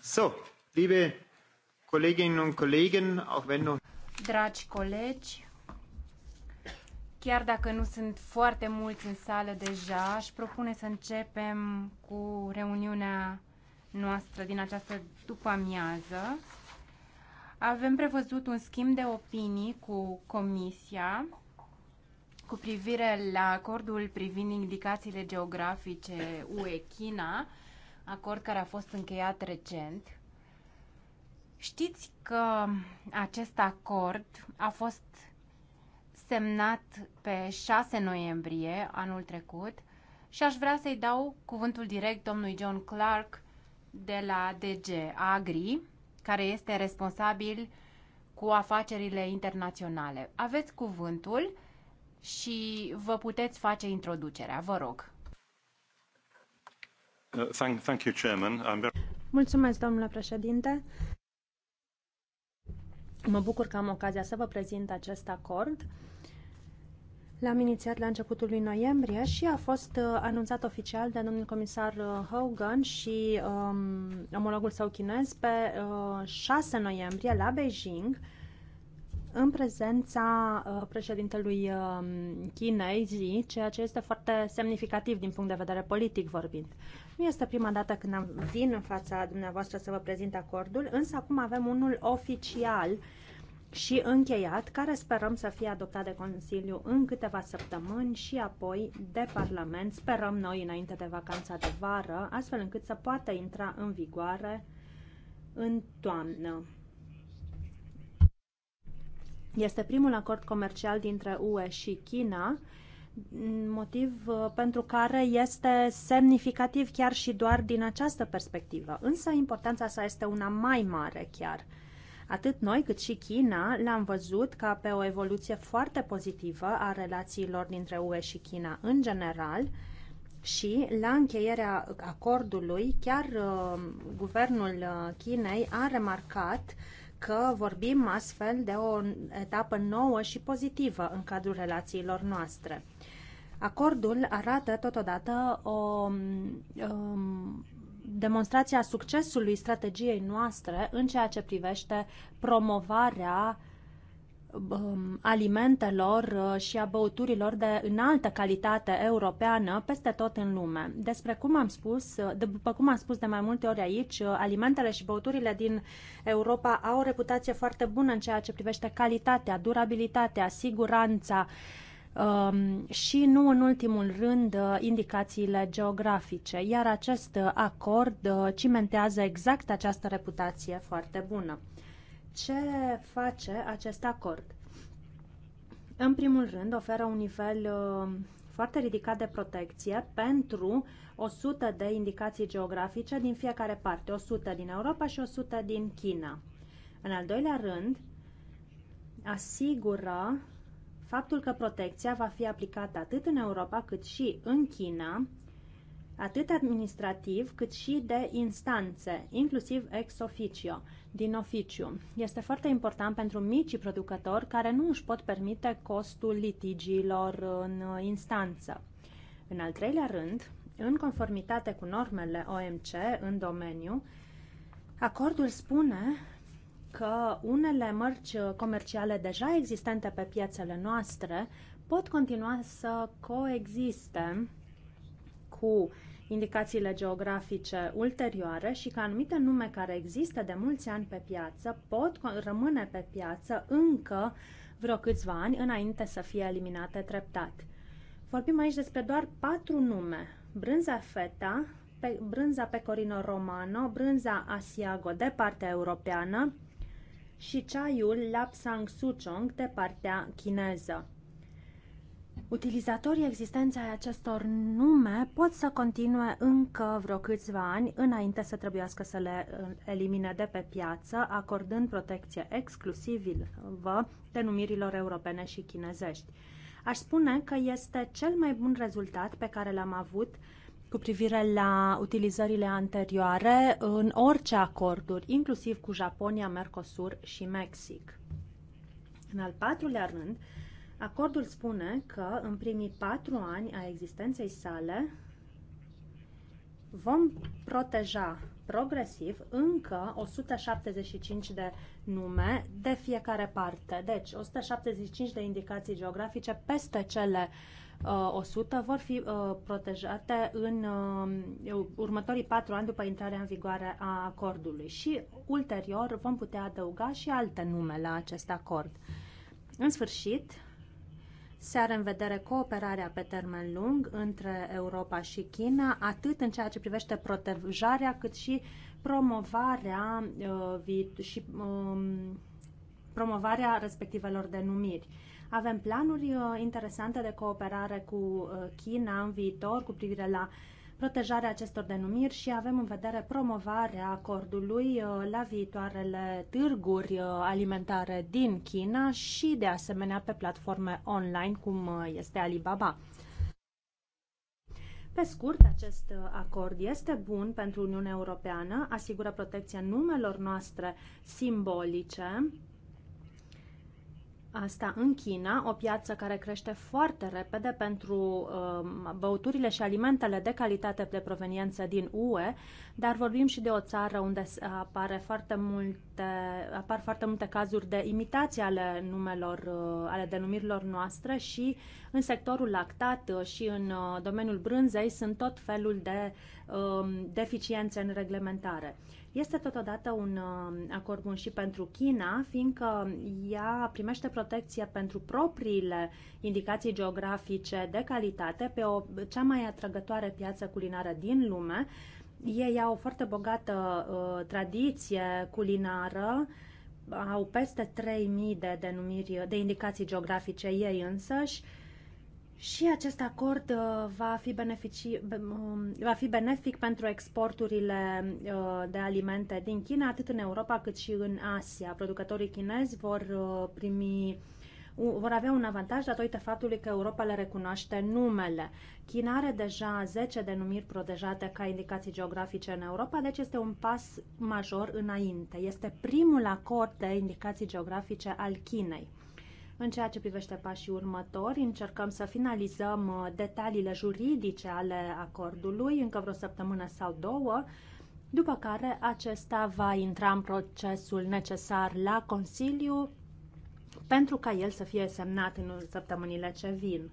So, Dragi colegi, chiar dacă nu sunt foarte mulți în sală deja, aș propune să începem cu reuniunea noastră din această după-amiază. Avem prevăzut un schimb de opinii cu Comisia cu privire la acordul privind indicațiile geografice UE-China, acord care a fost încheiat recent. Știți că acest acord a fost semnat pe 6 noiembrie anul trecut și aș vrea să-i dau cuvântul direct domnului John Clark de la DG Agri, care este responsabil cu afacerile internaționale. Aveți cuvântul și vă puteți face introducerea, vă rog. Uh, Mulțumesc, domnule președinte. Mă bucur că am ocazia să vă prezint acest acord. L-am inițiat la începutul lui noiembrie și a fost uh, anunțat oficial de domnul comisar uh, Hogan și um, omologul său chinez pe uh, 6 noiembrie la Beijing în prezența uh, președintelui uh, Chinei, Xi, ceea ce este foarte semnificativ din punct de vedere politic vorbind. Nu este prima dată când am vin în fața dumneavoastră să vă prezint acordul, însă acum avem unul oficial și încheiat, care sperăm să fie adoptat de Consiliu în câteva săptămâni și apoi de Parlament, sperăm noi înainte de vacanța de vară, astfel încât să poată intra în vigoare în toamnă. Este primul acord comercial dintre UE și China motiv uh, pentru care este semnificativ chiar și doar din această perspectivă. Însă importanța sa este una mai mare chiar. Atât noi cât și China l-am văzut ca pe o evoluție foarte pozitivă a relațiilor dintre UE și China în general și la încheierea acordului chiar uh, guvernul uh, Chinei a remarcat uh, că vorbim astfel de o etapă nouă și pozitivă în cadrul relațiilor noastre. Acordul arată totodată o um, demonstrație a succesului strategiei noastre în ceea ce privește promovarea Um, alimentelor uh, și a băuturilor de înaltă calitate europeană peste tot în lume. Despre cum am spus, uh, după cum am spus de mai multe ori aici, uh, alimentele și băuturile din Europa au o reputație foarte bună în ceea ce privește calitatea, durabilitatea, siguranța um, și nu în ultimul rând indicațiile geografice, iar acest acord cimentează exact această reputație foarte bună. Ce face acest acord? În primul rând, oferă un nivel uh, foarte ridicat de protecție pentru 100 de indicații geografice din fiecare parte, 100 din Europa și 100 din China. În al doilea rând, asigură faptul că protecția va fi aplicată atât în Europa cât și în China atât administrativ cât și de instanțe, inclusiv ex officio, din oficiu. Este foarte important pentru micii producători care nu își pot permite costul litigiilor în instanță. În al treilea rând, în conformitate cu normele OMC în domeniu, acordul spune că unele mărci comerciale deja existente pe piețele noastre pot continua să coexiste cu indicațiile geografice ulterioare și că anumite nume care există de mulți ani pe piață pot rămâne pe piață încă vreo câțiva ani înainte să fie eliminate treptat. Vorbim aici despre doar patru nume. Brânza feta, pe, brânza pecorino romano, brânza asiago de partea europeană și ceaiul lapsang suchong de partea chineză. Utilizatorii existenței acestor nume pot să continue încă vreo câțiva ani înainte să trebuiască să le uh, elimine de pe piață, acordând protecție exclusivă denumirilor europene și chinezești. Aș spune că este cel mai bun rezultat pe care l-am avut cu privire la utilizările anterioare în orice acorduri, inclusiv cu Japonia, Mercosur și Mexic. În al patrulea rând, Acordul spune că în primii patru ani a existenței sale vom proteja progresiv încă 175 de nume de fiecare parte. Deci 175 de indicații geografice peste cele uh, 100 vor fi uh, protejate în uh, următorii patru ani după intrarea în vigoare a acordului și ulterior vom putea adăuga și alte nume la acest acord. În sfârșit, se are în vedere cooperarea pe termen lung între Europa și China, atât în ceea ce privește protejarea, cât și promovarea uh, și um, promovarea respectivelor denumiri. Avem planuri uh, interesante de cooperare cu uh, China în viitor cu privire la uh, protejarea acestor denumiri și avem în vedere promovarea acordului uh, la viitoarele târguri uh, alimentare din China și de asemenea pe platforme online cum uh, este Alibaba. Pe scurt, acest acord este bun pentru Uniunea Europeană, asigură protecția numelor noastre simbolice, Asta în China, o piață care crește foarte repede pentru um, băuturile și alimentele de calitate de proveniență din UE, dar vorbim și de o țară unde apare foarte multe, apar foarte multe cazuri de imitație ale numelor, uh, ale denumirilor noastre și în sectorul lactat uh, și în uh, domeniul brânzei sunt tot felul de um, deficiențe în reglementare. Este totodată un uh, acord bun și pentru China, fiindcă ea primește protecție pentru propriile indicații geografice de calitate pe o cea mai atrăgătoare piață culinară din lume. Ei au o foarte bogată uh, tradiție culinară, au peste 3000 de denumiri de indicații geografice ei însăși. Uh, și acest acord uh, va fi, benefici, um, va fi benefic pentru exporturile uh, de alimente din China, atât în Europa cât și în Asia. Producătorii chinezi vor uh, primi vor avea un avantaj datorită faptului că Europa le recunoaște numele. China are deja 10 denumiri protejate ca indicații geografice în Europa, deci este un pas major înainte. Este primul acord de indicații geografice al Chinei. În ceea ce privește pașii următori, încercăm să finalizăm uh, detaliile juridice ale acordului încă vreo săptămână sau două, după care acesta va intra în procesul necesar la Consiliu pentru ca el să fie semnat în săptămânile ce vin.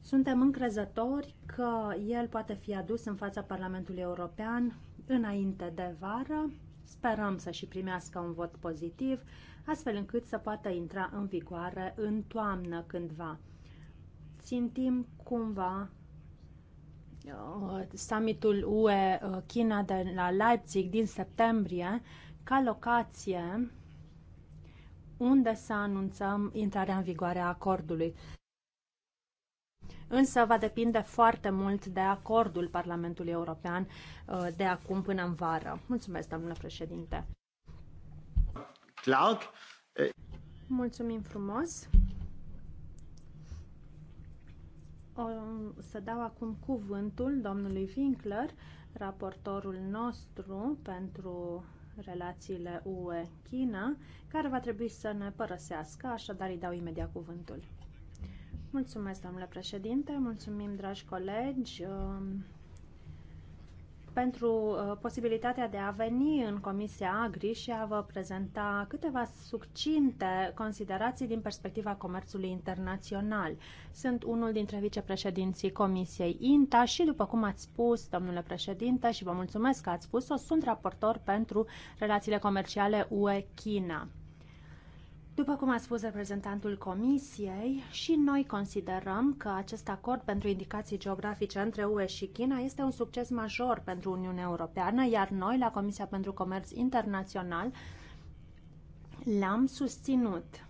Suntem încrezători că el poate fi adus în fața Parlamentului European înainte de vară. Sperăm să și primească un vot pozitiv astfel încât să poată intra în vigoare în toamnă cândva. Țintim cumva uh, summitul UE uh, China de la Leipzig din septembrie ca locație unde să anunțăm intrarea în vigoare a acordului. Însă va depinde foarte mult de acordul Parlamentului European uh, de acum până în vară. Mulțumesc, domnule președinte. Clark. Mulțumim frumos. O să dau acum cuvântul domnului Winkler, raportorul nostru pentru relațiile UE-China, care va trebui să ne părăsească, așadar îi dau imediat cuvântul. Mulțumesc, domnule președinte, mulțumim, dragi colegi. Um, pentru uh, posibilitatea de a veni în Comisia Agri și a vă prezenta câteva succinte considerații din perspectiva comerțului internațional. Sunt unul dintre vicepreședinții Comisiei INTA și, după cum ați spus, domnule președinte, și vă mulțumesc că ați spus-o, sunt raportor pentru relațiile comerciale UE-China. După cum a spus reprezentantul Comisiei, și noi considerăm că acest acord pentru indicații geografice între UE și China este un succes major pentru Uniunea Europeană, iar noi, la Comisia pentru Comerț Internațional, l-am susținut.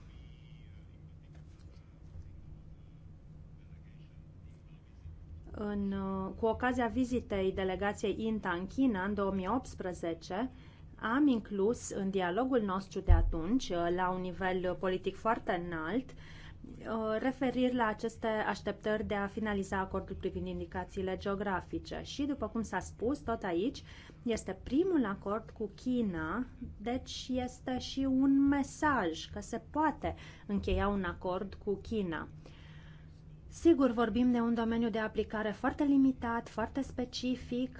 În, cu ocazia vizitei delegației INTA în China în 2018, am inclus în dialogul nostru de atunci, uh, la un nivel politic foarte înalt, uh, referiri la aceste așteptări de a finaliza acordul privind indicațiile geografice. Și, după cum s-a spus, tot aici este primul acord cu China, deci este și un mesaj că se poate încheia un acord cu China. Sigur, vorbim de un domeniu de aplicare foarte limitat, foarte specific,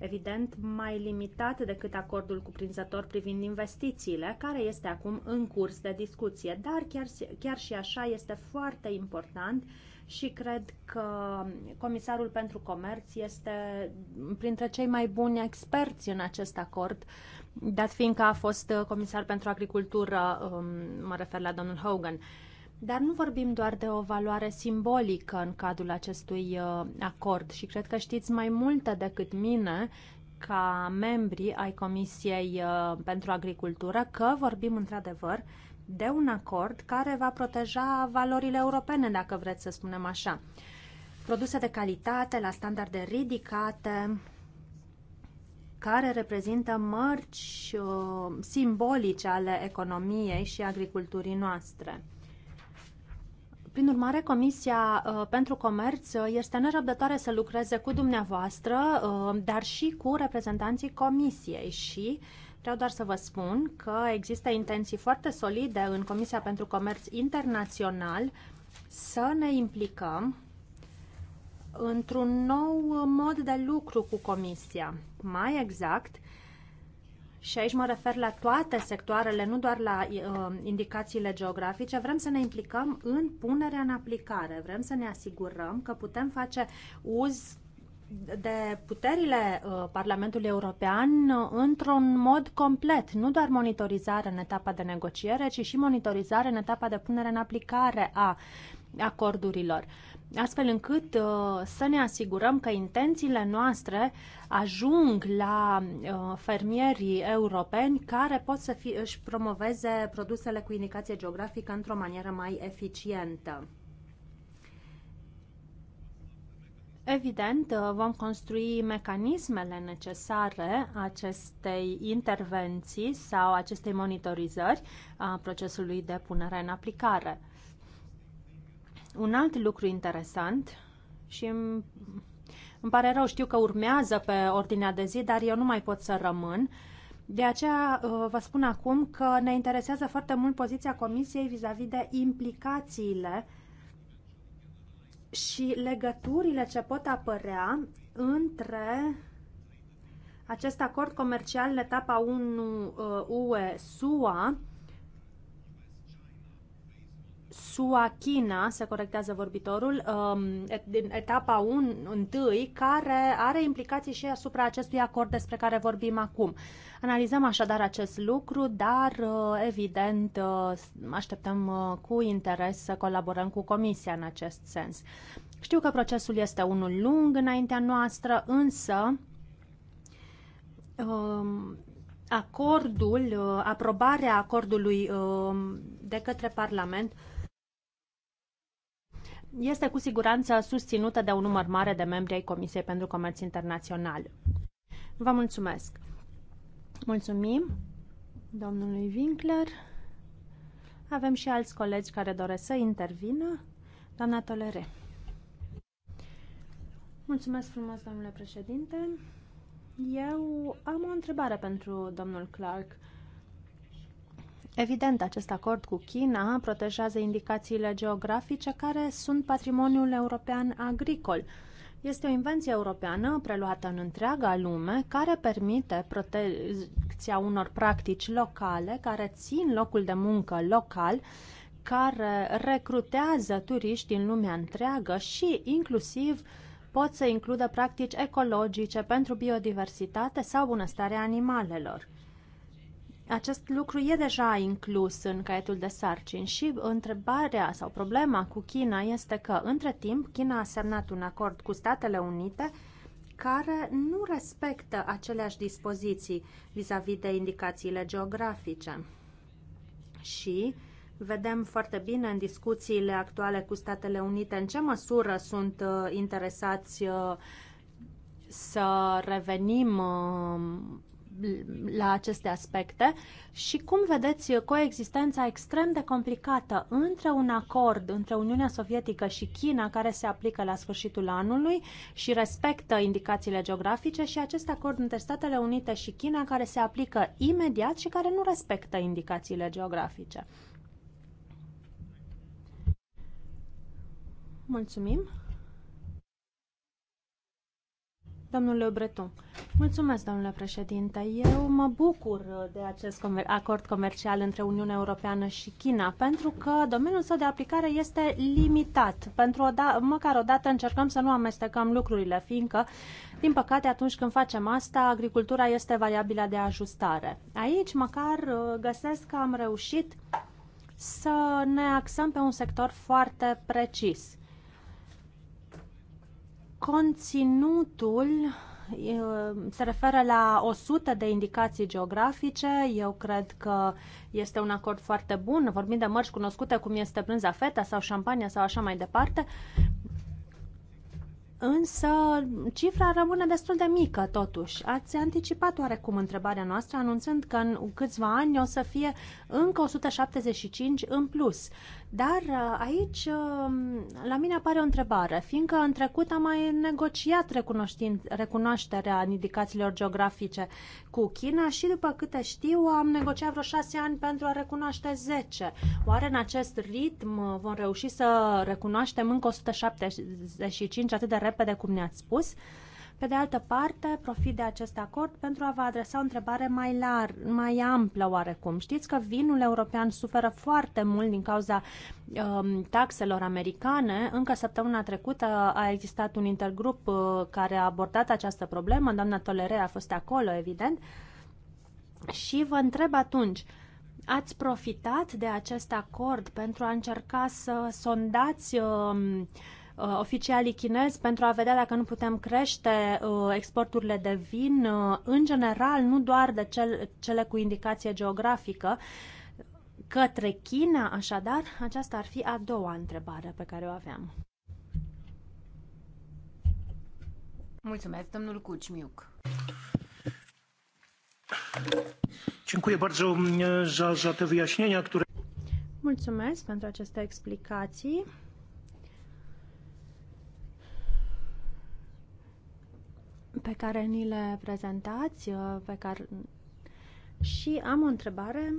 evident, mai limitat decât acordul cuprinzător privind investițiile, care este acum în curs de discuție, dar chiar, chiar și așa este foarte important și cred că Comisarul pentru Comerț este printre cei mai buni experți în acest acord, dat fiindcă a fost comisar pentru agricultură, um, mă refer la domnul Hogan. Dar nu vorbim doar de o valoare simbolică în cadrul acestui uh, acord și cred că știți mai multe decât mine ca membri ai Comisiei uh, pentru Agricultură că vorbim într-adevăr de un acord care va proteja valorile europene, dacă vreți să spunem așa. Produse de calitate, la standarde ridicate, care reprezintă mărci uh, simbolice ale economiei și agriculturii noastre. Prin urmare, Comisia uh, pentru Comerț uh, este nerăbdătoare să lucreze cu dumneavoastră, uh, dar și cu reprezentanții Comisiei și Vreau doar să vă spun că există intenții foarte solide în Comisia pentru Comerț Internațional să ne implicăm într-un nou mod de lucru cu Comisia. Mai exact, și aici mă refer la toate sectoarele, nu doar la uh, indicațiile geografice, vrem să ne implicăm în punerea în aplicare, vrem să ne asigurăm că putem face uz de puterile uh, Parlamentului European uh, într-un mod complet, nu doar monitorizare în etapa de negociere, ci și monitorizare în etapa de punere în aplicare a acordurilor astfel încât uh, să ne asigurăm că intențiile noastre ajung la uh, fermierii europeni care pot să fie, își promoveze produsele cu indicație geografică într-o manieră mai eficientă. Evident, uh, vom construi mecanismele necesare acestei intervenții sau acestei monitorizări a procesului de punere în aplicare. Un alt lucru interesant și îmi, îmi pare rău, știu că urmează pe ordinea de zi, dar eu nu mai pot să rămân. De aceea uh, vă spun acum că ne interesează foarte mult poziția Comisiei vis-a-vis -vis de implicațiile și legăturile ce pot apărea între acest acord comercial în etapa 1 UE-SUA uh, Suachina, se corectează vorbitorul, um, din etapa 1, întâi, care are implicații și asupra acestui acord despre care vorbim acum. Analizăm așadar acest lucru, dar uh, evident uh, așteptăm uh, cu interes să colaborăm cu Comisia în acest sens. Știu că procesul este unul lung înaintea noastră, însă um, acordul, aprobarea acordului um, de către Parlament este cu siguranță susținută de un număr mare de membri ai Comisiei pentru Comerț Internațional. Vă mulțumesc! Mulțumim domnului Winkler. Avem și alți colegi care doresc să intervină. Doamna Tolere. Mulțumesc frumos, domnule președinte. Eu am o întrebare pentru domnul Clark. Evident, acest acord cu China protejează indicațiile geografice care sunt patrimoniul european agricol. Este o invenție europeană preluată în întreaga lume care permite protecția unor practici locale care țin locul de muncă local care recrutează turiști din lumea întreagă și inclusiv pot să includă practici ecologice pentru biodiversitate sau bunăstarea animalelor acest lucru e deja inclus în caietul de sarcini și întrebarea sau problema cu China este că, între timp, China a semnat un acord cu Statele Unite care nu respectă aceleași dispoziții vis-a-vis -vis de indicațiile geografice. Și vedem foarte bine în discuțiile actuale cu Statele Unite în ce măsură sunt uh, interesați uh, să revenim uh, la aceste aspecte și cum vedeți coexistența extrem de complicată între un acord între Uniunea Sovietică și China care se aplică la sfârșitul anului și respectă indicațiile geografice și acest acord între Statele Unite și China care se aplică imediat și care nu respectă indicațiile geografice. Mulțumim! Domnule Breton, mulțumesc, domnule președinte. Eu mă bucur de acest acord comercial între Uniunea Europeană și China, pentru că domeniul său de aplicare este limitat. Pentru o da- măcar o dată încercăm să nu amestecăm lucrurile, fiindcă, din păcate, atunci când facem asta, agricultura este variabila de ajustare. Aici, măcar, găsesc că am reușit să ne axăm pe un sector foarte precis Conținutul se referă la 100 de indicații geografice. Eu cred că este un acord foarte bun. Vorbim de mărci cunoscute cum este brânza feta sau șampania sau așa mai departe. Însă cifra rămâne destul de mică totuși. Ați anticipat oarecum întrebarea noastră anunțând că în câțiva ani o să fie încă 175 în plus. Uh, dar uh, aici um, la mine apare o întrebare, fiindcă în trecut am mai negociat recunoașterea indicațiilor geografice cu China și după câte știu am negociat vreo șase ani pentru a recunoaște 10. Oare în acest ritm uh, vom reuși să recunoaștem încă 175 atât de repede cum ne-ați spus? Pe de altă parte, profit de acest acord pentru a vă adresa o întrebare mai, lar, mai amplă oarecum. Știți că vinul european suferă foarte mult din cauza um, taxelor americane. Încă săptămâna trecută a existat un intergrup uh, care a abordat această problemă. Doamna Tolere a fost acolo, evident. Și vă întreb atunci, ați profitat de acest acord pentru a încerca să sondați uh, uh, oficialii chinezi pentru a vedea dacă nu putem crește uh, exporturile de vin, uh, în general, nu doar de cel, cele cu indicație geografică, către China, așadar, aceasta ar fi a doua întrebare pe care o aveam. Mulțumesc, domnul Cucimiuc. Dziękuję bardzo mm, za, za te wyjaśnienia, które... Mulțumesc pentru aceste explicații. pe care ni le prezentați uh, pe care... și am o întrebare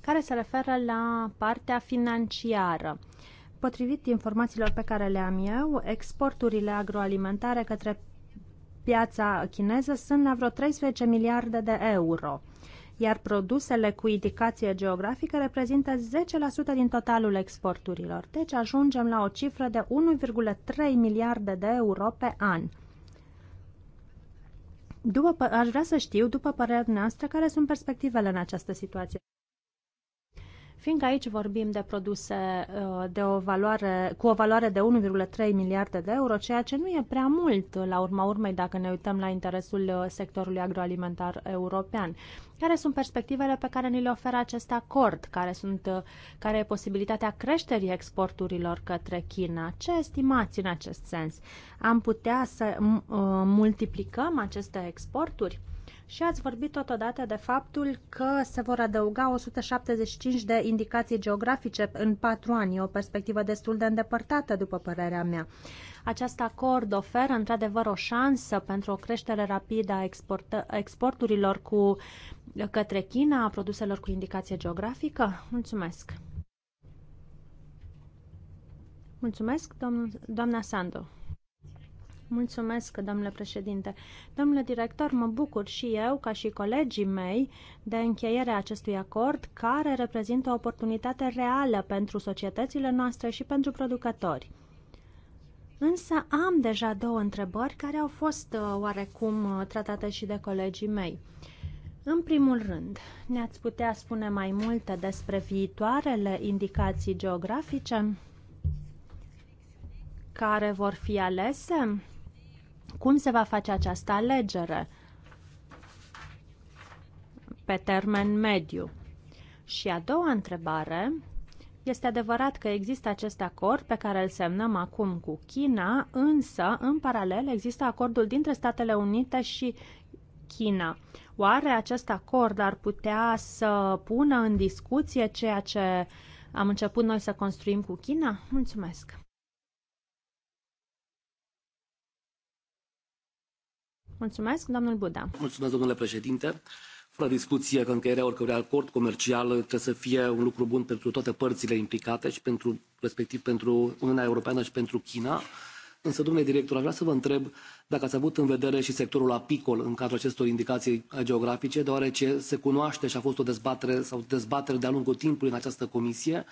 care se referă la partea financiară. Potrivit informațiilor pe care le am eu, exporturile agroalimentare către piața chineză sunt la vreo 13 miliarde de euro iar produsele cu indicație geografică reprezintă 10% din totalul exporturilor. Deci ajungem la o cifră de 1,3 miliarde de euro pe an. După, aș vrea să știu, după părerea noastră, care sunt perspectivele în această situație. Fiindcă aici vorbim de produse uh, de o valoare, cu o valoare de 1,3 miliarde de euro, ceea ce nu e prea mult la urma urmei dacă ne uităm la interesul uh, sectorului agroalimentar european. Care sunt perspectivele pe care ni le oferă acest acord? Care, sunt, uh, care e posibilitatea creșterii exporturilor către China? Ce estimați în acest sens? Am putea să uh, multiplicăm aceste exporturi? Și ați vorbit totodată de faptul că se vor adăuga 175 de indicații geografice în patru ani, o perspectivă destul de îndepărtată, după părerea mea. Acest acord oferă într-adevăr o șansă pentru o creștere rapidă a exporturilor cu către China a produselor cu indicație geografică? Mulțumesc! Mulțumesc, domn- doamna Sandu. Mulțumesc, domnule președinte. Domnule director, mă bucur și eu, ca și colegii mei, de încheierea acestui acord, care reprezintă o oportunitate reală pentru societățile noastre și pentru producători. Însă am deja două întrebări care au fost uh, oarecum uh, tratate și de colegii mei. Uh, în primul rând, ne-ați putea spune mai multe despre viitoarele indicații geografice care vor fi alese? Cum se va face această alegere pe termen mediu? Și a doua întrebare, este adevărat că există acest acord pe care îl semnăm acum cu China, însă, în paralel, există acordul dintre Statele Unite și China. Oare acest acord ar putea să pună în discuție ceea ce am început noi să construim cu China? Mulțumesc! Mulțumesc, domnul Buda. Mulțumesc, domnule președinte. Fără discuție că încheierea oricărui acord comercial trebuie să fie un lucru bun pentru toate părțile implicate și pentru, respectiv pentru Uniunea Europeană și pentru China Însă, domnule director, aș vrea să vă întreb dacă ați avut în vedere și sectorul apicol în cadrul acestor indicații geografice, deoarece se cunoaște și a fost o dezbatere sau dezbatere de-a lungul timpului în această comisie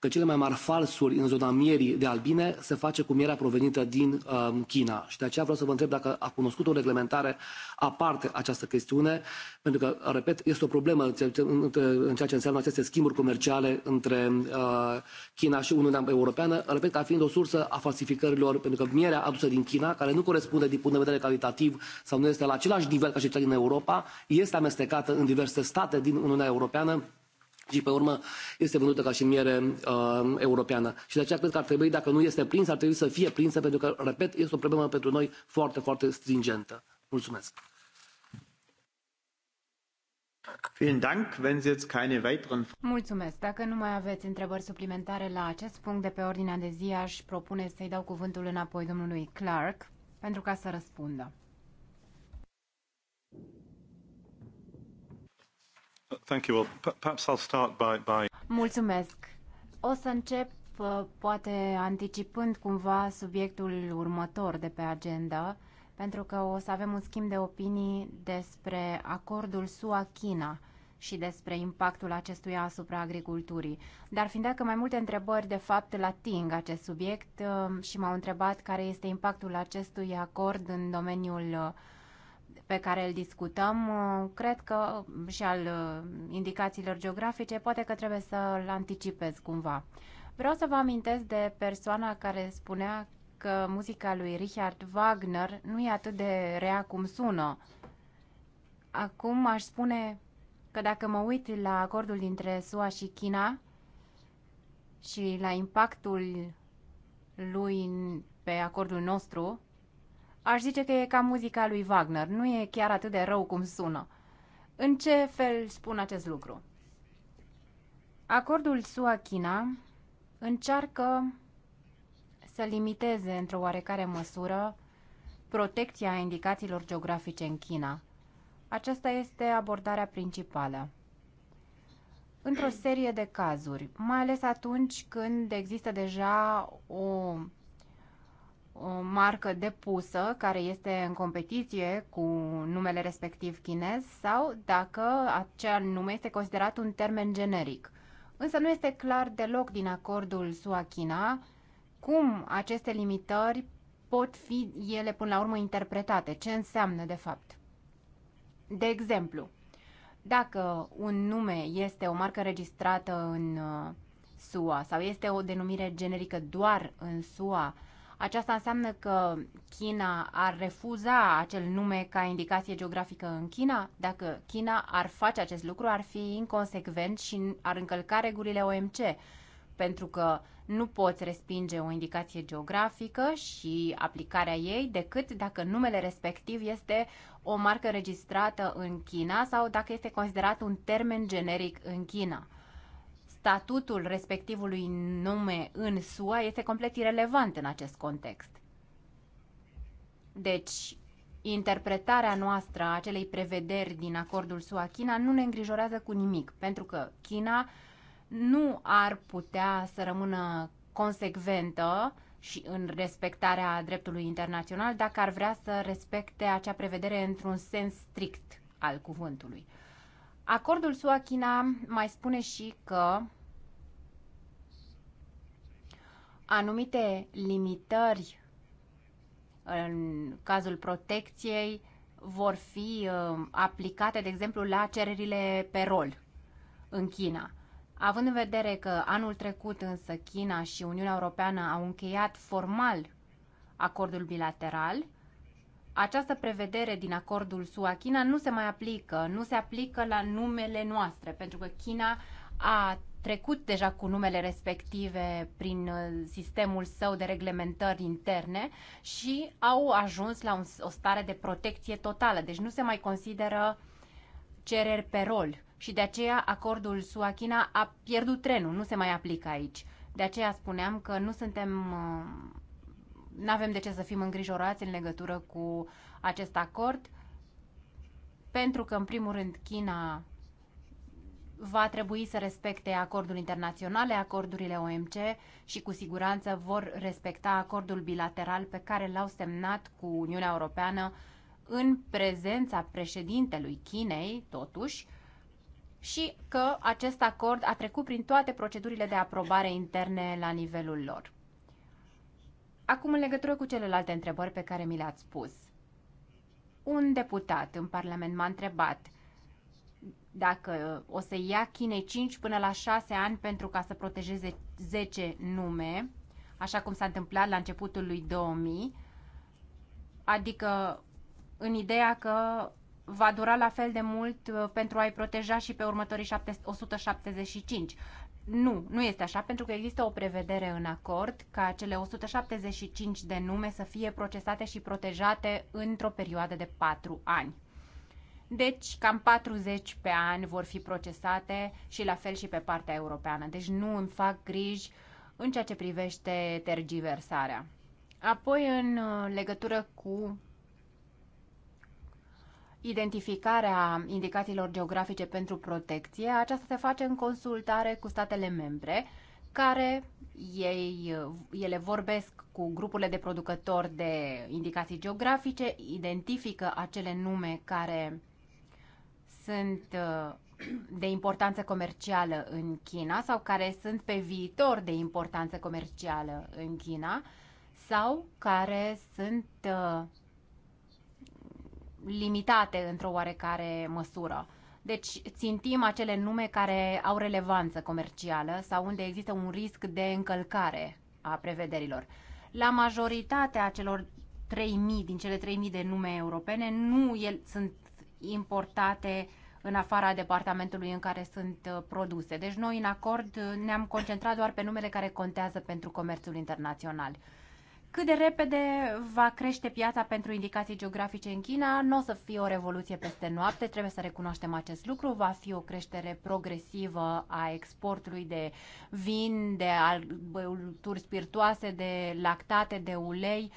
că cele mai mari falsuri în zona mierii de albine se face cu mierea provenită din um, China. Și de aceea vreau să vă întreb dacă a cunoscut o reglementare aparte această chestiune, pentru că, repet, este o problemă în ceea ce înseamnă aceste schimburi comerciale între uh, China și Uniunea Europeană, repet, ca fiind o sursă a falsificărilor, pentru că mierea adusă din China, care nu corespunde din punct de vedere calitativ sau nu este la același nivel ca și cea din Europa, este amestecată în diverse state din Uniunea Europeană și deci, pe urmă este vândută ca și miere uh, europeană. Și de aceea cred că ar trebui, dacă nu este prinsă, ar trebui să fie prinsă, pentru că, repet, este o problemă pentru noi foarte, foarte stringentă. Mulțumesc. Mulțumesc. Dacă nu mai aveți întrebări suplimentare la acest punct de pe ordinea de zi, aș propune să-i dau cuvântul înapoi domnului Clark pentru ca să răspundă. Mulțumesc. O să încep uh, poate anticipând cumva subiectul următor de pe agenda, pentru că o să avem un schimb de opinii despre acordul SUA-China și despre impactul acestuia asupra agriculturii. Dar fiind că mai multe întrebări de fapt ating acest subiect uh, și m-au întrebat care este impactul acestui acord în domeniul uh, pe care îl discutăm, uh, cred că și al uh, indicațiilor geografice, poate că trebuie să-l anticipez cumva. Vreau să vă amintesc de persoana care spunea că muzica lui Richard Wagner nu e atât de rea cum sună. Acum aș spune că dacă mă uit la acordul dintre SUA și China și la impactul lui pe acordul nostru, Aș zice că e ca muzica lui Wagner, nu e chiar atât de rău cum sună. În ce fel spun acest lucru? Acordul SUA-China încearcă să limiteze într-o oarecare măsură protecția indicațiilor geografice în China. Aceasta este abordarea principală. Într-o serie de cazuri, mai ales atunci când există deja o o marcă depusă care este în competiție cu numele respectiv chinez sau dacă acel nume este considerat un termen generic. Însă nu este clar deloc din acordul SUA-China cum aceste limitări pot fi ele până la urmă interpretate, ce înseamnă de fapt. De exemplu, dacă un nume este o marcă registrată în uh, SUA sau este o denumire generică doar în SUA, aceasta înseamnă că China ar refuza acel nume ca indicație geografică în China? Dacă China ar face acest lucru, ar fi inconsecvent și ar încălca regulile OMC, pentru că nu poți respinge o indicație geografică și aplicarea ei decât dacă numele respectiv este o marcă registrată în China sau dacă este considerat un termen generic în China statutul respectivului nume în SUA este complet irelevant în acest context. Deci, interpretarea noastră a acelei prevederi din acordul SUA-China nu ne îngrijorează cu nimic, pentru că China nu ar putea să rămână consecventă și în respectarea dreptului internațional dacă ar vrea să respecte acea prevedere într-un sens strict al cuvântului. Acordul SUA-China mai spune și că anumite limitări în cazul protecției vor fi uh, aplicate, de exemplu, la cererile pe rol în China. Având în vedere că anul trecut însă China și Uniunea Europeană au încheiat formal acordul bilateral, această prevedere din acordul SUA-China nu se mai aplică, nu se aplică la numele noastre, pentru că China a trecut deja cu numele respective prin uh, sistemul său de reglementări interne și au ajuns la un, o stare de protecție totală. Deci nu se mai consideră cereri pe rol și de aceea acordul Suachina a pierdut trenul, nu se mai aplică aici. De aceea spuneam că nu suntem, uh, nu avem de ce să fim îngrijorați în legătură cu acest acord, pentru că, în primul rând, China va trebui să respecte acorduri internaționale, acordurile OMC și cu siguranță vor respecta acordul bilateral pe care l-au semnat cu Uniunea Europeană în prezența președintelui Chinei, totuși, și că acest acord a trecut prin toate procedurile de aprobare interne la nivelul lor. Acum, în legătură cu celelalte întrebări pe care mi le-ați spus. Un deputat în Parlament m-a întrebat – dacă o să ia Chinei 5 până la 6 ani pentru ca să protejeze 10 nume, așa cum s-a întâmplat la începutul lui 2000, adică în ideea că va dura la fel de mult uh, pentru a-i proteja și pe următorii 175. Nu, nu este așa, pentru că există o prevedere în acord ca cele 175 de nume să fie procesate și protejate într-o perioadă de 4 ani. Deci, cam 40 pe an vor fi procesate și la fel și pe partea europeană. Deci nu îmi fac griji în ceea ce privește tergiversarea. Apoi, în uh, legătură cu identificarea indicațiilor geografice pentru protecție, aceasta se face în consultare cu statele membre, care ei, uh, ele vorbesc cu grupurile de producători de indicații geografice, identifică acele nume care sunt uh, de importanță comercială în China sau care sunt pe viitor de importanță comercială în China sau care sunt uh, limitate într-o oarecare măsură. Deci țintim acele nume care au relevanță comercială sau unde există un risc de încălcare a prevederilor. La majoritatea celor 3.000 din cele 3.000 de nume europene nu el, sunt importate în afara departamentului în care sunt uh, produse. Deci noi, în acord, uh, ne-am concentrat doar pe numele care contează pentru comerțul internațional. Cât de repede va crește piața pentru indicații geografice în China, nu o să fie o revoluție peste noapte, trebuie să recunoaștem acest lucru, va fi o creștere progresivă a exportului de vin, de băuturi spiritoase, de lactate, de ulei,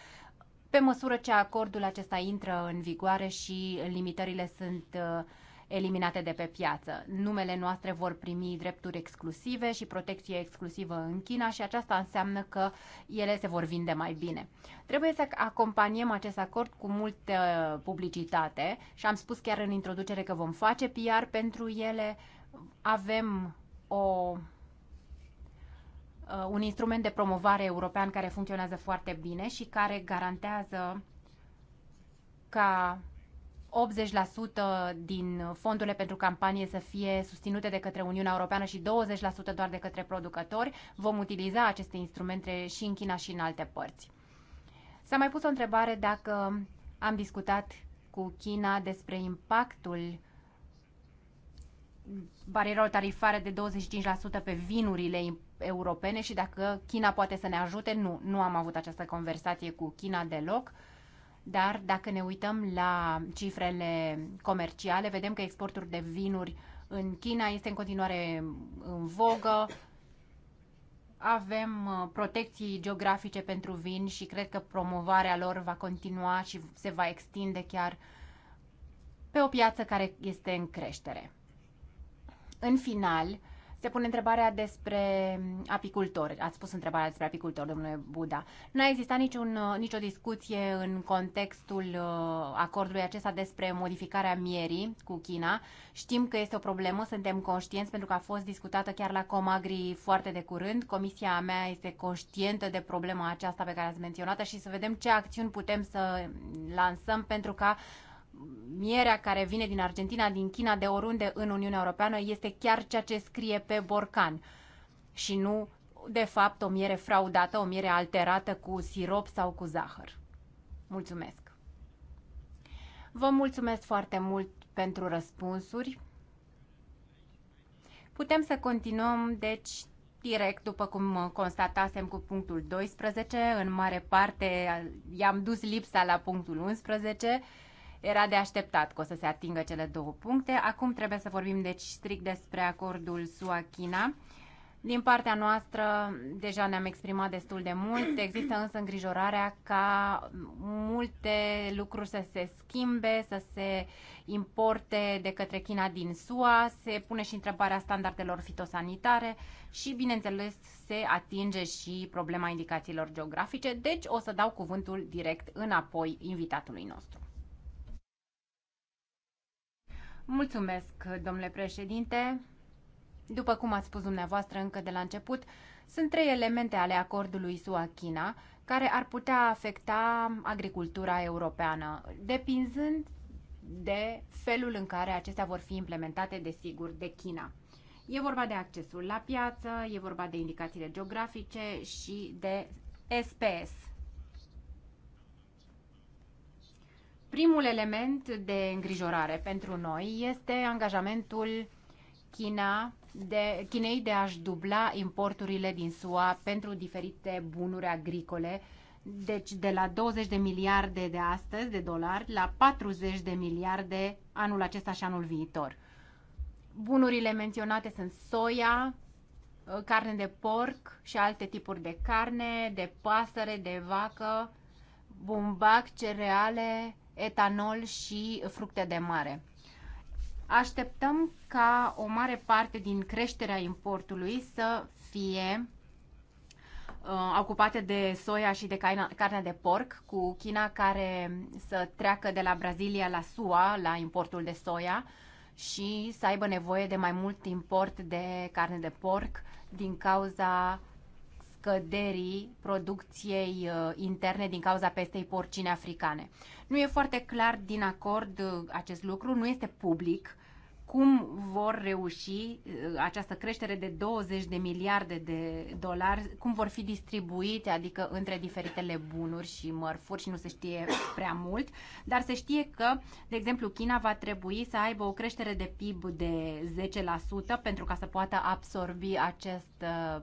pe măsură ce acordul acesta intră în vigoare și limitările sunt uh, eliminate de pe piață. Numele noastre vor primi drepturi exclusive și protecție exclusivă în China și aceasta înseamnă că ele se vor vinde mai bine. Trebuie să acompaniem acest acord cu multă publicitate și am spus chiar în introducere că vom face PR pentru ele. Avem o Uh, un instrument de promovare european care funcționează foarte bine și care garantează ca 80% din fondurile pentru campanie să fie susținute de către Uniunea Europeană și 20% doar de către producători. Vom utiliza aceste instrumente și în China și în alte părți. S-a mai pus o întrebare dacă am discutat cu China despre impactul barierelor tarifare de 25% pe vinurile europene și dacă China poate să ne ajute. Nu, nu am avut această conversație cu China deloc. Dar dacă ne uităm la cifrele comerciale, vedem că exportul de vinuri în China este în continuare în vogă. Avem uh, protecții geografice pentru vin și cred că promovarea lor va continua și se va extinde chiar pe o piață care este în creștere. În final, se pune întrebarea despre apicultori. Ați pus întrebarea despre apicultori, domnule Buda. Nu a existat niciun, uh, nicio discuție în contextul uh, acordului acesta despre modificarea mierii cu China. Știm că este o problemă, suntem conștienți pentru că a fost discutată chiar la Comagri foarte de curând. Comisia mea este conștientă de problema aceasta pe care ați menționat-o și să vedem ce acțiuni putem să lansăm pentru ca mierea care vine din Argentina, din China, de oriunde în Uniunea Europeană, este chiar ceea ce scrie pe borcan și nu, de fapt, o miere fraudată, o miere alterată cu sirop sau cu zahăr. Mulțumesc! Vă mulțumesc foarte mult pentru răspunsuri. Putem să continuăm, deci, direct, după cum constatasem cu punctul 12, în mare parte i-am dus lipsa la punctul 11, era de așteptat că o să se atingă cele două puncte. Acum trebuie să vorbim deci strict despre acordul SUA-China. Din partea noastră, deja ne-am exprimat destul de mult, există însă îngrijorarea ca multe lucruri să se schimbe, să se importe de către China din SUA, se pune și întrebarea standardelor fitosanitare și, bineînțeles, se atinge și problema indicațiilor geografice, deci o să dau cuvântul direct înapoi invitatului nostru. Mulțumesc, domnule președinte. După cum ați spus dumneavoastră încă de la început, sunt trei elemente ale acordului SUA-China care ar putea afecta agricultura europeană, depinzând de felul în care acestea vor fi implementate, desigur, de China. E vorba de accesul la piață, e vorba de indicațiile geografice și de SPS. Primul element de îngrijorare pentru noi este angajamentul China de, Chinei de a-și dubla importurile din SUA pentru diferite bunuri agricole, deci de la 20 de miliarde de astăzi de dolari la 40 de miliarde anul acesta și anul viitor. Bunurile menționate sunt soia, carne de porc și alte tipuri de carne, de pasăre, de vacă, bumbac, cereale, etanol și fructe de mare. Așteptăm ca o mare parte din creșterea importului să fie uh, ocupate de soia și de carne de porc, cu China care să treacă de la Brazilia la SUA, la importul de soia, și să aibă nevoie de mai mult import de carne de porc din cauza scăderii producției uh, interne din cauza pestei porcine africane. Nu e foarte clar din acord uh, acest lucru, nu este public cum vor reuși uh, această creștere de 20 de miliarde de dolari, cum vor fi distribuite, adică între diferitele bunuri și mărfuri și nu se știe prea mult, dar se știe că, de exemplu, China va trebui să aibă o creștere de PIB de 10% pentru ca să poată absorbi acest, uh,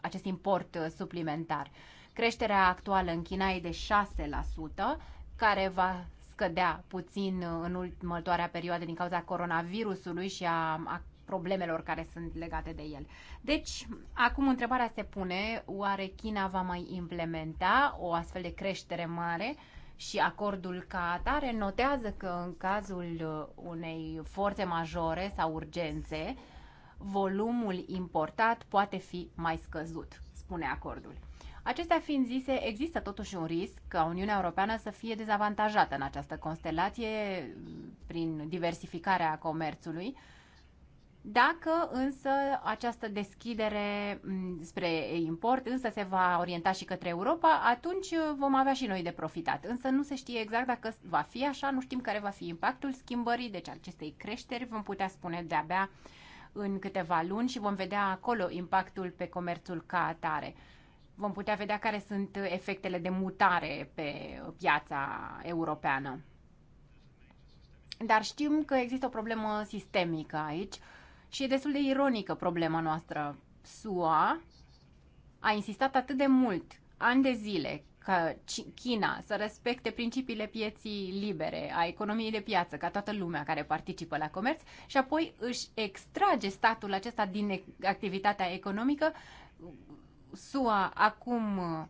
acest import suplimentar. Creșterea actuală în China e de 6%, care va scădea puțin uh, în următoarea perioadă din cauza coronavirusului și a, a problemelor care sunt legate de el. Deci, acum întrebarea se pune, oare China va mai implementa o astfel de creștere mare și acordul ca atare notează că în cazul uh, unei forțe majore sau urgențe, volumul importat poate fi mai scăzut, spune acordul. Acestea fiind zise, există totuși un risc ca Uniunea Europeană să fie dezavantajată în această constelație mm, prin diversificarea comerțului, dacă însă această deschidere mm, spre import însă se va orienta și către Europa, atunci uh, vom avea și noi de profitat. Însă nu se știe exact dacă va fi așa, nu știm care va fi impactul schimbării, deci acestei creșteri vom putea spune de-abia în câteva luni și vom vedea acolo impactul pe comerțul ca atare vom putea vedea care sunt efectele de mutare pe piața europeană. Dar știm că există o problemă sistemică aici și e destul de ironică problema noastră. SUA a insistat atât de mult, ani de zile, că China să respecte principiile pieții libere, a economiei de piață, ca toată lumea care participă la comerț și apoi își extrage statul acesta din activitatea economică SUA acum uh,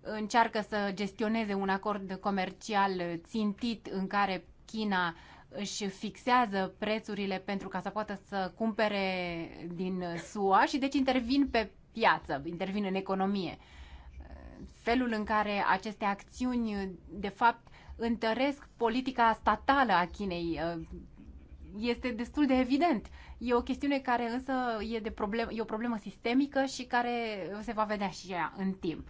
încearcă să gestioneze un acord comercial țintit în care China își fixează prețurile pentru ca să poată să cumpere din SUA și deci intervin pe piață, intervin în economie. Felul în care aceste acțiuni, de fapt, întăresc politica statală a Chinei uh, este destul de evident. E o chestiune care însă e, de problem, e o problemă sistemică și care se va vedea și ea în timp.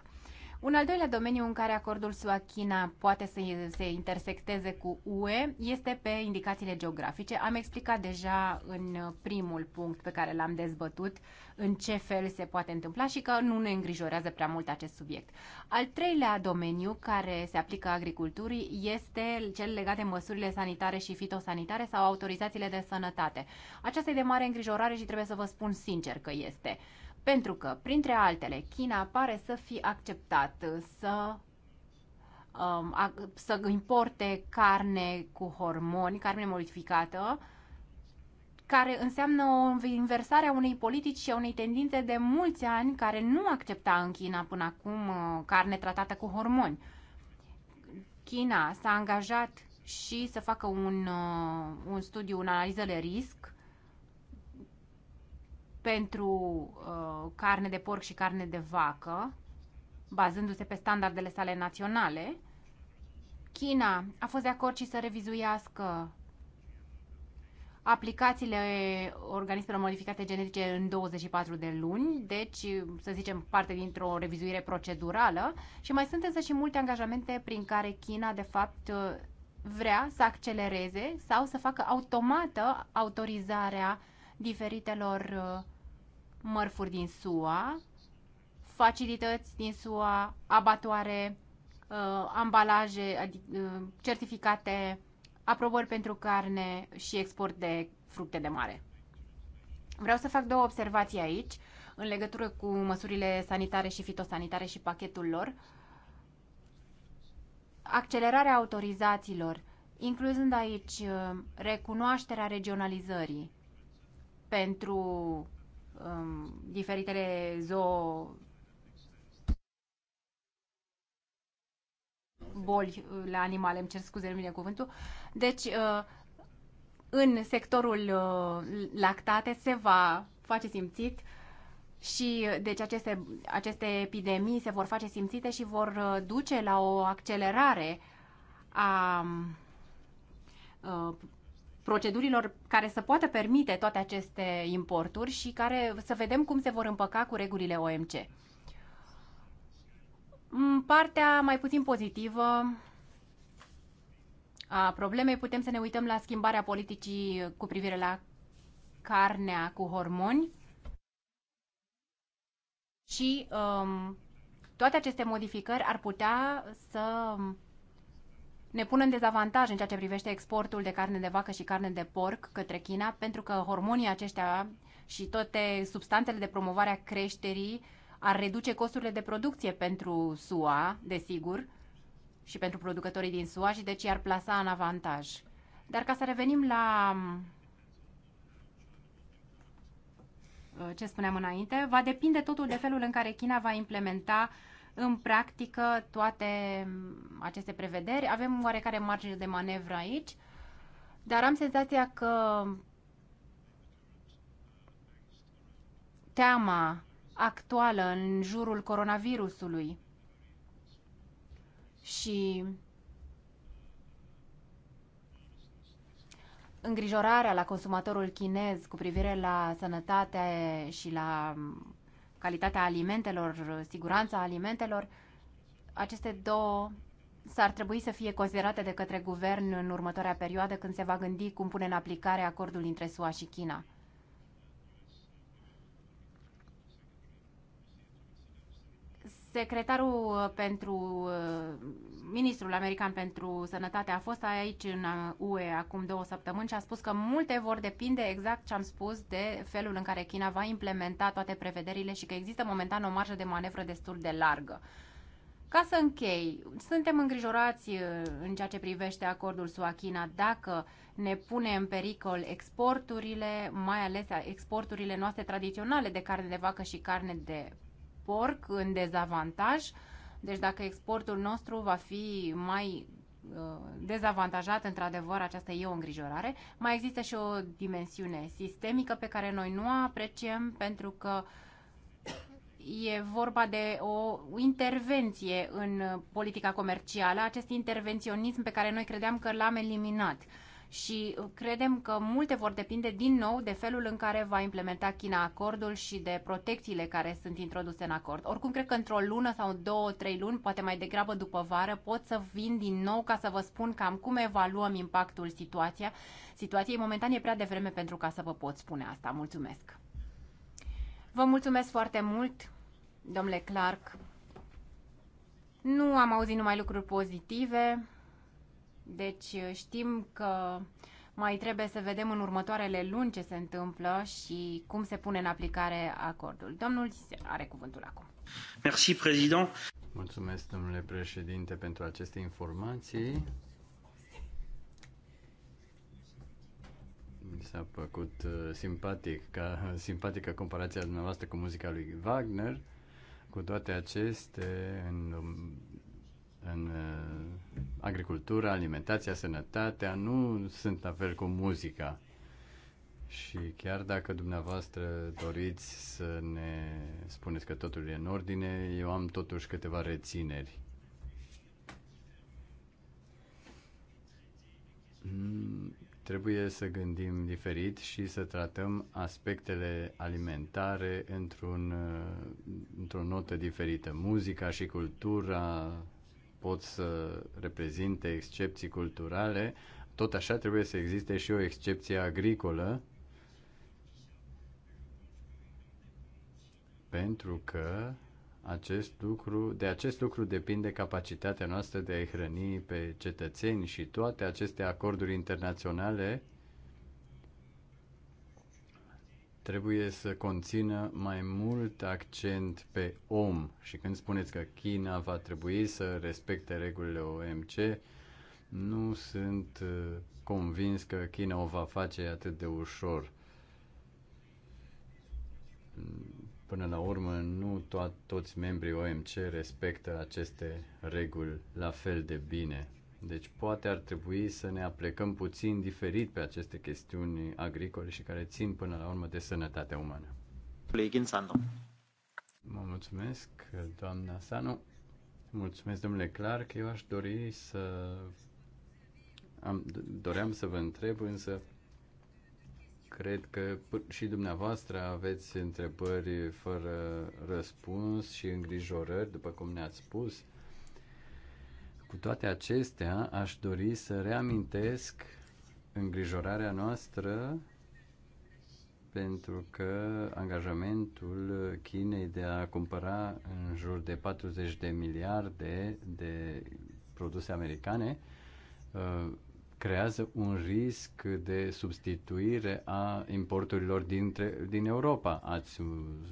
Un al doilea domeniu în care acordul SUA-China poate să se intersecteze cu UE este pe indicațiile geografice. Am explicat deja în primul punct pe care l-am dezbătut în ce fel se poate întâmpla și că nu ne îngrijorează prea mult acest subiect. Al treilea domeniu care se aplică agriculturii este cel legat de măsurile sanitare și fitosanitare sau autorizațiile de sănătate. Aceasta e de mare îngrijorare și trebuie să vă spun sincer că este. Pentru că, printre altele, China pare să fi acceptat să, um, a, să importe carne cu hormoni, carne modificată, care înseamnă o inversare a unei politici și a unei tendințe de mulți ani care nu accepta în China până acum uh, carne tratată cu hormoni. China s-a angajat și să facă un, uh, un studiu, un analiză de risc pentru uh, carne de porc și carne de vacă, bazându-se pe standardele sale naționale. China a fost de acord și să revizuiască aplicațiile organismelor modificate genetice în 24 de luni, deci, să zicem, parte dintr-o revizuire procedurală și mai sunt însă și multe angajamente prin care China, de fapt, vrea să accelereze sau să facă automată autorizarea uh, diferitelor uh, mărfuri din SUA, facilități din SUA, abatoare, uh, ambalaje, uh, certificate, aprobări pentru carne și export de fructe de mare. Vreau să fac două observații aici în legătură cu măsurile sanitare și fitosanitare și pachetul lor. Accelerarea autorizațiilor, incluzând aici recunoașterea regionalizării, pentru um, diferitele zoo boli uh, la animale, îmi cer scuze, nu vine cuvântul. Deci, uh, în sectorul uh, lactate se va face simțit și deci aceste, aceste epidemii se vor face simțite și vor uh, duce la o accelerare a uh, procedurilor care să poată permite toate aceste importuri și care să vedem cum se vor împăca cu regulile OMC. Partea mai puțin pozitivă a problemei putem să ne uităm la schimbarea politicii cu privire la carnea cu hormoni și um, toate aceste modificări ar putea să ne pun în dezavantaj în ceea ce privește exportul de carne de vacă și carne de porc către China, pentru că hormonii aceștia și toate substanțele de promovare a creșterii ar reduce costurile de producție pentru SUA, desigur, și pentru producătorii din SUA și deci i-ar plasa în avantaj. Dar ca să revenim la uh, ce spuneam înainte, va depinde totul de felul în care China va implementa uh, în practică toate aceste prevederi. Avem oarecare margine de manevră aici, dar am senzația că teama actuală în jurul coronavirusului și îngrijorarea la consumatorul chinez cu privire la sănătate și la calitatea alimentelor, siguranța alimentelor, aceste două s-ar trebui să fie considerate de către guvern în următoarea perioadă când se va gândi cum pune în aplicare acordul între SUA și China. Secretarul pentru uh, ministrul american pentru sănătate a fost aici în UE uh, acum două săptămâni și a spus că multe vor depinde exact ce am spus de felul în care China va implementa toate prevederile și că există momentan o marjă de manevră destul de largă. Ca să închei, suntem îngrijorați uh, în ceea ce privește acordul SUA-China dacă ne pune în pericol exporturile, mai ales exporturile noastre tradiționale de carne de vacă și carne de porc în dezavantaj. Deci dacă exportul nostru va fi mai uh, dezavantajat, într-adevăr, aceasta e o îngrijorare. Mai există și o dimensiune sistemică pe care noi nu o apreciem pentru că e vorba de o intervenție în politica comercială, acest intervenționism pe care noi credeam că l-am eliminat și uh, credem că multe vor depinde din nou de felul în care va implementa China acordul și de protecțiile care sunt introduse în acord. Oricum, cred că într-o lună sau două, trei luni, poate mai degrabă după vară, pot să vin din nou ca să vă spun cam cum evaluăm impactul situația. situației. Momentan e prea devreme pentru ca să vă pot spune asta. Mulțumesc! Vă mulțumesc foarte mult, domnule Clark. Nu am auzit numai lucruri pozitive. Deci uh, știm că mai trebuie să vedem în următoarele luni ce se întâmplă și cum se pune în aplicare acordul. Domnul are cuvântul acum. Merci, prezident. Mulțumesc, domnule președinte, pentru aceste informații. Mi s-a făcut uh, simpatic, ca, simpatică comparația dumneavoastră cu muzica lui Wagner. Cu toate aceste, în în uh, agricultura, alimentația, sănătatea nu sunt la fel cu muzica. Și chiar dacă dumneavoastră doriți să ne spuneți că totul e în ordine, eu am totuși câteva rețineri. Mm, trebuie să gândim diferit și să tratăm aspectele alimentare într-un, uh, într-o notă diferită. Muzica și cultura pot să reprezinte excepții culturale, tot așa trebuie să existe și o excepție agricolă pentru că acest lucru, de acest lucru depinde capacitatea noastră de a-i hrăni pe cetățeni și toate aceste acorduri internaționale trebuie să conțină mai mult accent pe om. Și când spuneți că China va trebui să respecte regulile OMC, nu sunt uh, convins că China o va face atât de ușor. Până la urmă, nu to- toți membrii OMC respectă aceste reguli la fel de bine. Deci poate ar trebui să ne aplecăm puțin diferit pe aceste chestiuni agricole și care țin până la urmă de sănătatea umană. Plegin Sando. Mă mulțumesc, doamna Sanu. Mulțumesc, domnule Clark. Eu aș dori să... Am, doream să vă întreb, însă cred că și dumneavoastră aveți întrebări fără răspuns și îngrijorări, după cum ne-ați spus cu toate acestea, aș dori să reamintesc îngrijorarea noastră pentru că angajamentul Chinei de a cumpăra în jur de 40 de miliarde de produse americane uh, creează un risc de substituire a importurilor dintre, din Europa. Ați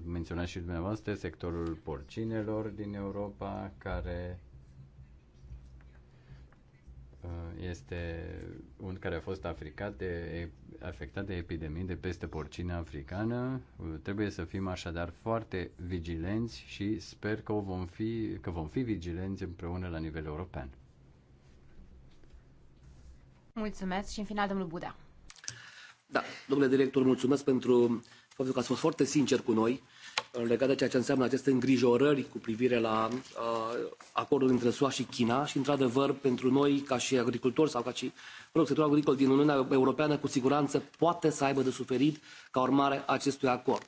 menționat și dumneavoastră sectorul porcinelor din Europa, care Uh, este un care a fost africat de, afectat de epidemii de peste porcină africană. Uh, trebuie să fim așadar foarte vigilenți și sper că, o vom, fi, că vom fi vigilenți împreună la nivel european. Mulțumesc și în final domnul Buda. Da, domnule director, mulțumesc pentru faptul că ați fost foarte sincer cu noi legat de ceea ce înseamnă aceste îngrijorări cu privire la uh, acordul între SUA și China și, într-adevăr, pentru noi, ca și agricultori sau ca și, mă rog, sectorul agricol din Uniunea Europeană, cu siguranță poate să aibă de suferit ca urmare a acestui acord.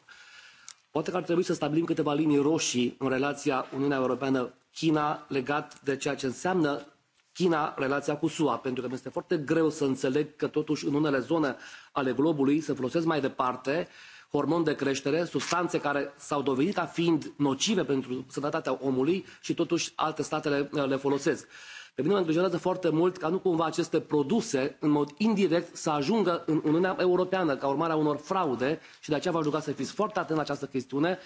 Poate că ar trebui să stabilim câteva linii roșii în relația Uniunea Europeană-China legat de ceea ce înseamnă China relația cu SUA, pentru că mi este foarte greu să înțeleg că totuși în unele zone ale globului se folosesc mai departe uh, hormoni de creștere, substanțe care s-au dovedit a fiind nocive pentru sănătatea omului și totuși alte state uh, le, folosesc. Pe mine mă îngrijorează foarte mult ca nu cumva aceste produse, în mod indirect, să ajungă în Uniunea Europeană ca urmare a unor fraude și de aceea v-aș ruga să fiți foarte atent la această chestiune,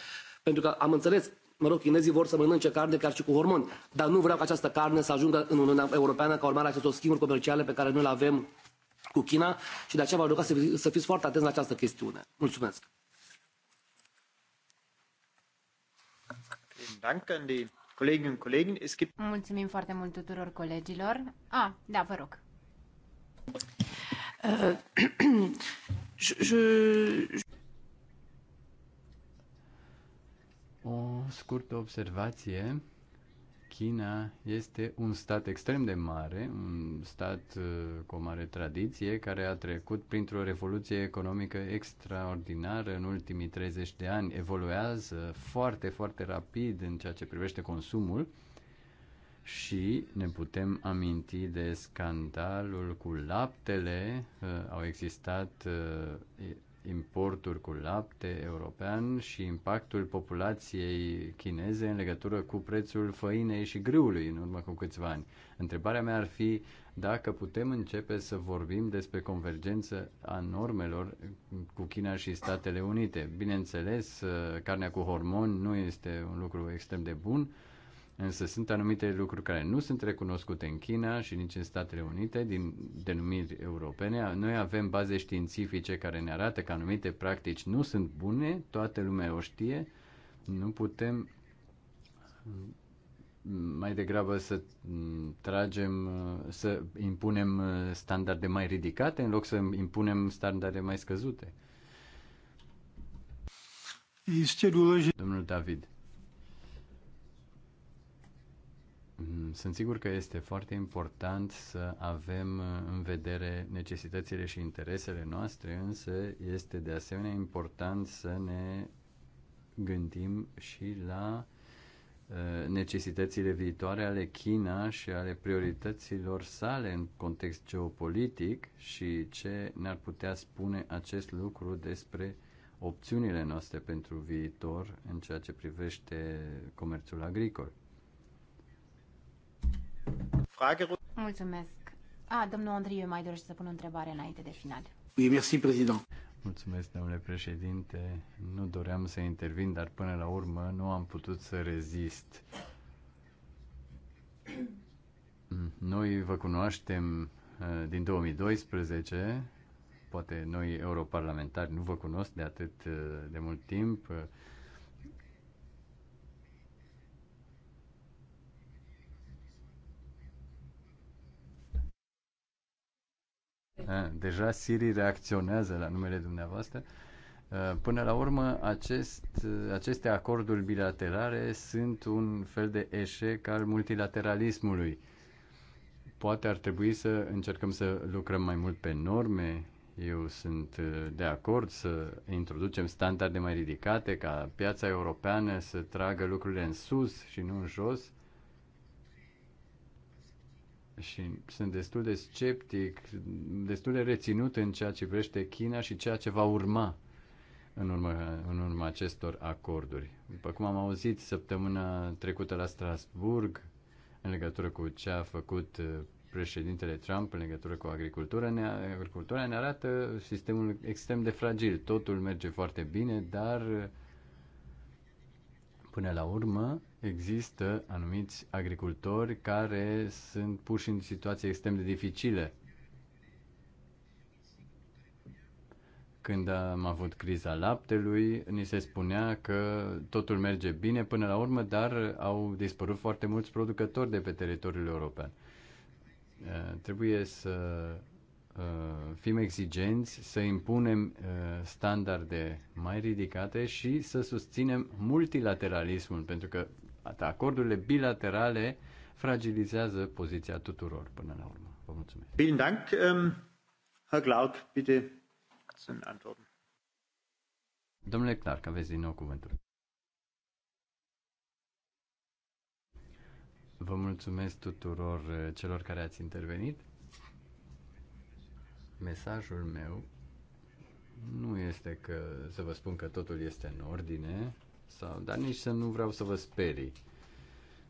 pentru că am înțeles, mă rog, chinezii vor să mănânce carne chiar și cu hormoni, dar nu vreau ca această carne să ajungă în Uniunea Europeană ca urmare a acestor schimburi comerciale pe care noi le avem cu China și de aceea v-aș ruga să, să fiți foarte atenți la această chestiune. Mulțumesc! Mulțumim foarte mult tuturor colegilor. Ah, da, vă rog. Uh, je, je... O scurtă observație China este un stat extrem de mare, un stat uh, cu o mare tradiție, care a trecut printr-o revoluție economică extraordinară în ultimii 30 de ani, evoluează foarte, foarte rapid în ceea ce privește consumul și ne putem aminti de scandalul cu laptele. Uh, au existat uh, importuri cu lapte european și impactul populației chineze în legătură cu prețul făinei și grâului în urmă cu câțiva ani. Întrebarea mea ar fi dacă putem începe să vorbim despre convergență a normelor cu China și Statele Unite. Bineînțeles, uh, carnea cu hormon nu este un lucru extrem de bun, Însă sunt anumite lucruri care nu sunt recunoscute în China și nici în Statele Unite, din denumiri europene. Noi avem baze științifice care ne arată că anumite practici nu sunt bune, toată lumea o știe. Nu putem mai degrabă să tragem, să impunem standarde mai ridicate în loc să impunem standarde mai scăzute. Domnul David. Mm, sunt sigur că este foarte important să avem uh, în vedere necesitățile și interesele noastre, însă este de asemenea important să ne gândim și la uh, necesitățile viitoare ale China și ale priorităților sale în context geopolitic și ce ne-ar putea spune acest lucru despre opțiunile noastre pentru viitor în ceea ce privește comerțul agricol. Mulțumesc. A, domnul eu mai dorește să pun o întrebare înainte de final. Oui, merci, Mulțumesc, domnule președinte. Nu doream să intervin, dar până la urmă nu am putut să rezist. Noi vă cunoaștem uh, din 2012, poate noi europarlamentari nu vă cunosc de atât uh, de mult timp, deja Siri reacționează la numele dumneavoastră. Până la urmă, acest, aceste acorduri bilaterale sunt un fel de eșec al multilateralismului. Poate ar trebui să încercăm să lucrăm mai mult pe norme. Eu sunt de acord să introducem standarde mai ridicate ca piața europeană să tragă lucrurile în sus și nu în jos și sunt destul de sceptic, destul de reținut în ceea ce vrește China și ceea ce va urma în urma, în urma acestor acorduri. După cum am auzit săptămâna trecută la Strasburg, în legătură cu ce a făcut uh, președintele Trump în legătură cu agricultura ne, agricultura ne arată sistemul extrem de fragil. Totul merge foarte bine, dar Până la urmă, există anumiți agricultori care sunt puși în situații extrem de dificile. Când am avut criza laptelui, ni se spunea că totul merge bine până la urmă, dar au dispărut foarte mulți producători de pe teritoriul european. Eh, trebuie să Uh, fim exigenți, să impunem uh, standarde mai ridicate și să susținem multilateralismul, pentru că acordurile bilaterale fragilizează poziția tuturor până la urmă. Vă mulțumesc. Vielen Dank, ähm, Herr Clark, bitte zum Antworten. Domnule Clark, aveți din nou cuvântul. Vă mulțumesc tuturor uh, celor care ați intervenit. Mesajul meu nu este că să vă spun că totul este în ordine, sau, dar nici să nu vreau să vă sperii.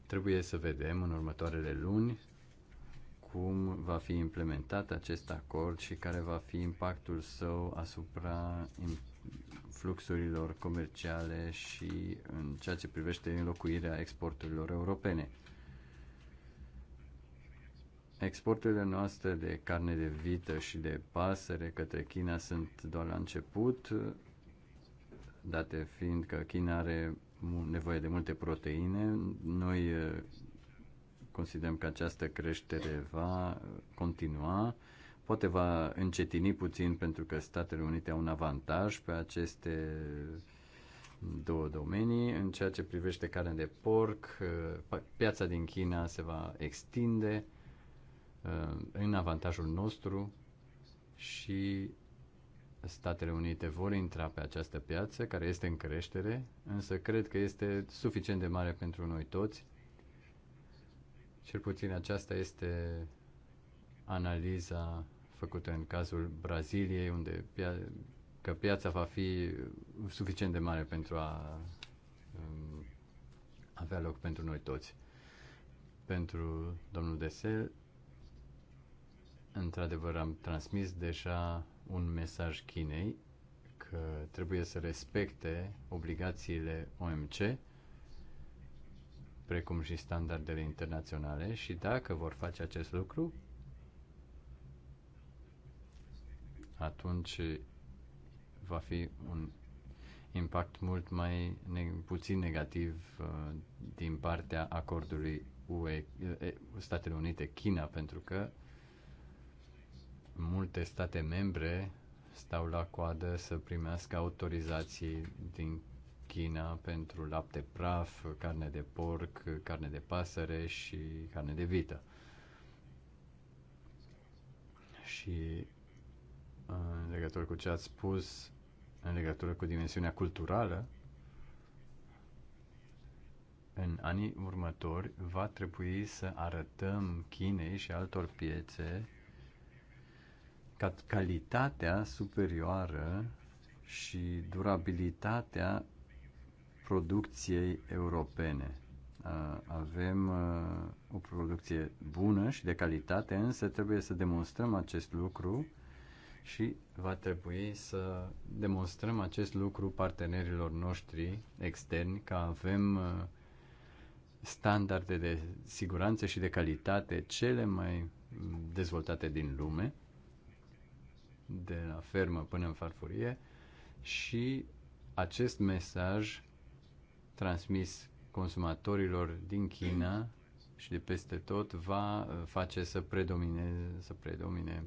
Trebuie să vedem în următoarele luni cum va fi implementat acest acord și care va fi impactul său asupra fluxurilor comerciale și în ceea ce privește înlocuirea exporturilor europene. Exporturile noastre de carne de vită și de pasăre către China sunt doar la început, date fiind că China are nevoie de multe proteine. Noi uh, considerăm că această creștere va continua, poate va încetini puțin pentru că Statele Unite au un avantaj pe aceste două domenii. În ceea ce privește carne de porc, uh, piața din China se va extinde Uh, în avantajul nostru și Statele Unite vor intra pe această piață care este în creștere, însă cred că este suficient de mare pentru noi toți. Cel puțin aceasta este analiza făcută în cazul Braziliei, unde pia- că piața va fi suficient de mare pentru a um, avea loc pentru noi toți. Pentru domnul Desel, Într-adevăr, am transmis deja un mesaj Chinei că trebuie să respecte obligațiile OMC, precum și standardele internaționale și dacă vor face acest lucru, atunci va fi un impact mult mai ne- puțin negativ uh, din partea acordului UE, Statele Unite-China, pentru că multe state membre stau la coadă să primească autorizații din China pentru lapte praf, carne de porc, carne de pasăre și carne de vită. Și în legătură cu ce ați spus, în legătură cu dimensiunea culturală, în anii următori va trebui să arătăm Chinei și altor piețe ca calitatea superioară și durabilitatea producției europene. Avem o producție bună și de calitate, însă trebuie să demonstrăm acest lucru și va trebui să demonstrăm acest lucru partenerilor noștri externi că avem standarde de siguranță și de calitate cele mai dezvoltate din lume de la fermă până în farfurie și acest mesaj transmis consumatorilor din China și de peste tot va uh, face să predomine, să predomine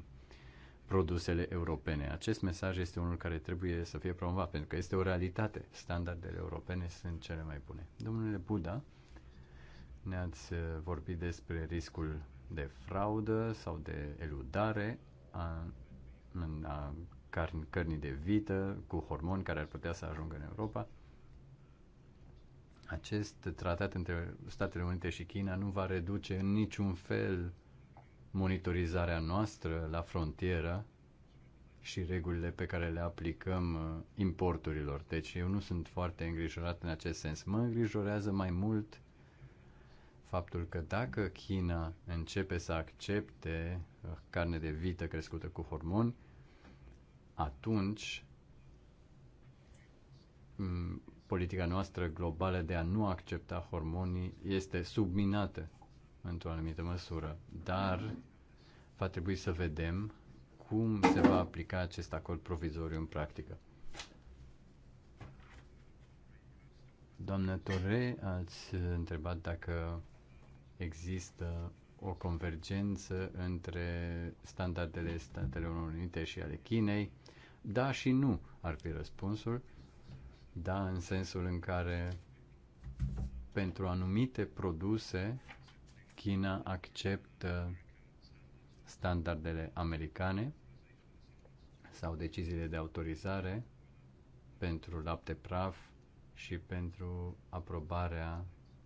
produsele europene. Acest mesaj este unul care trebuie să fie promovat, pentru că este o realitate. Standardele europene sunt cele mai bune. Domnule Buda, ne-ați uh, vorbit despre riscul de fraudă sau de eludare a în a carni, cărnii de vită cu hormoni care ar putea să ajungă în Europa. Acest tratat între Statele Unite și China nu va reduce în niciun fel monitorizarea noastră la frontieră și regulile pe care le aplicăm uh, importurilor. Deci eu nu sunt foarte îngrijorat în acest sens. Mă îngrijorează mai mult faptul că dacă China începe să accepte uh, carne de vită crescută cu hormoni, atunci mm, politica noastră globală de a nu accepta hormonii este subminată într-o anumită măsură. Dar va trebui să vedem cum se va aplica acest acord provizoriu în practică. Doamnă Tore, ați întrebat dacă există o convergență între standardele Statelor Unite și ale Chinei? Da și nu ar fi răspunsul. Da, în sensul în care pentru anumite produse China acceptă standardele americane sau deciziile de autorizare pentru lapte praf și pentru aprobarea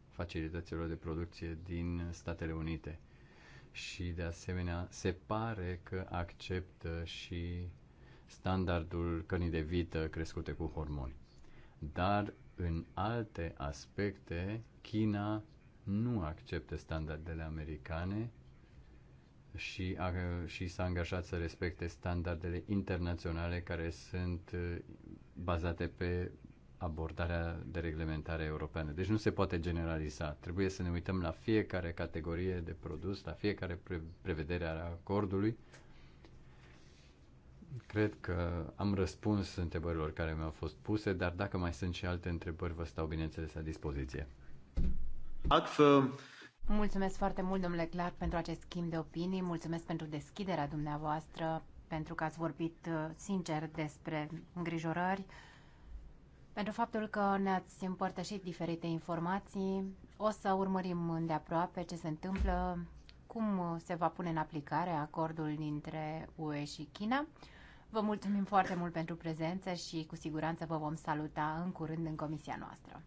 facilităților de producție din Statele Unite și de asemenea se pare că acceptă și standardul cărnii de vită crescute cu hormoni. Dar în alte aspecte, China nu acceptă standardele americane și, a, și s-a angajat să respecte standardele internaționale care sunt uh, bazate pe abordarea de reglementare europeană. Deci nu se poate generaliza. Trebuie să ne uităm la fiecare categorie de produs, la fiecare pre- prevedere a acordului. Cred că am răspuns întrebărilor care mi-au fost puse, dar dacă mai sunt și alte întrebări, vă stau bineînțeles la dispoziție. Altfel... Mulțumesc foarte mult, domnule Clark, pentru acest schimb de opinii. Mulțumesc pentru deschiderea dumneavoastră, pentru că ați vorbit uh, sincer despre îngrijorări pentru faptul că ne-ați împărtășit diferite informații. O să urmărim îndeaproape ce se întâmplă, cum se va pune în aplicare acordul dintre UE și China. Vă mulțumim foarte mult pentru prezență și cu siguranță vă vom saluta în curând în comisia noastră.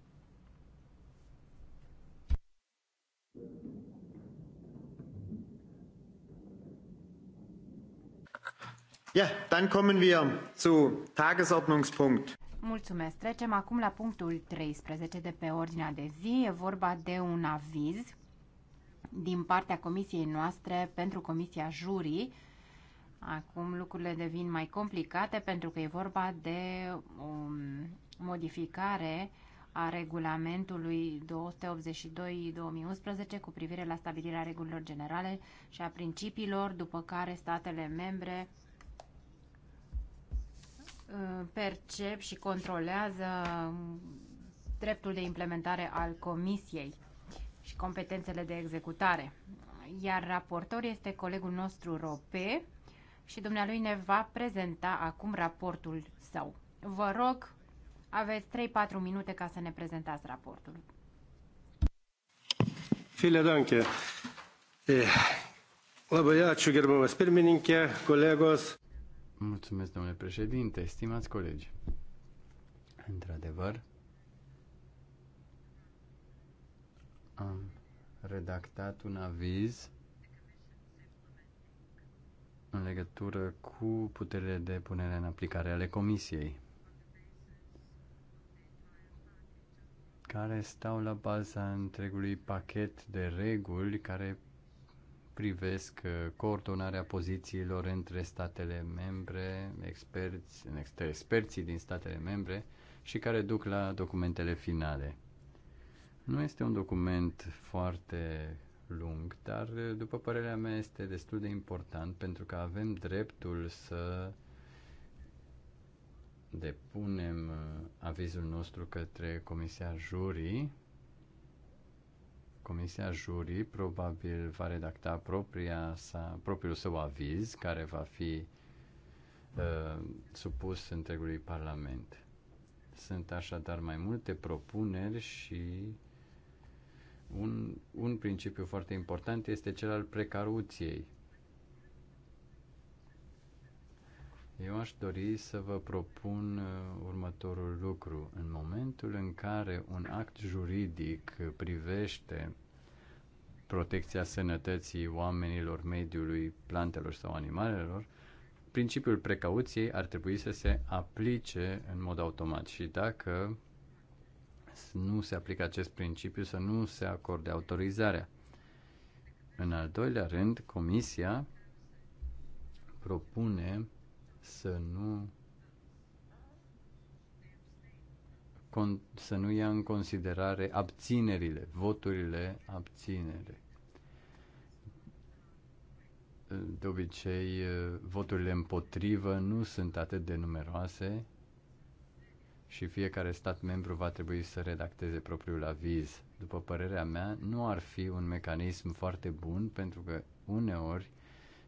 Ja, dann kommen wir zu Tagesordnungspunkt Mulțumesc. Trecem acum la punctul 13 de pe ordinea de zi. E vorba de un aviz din partea comisiei noastre pentru comisia jurii. Acum lucrurile devin mai complicate pentru că e vorba de o um, modificare a regulamentului 282-2011 cu privire la stabilirea regulilor generale și a principiilor după care statele membre Uh, percep și controlează dreptul de implementare al Comisiei și competențele de executare. Iar raportor este colegul nostru Rope și dumnealui ne va prezenta acum raportul său. Vă rog, aveți 3-4 minute ca să ne prezentați raportul. File danke. Eh, labai ačiū gerbiamas pirmininkė, kolegos. Mulțumesc, domnule președinte, stimați colegi. Într-adevăr, am redactat un aviz în legătură cu puterile de punere în aplicare ale Comisiei, care stau la baza întregului pachet de reguli care privesc uh, coordonarea pozițiilor între statele membre, experți, experții din statele membre și care duc la documentele finale. Nu este un document foarte lung, dar uh, după părerea mea este destul de important pentru că avem dreptul să depunem uh, avizul nostru către Comisia Jurii Comisia Jurii probabil va redacta propria sa, propriul său aviz care va fi uh, supus întregului Parlament. Sunt așadar mai multe propuneri și un, un principiu foarte important este cel al precauției. Eu aș dori să vă propun uh, următorul lucru. În momentul în care un act juridic privește protecția sănătății oamenilor, mediului, plantelor sau animalelor, principiul precauției ar trebui să se aplice în mod automat și dacă nu se aplică acest principiu, să nu se acorde autorizarea. În al doilea rând, Comisia propune să nu să nu ia în considerare abținerile, voturile abținere. De obicei, voturile împotrivă nu sunt atât de numeroase și fiecare stat membru va trebui să redacteze propriul aviz. După părerea mea, nu ar fi un mecanism foarte bun pentru că uneori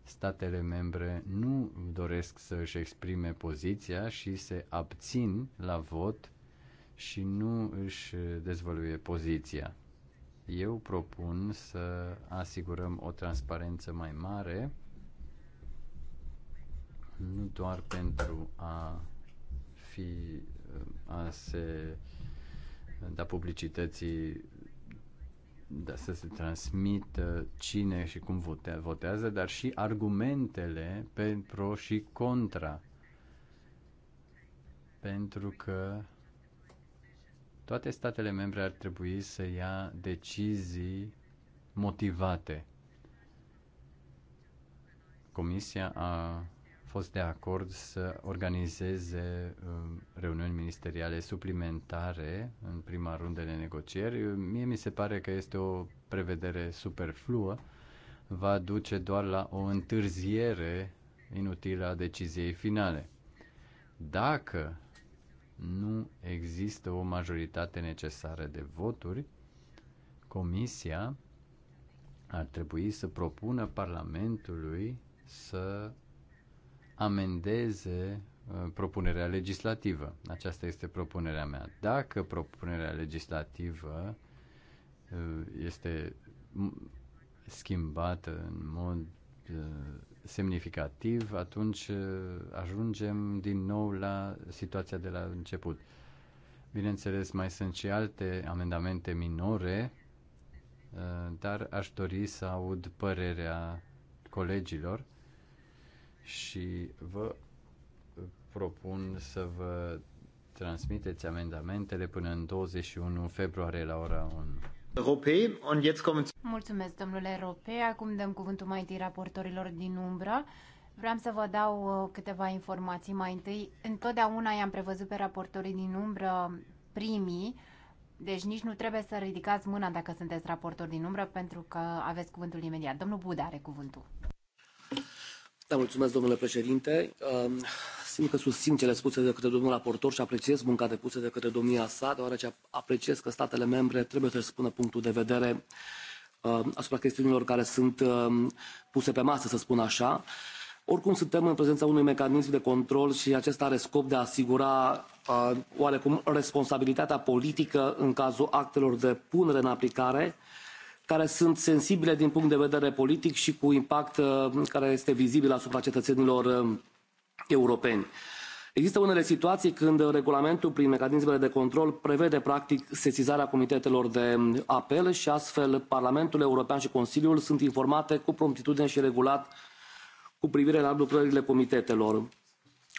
statele membre nu doresc să își exprime poziția și se abțin la vot și nu își dezvăluie poziția. Eu propun să asigurăm o transparență mai mare, nu doar pentru a fi a se da publicității da, să se transmită cine și cum vote, votează, dar și argumentele pentru și contra. Pentru că toate statele membre ar trebui să ia decizii motivate. Comisia a fost de acord să organizeze um, reuniuni ministeriale suplimentare în prima rundă de negocieri. Mie mi se pare că este o prevedere superfluă, va duce doar la o întârziere inutilă a deciziei finale. Dacă nu există o majoritate necesară de voturi, Comisia ar trebui să propună Parlamentului să amendeze uh, propunerea legislativă. Aceasta este propunerea mea. Dacă propunerea legislativă uh, este schimbată în mod uh, semnificativ, atunci ajungem din nou la situația de la început. Bineînțeles, mai sunt și alte amendamente minore, dar aș dori să aud părerea colegilor și vă propun să vă transmiteți amendamentele până în 21 februarie la ora 1. Mulțumesc, domnule Rope. Acum dăm cuvântul mai întâi raportorilor din umbra. Vreau să vă dau uh, câteva informații mai întâi. Întotdeauna i-am prevăzut pe raportorii din umbră primii, deci nici nu trebuie să ridicați mâna dacă sunteți raportori din umbră, pentru că aveți cuvântul imediat. Domnul Buda are cuvântul. Da, mulțumesc, domnule președinte. Simt că susțin cele spuse de către domnul raportor și apreciez munca depusă de către domnia sa, deoarece apreciez că statele membre trebuie să-și spună punctul de vedere asupra chestiunilor care sunt puse pe masă, să spun așa. Oricum, suntem în prezența unui mecanism de control și acesta are scop de a asigura oarecum responsabilitatea politică în cazul actelor de punere în aplicare care sunt sensibile din punct de vedere politic și cu impact uh, care este vizibil asupra cetățenilor uh, europeni. Există unele situații când regulamentul prin mecanismele de control prevede practic sesizarea comitetelor de um, apel și astfel Parlamentul European și Consiliul sunt informate cu promptitudine și regulat cu privire la lucrările comitetelor.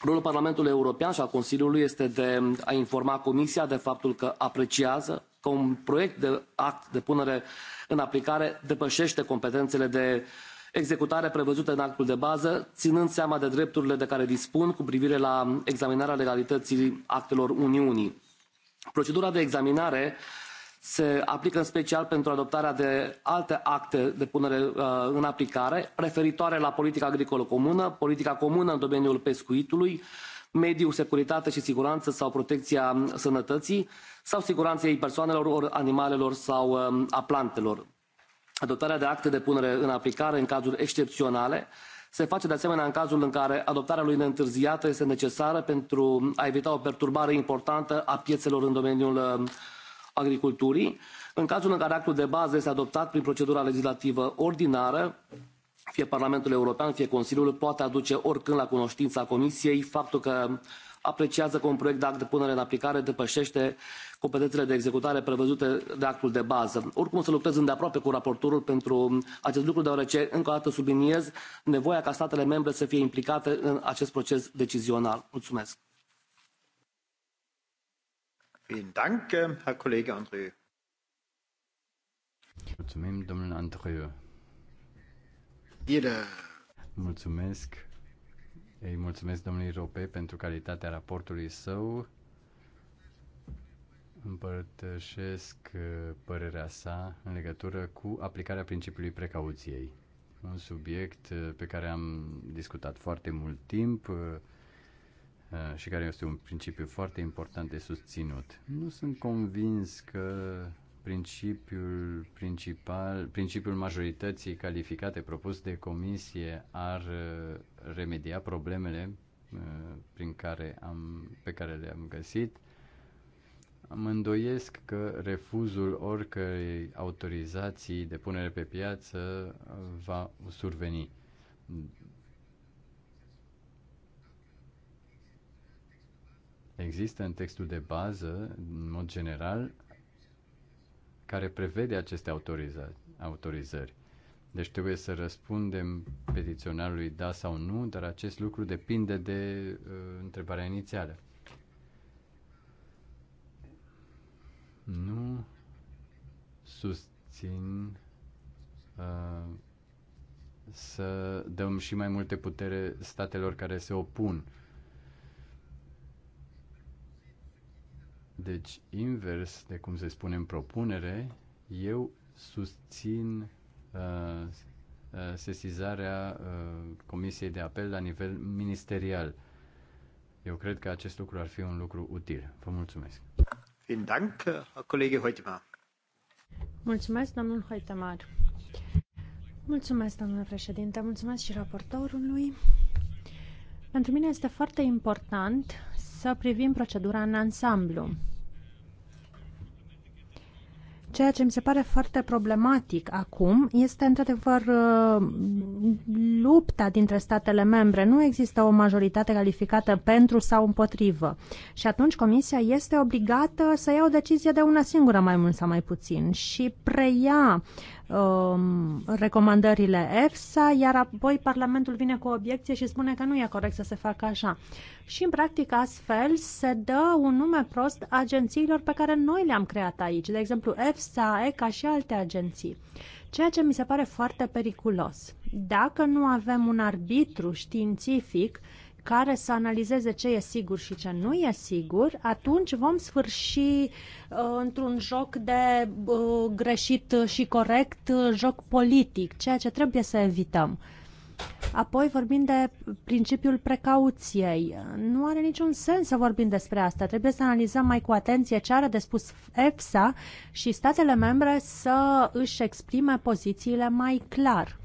Rolul Parlamentului European și al Consiliului este de um, a informa Comisia de faptul că apreciază că un proiect de act de punere în aplicare depășește competențele de executare prevăzute în actul de bază, ținând seama de drepturile de care dispun cu privire la examinarea legalității actelor Uniunii. Procedura de examinare se aplică în special pentru adoptarea de alte acte de punere uh, în aplicare referitoare la politica agricolă comună, politica comună în domeniul pescuitului, mediu securitate și siguranță sau protecția sănătății sau siguranței persoanelor ori animalelor sau um, a plantelor. adoptarea de acte de punere în aplicare în cazuri excepționale se face de asemenea în cazul în care adoptarea lui neîntârziată este necesară pentru a evita o perturbare importantă a piețelor în domeniul um, agriculturii în cazul în care actul de bază este adoptat prin procedura legislativă ordinară fie Parlamentul European, fie Consiliul poate aduce oricând la cunoștința Comisiei faptul că apreciază că un proiect de act de punere în aplicare depășește competențele de executare prevăzute de actul de bază. Oricum să lucrez îndeaproape cu raportorul pentru acest lucru, deoarece încă o dată subliniez nevoia ca statele membre să fie implicate în acest proces decizional. Mulțumesc. Mulțumim, domnule Andreu. Ida. Mulțumesc. Ei mulțumesc domnului Rope pentru calitatea raportului său. Împărtășesc uh, părerea sa în legătură cu aplicarea principiului precauției. Un subiect uh, pe care am discutat foarte mult timp uh, și care este un principiu foarte important de susținut. Nu sunt convins că principiul principal, principiul majorității calificate propus de comisie ar uh, remedia problemele uh, prin care am, pe care le-am găsit. Mă îndoiesc că refuzul oricărei autorizații de punere pe piață uh, va surveni. Există în textul de bază, în mod general, care prevede aceste autoriza- autorizări. Deci trebuie să răspundem petiționarului da sau nu, dar acest lucru depinde de uh, întrebarea inițială. Nu susțin uh, să dăm și mai multe putere statelor care se opun. Deci, invers de cum se spune în propunere, eu susțin uh, uh, sesizarea uh, Comisiei de Apel la nivel ministerial. Eu cred că acest lucru ar fi un lucru util. Vă mulțumesc. Mulțumesc, domnul Hoitemar. Mulțumesc, domnule președinte. Mulțumesc și raportorului. Pentru mine este foarte important să privim procedura în ansamblu. Ceea ce mi se pare foarte problematic acum este, într-adevăr, lupta dintre statele membre. Nu există o majoritate calificată pentru sau împotrivă. Și atunci Comisia este obligată să ia o decizie de una singură, mai mult sau mai puțin, și preia uh, Um, recomandările EFSA, iar apoi Parlamentul vine cu o obiecție și spune că nu e corect să se facă așa. Și, în practic, astfel se dă un nume prost agențiilor pe care noi le-am creat aici, de exemplu EFSA, ECA și alte agenții. Ceea ce mi se pare foarte periculos. Dacă nu avem un arbitru științific, care să analizeze ce e sigur și ce nu e sigur, atunci vom sfârși uh, într-un joc de uh, greșit și corect, uh, joc politic, ceea ce trebuie să evităm. Apoi vorbim de principiul precauției. Nu are niciun sens să vorbim despre asta. Trebuie să analizăm mai cu atenție ce are de spus EFSA și statele membre să își exprime pozițiile mai clar.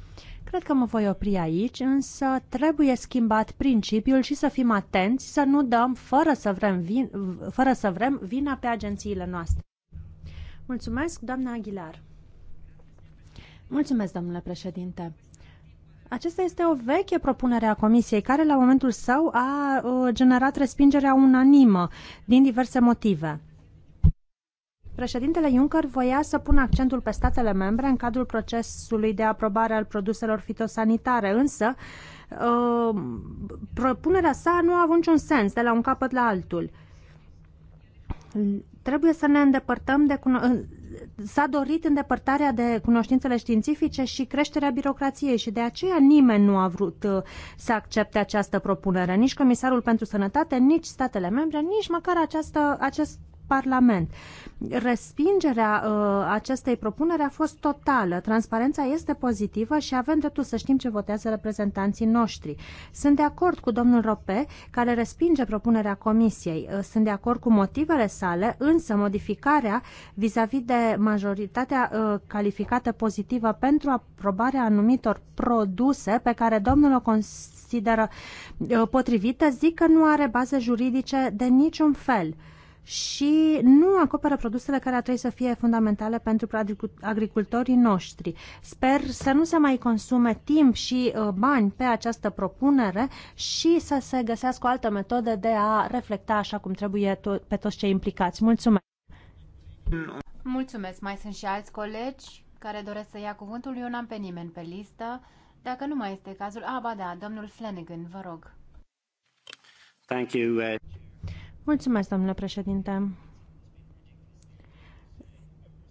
Cred că mă voi opri aici, însă trebuie schimbat principiul și să fim atenți să nu dăm, fără să vrem, vin, fără să vrem vina pe agențiile noastre. Mulțumesc, doamna Aguilar. Mulțumesc, domnule președinte. Acesta este o veche propunere a Comisiei, care la momentul său a uh, generat respingerea unanimă din diverse motive președintele Juncker voia să pună accentul pe statele membre în cadrul procesului de aprobare al produselor fitosanitare, însă uh, propunerea sa nu a avut niciun sens de la un capăt la altul. Trebuie să ne îndepărtăm de uh, s-a dorit îndepărtarea de cunoștințele științifice și creșterea birocrației și de aceea nimeni nu a vrut uh, să accepte această propunere, nici Comisarul pentru Sănătate, nici statele membre, nici măcar această, acest Parlament. Respingerea uh, acestei propuneri a fost totală. Transparența este pozitivă și avem dreptul să știm ce votează reprezentanții noștri. Sunt de acord cu domnul Rope, care respinge propunerea Comisiei. Uh, sunt de acord cu motivele sale, însă modificarea vis-a-vis -vis de majoritatea uh, calificată pozitivă pentru aprobarea anumitor produse pe care domnul o consideră uh, potrivită, zic că nu are baze juridice de niciun fel și nu acoperă produsele care ar trebui să fie fundamentale pentru agricultorii noștri. Sper să nu se mai consume timp și uh, bani pe această propunere și să se găsească o altă metodă de a reflecta așa cum trebuie pe toți cei implicați. Mulțumesc! Mulțumesc! Mai sunt și alți colegi care doresc să ia cuvântul. Eu n-am pe nimeni pe listă. Dacă nu mai este cazul, a, ba da, domnul Flanagan, vă rog. Thank you. Uh, Mulțumesc, domnule președinte.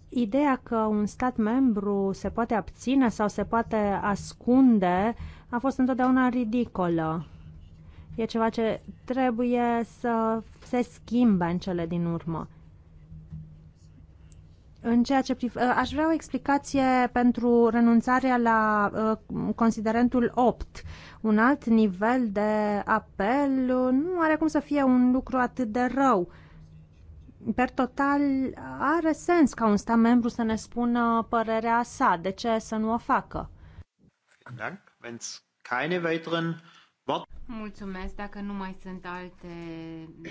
Ideea că un stat membru se poate abține sau se poate ascunde a fost întotdeauna ridicolă. E ceva ce trebuie să se schimbe în cele din urmă. În ceea ce priv- uh, aș vrea o explicație pentru renunțarea la uh, considerentul 8. Un alt nivel de apel nu are cum să fie un lucru atât de rău. Per total, are sens ca un stat membru să ne spună părerea sa. De ce să nu o facă? Mulțumesc. Dacă nu mai sunt alte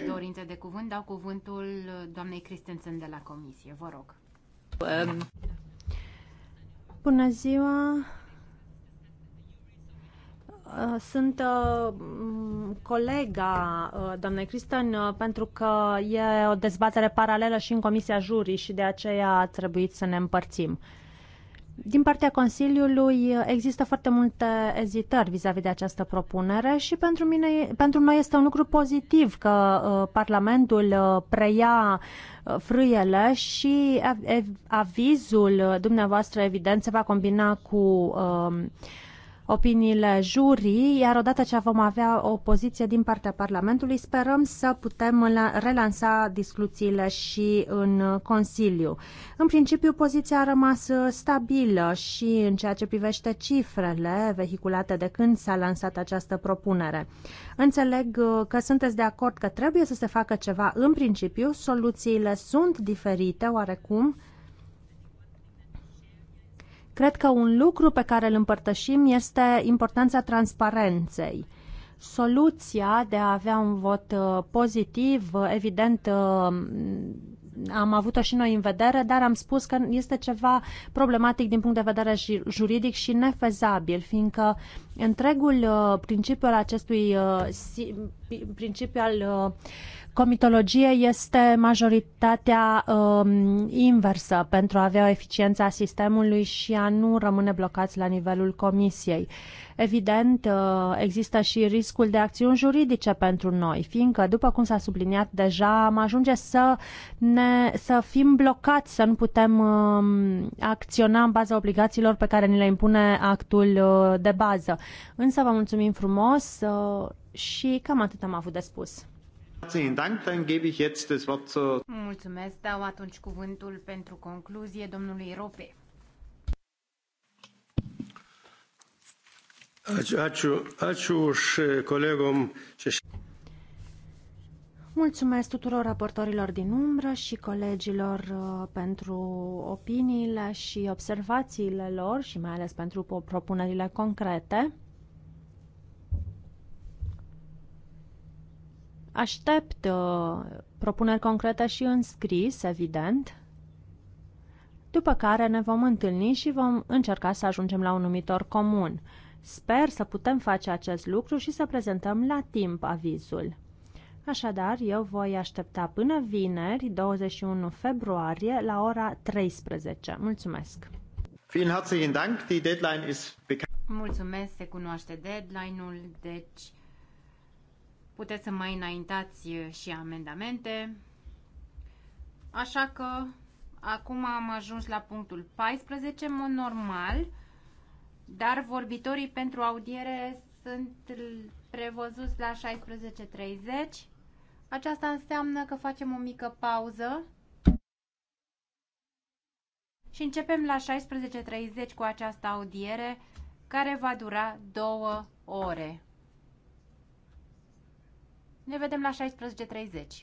dorințe de cuvânt, dau cuvântul doamnei Christensen de la Comisie. Vă rog. Ehm, Bună ziua! Uh, sunt uh, colega uh, doamnei Cristian pentru că e o dezbatere paralelă și în Comisia Jurii și de aceea a trebuit să ne împărțim. Din partea Consiliului uh, există foarte multe ezitări vis-a-vis -vis de această propunere și pentru, mine, pentru noi este un lucru pozitiv că uh, Parlamentul uh, preia uh, frâiele și av- av- avizul uh, dumneavoastră, evident, se va combina cu uh, opiniile jurii, iar odată ce vom avea o poziție din partea Parlamentului, sperăm să putem relansa discuțiile și în Consiliu. În principiu, poziția a rămas stabilă și în ceea ce privește cifrele vehiculate de când s-a lansat această propunere. Înțeleg uh, că sunteți de acord că trebuie să se facă ceva în principiu, soluțiile sunt diferite oarecum, Cred că un lucru pe care îl împărtășim este importanța transparenței. Soluția de a avea un vot uh, pozitiv, uh, evident, uh, am avut-o și noi în vedere, dar am spus că este ceva problematic din punct de vedere juridic și nefezabil, fiindcă întregul principiu al acestui principiu al comitologie este majoritatea um, inversă pentru a avea eficiența sistemului și a nu rămâne blocați la nivelul comisiei. Evident, uh, există și riscul de acțiuni juridice pentru noi, fiindcă, după cum s-a subliniat deja, am ajunge să, ne, să fim blocați, să nu putem um, acționa în baza obligațiilor pe care ni le impune actul uh, de bază. Însă vă mulțumim frumos uh, și cam atât am avut de spus. Mulțumesc, dau atunci cuvântul pentru concluzie domnului Rope. Mulțumesc tuturor raportorilor din umbră și colegilor uh, pentru opiniile și observațiile lor și mai ales pentru propunerile concrete. Aștept uh, propuneri concrete și în scris, evident, după care ne vom întâlni și vom încerca să ajungem la un numitor comun. Sper să putem face acest lucru și să prezentăm la timp avizul. Așadar, eu voi aștepta până vineri, 21 februarie, la ora 13. Mulțumesc! Vielen herzlichen Dank. Die Deadline ist bekannt. Mulțumesc, se cunoaște deadline-ul, deci puteți să mai înaintați și amendamente. Așa că acum am ajuns la punctul 14, mod normal, dar vorbitorii pentru audiere sunt prevăzuți la 16.30. Aceasta înseamnă că facem o mică pauză și începem la 16.30 cu această audiere care va dura două ore. Ne vedem la 16.30.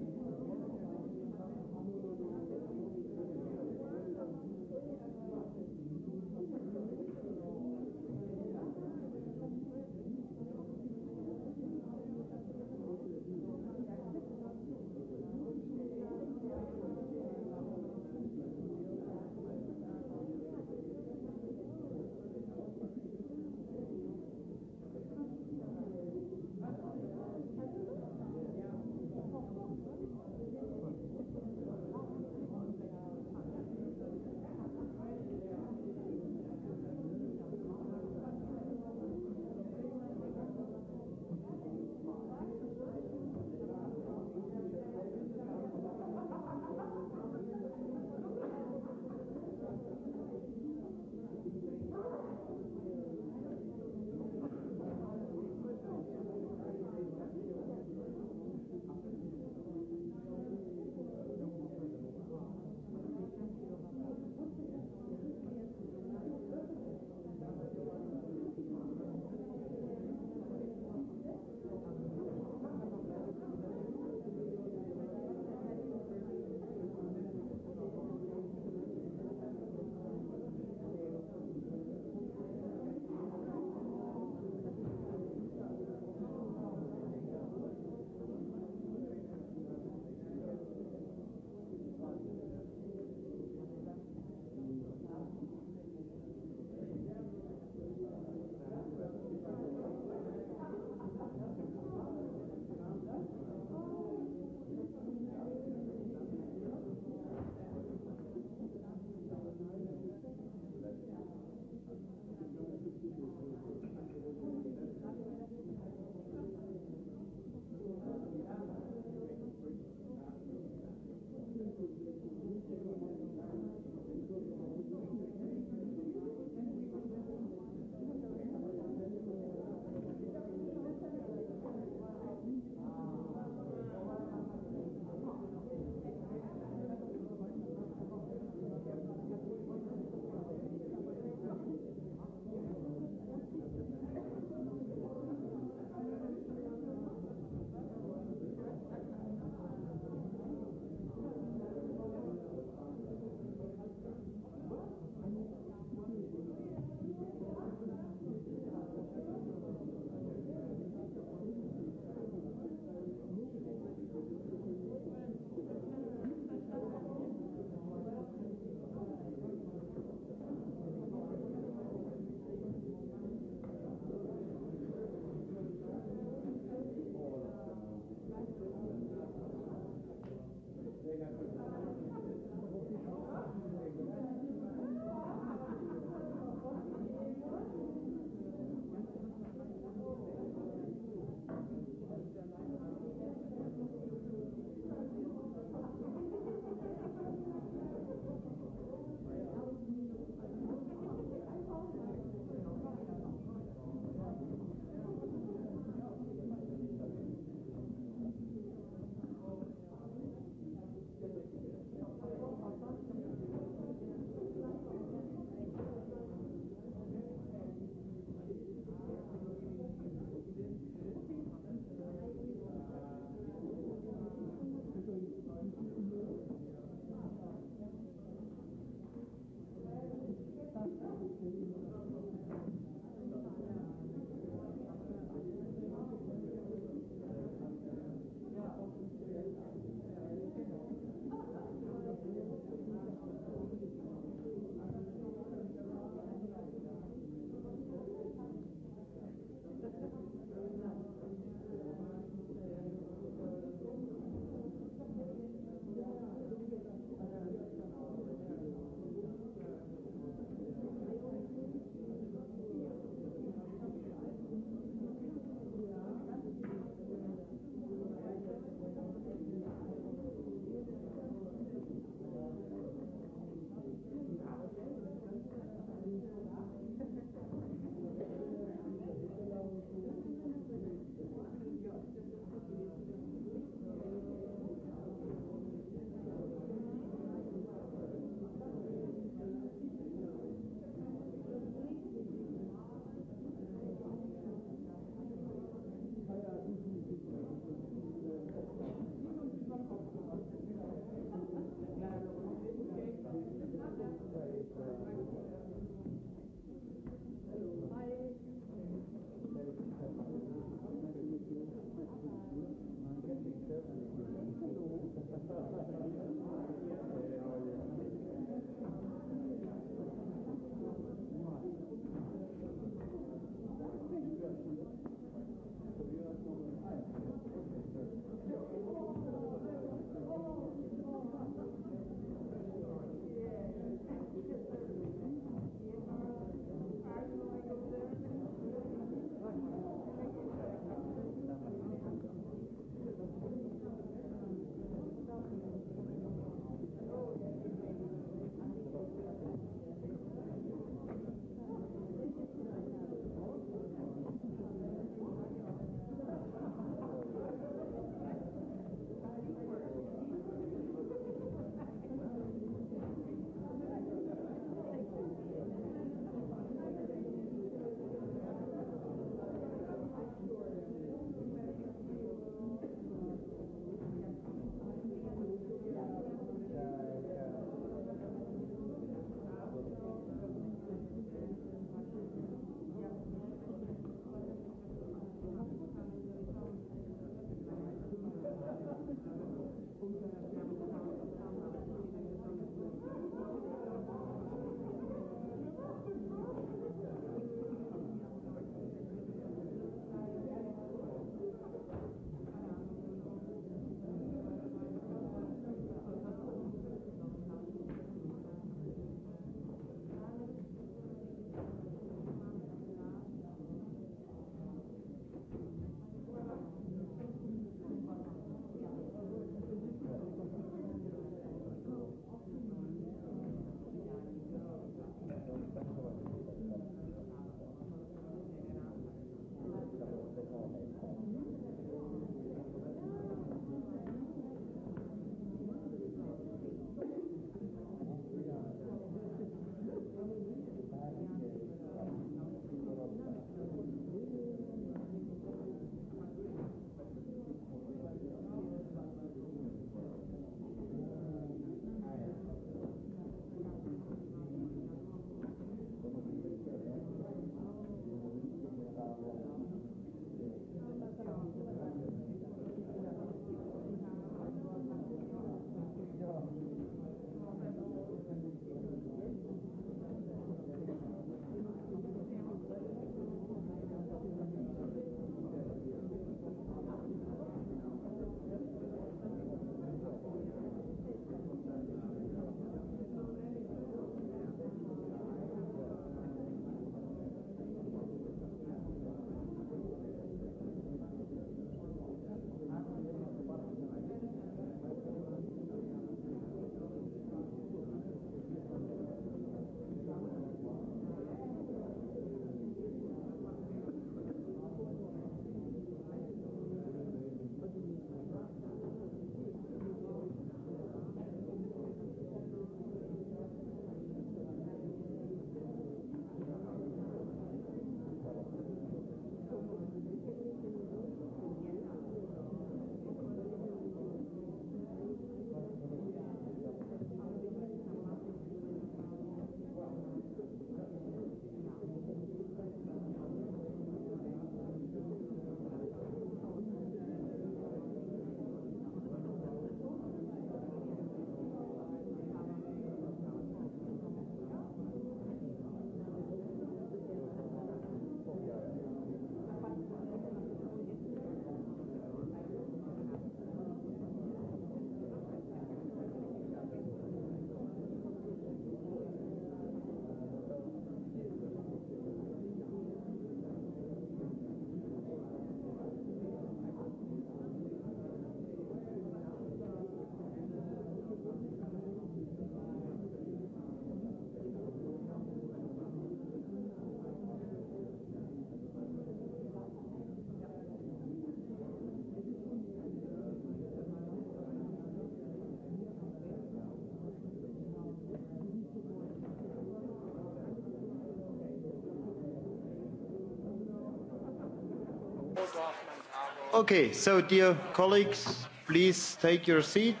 Okay, so dear colleagues, please take your seat.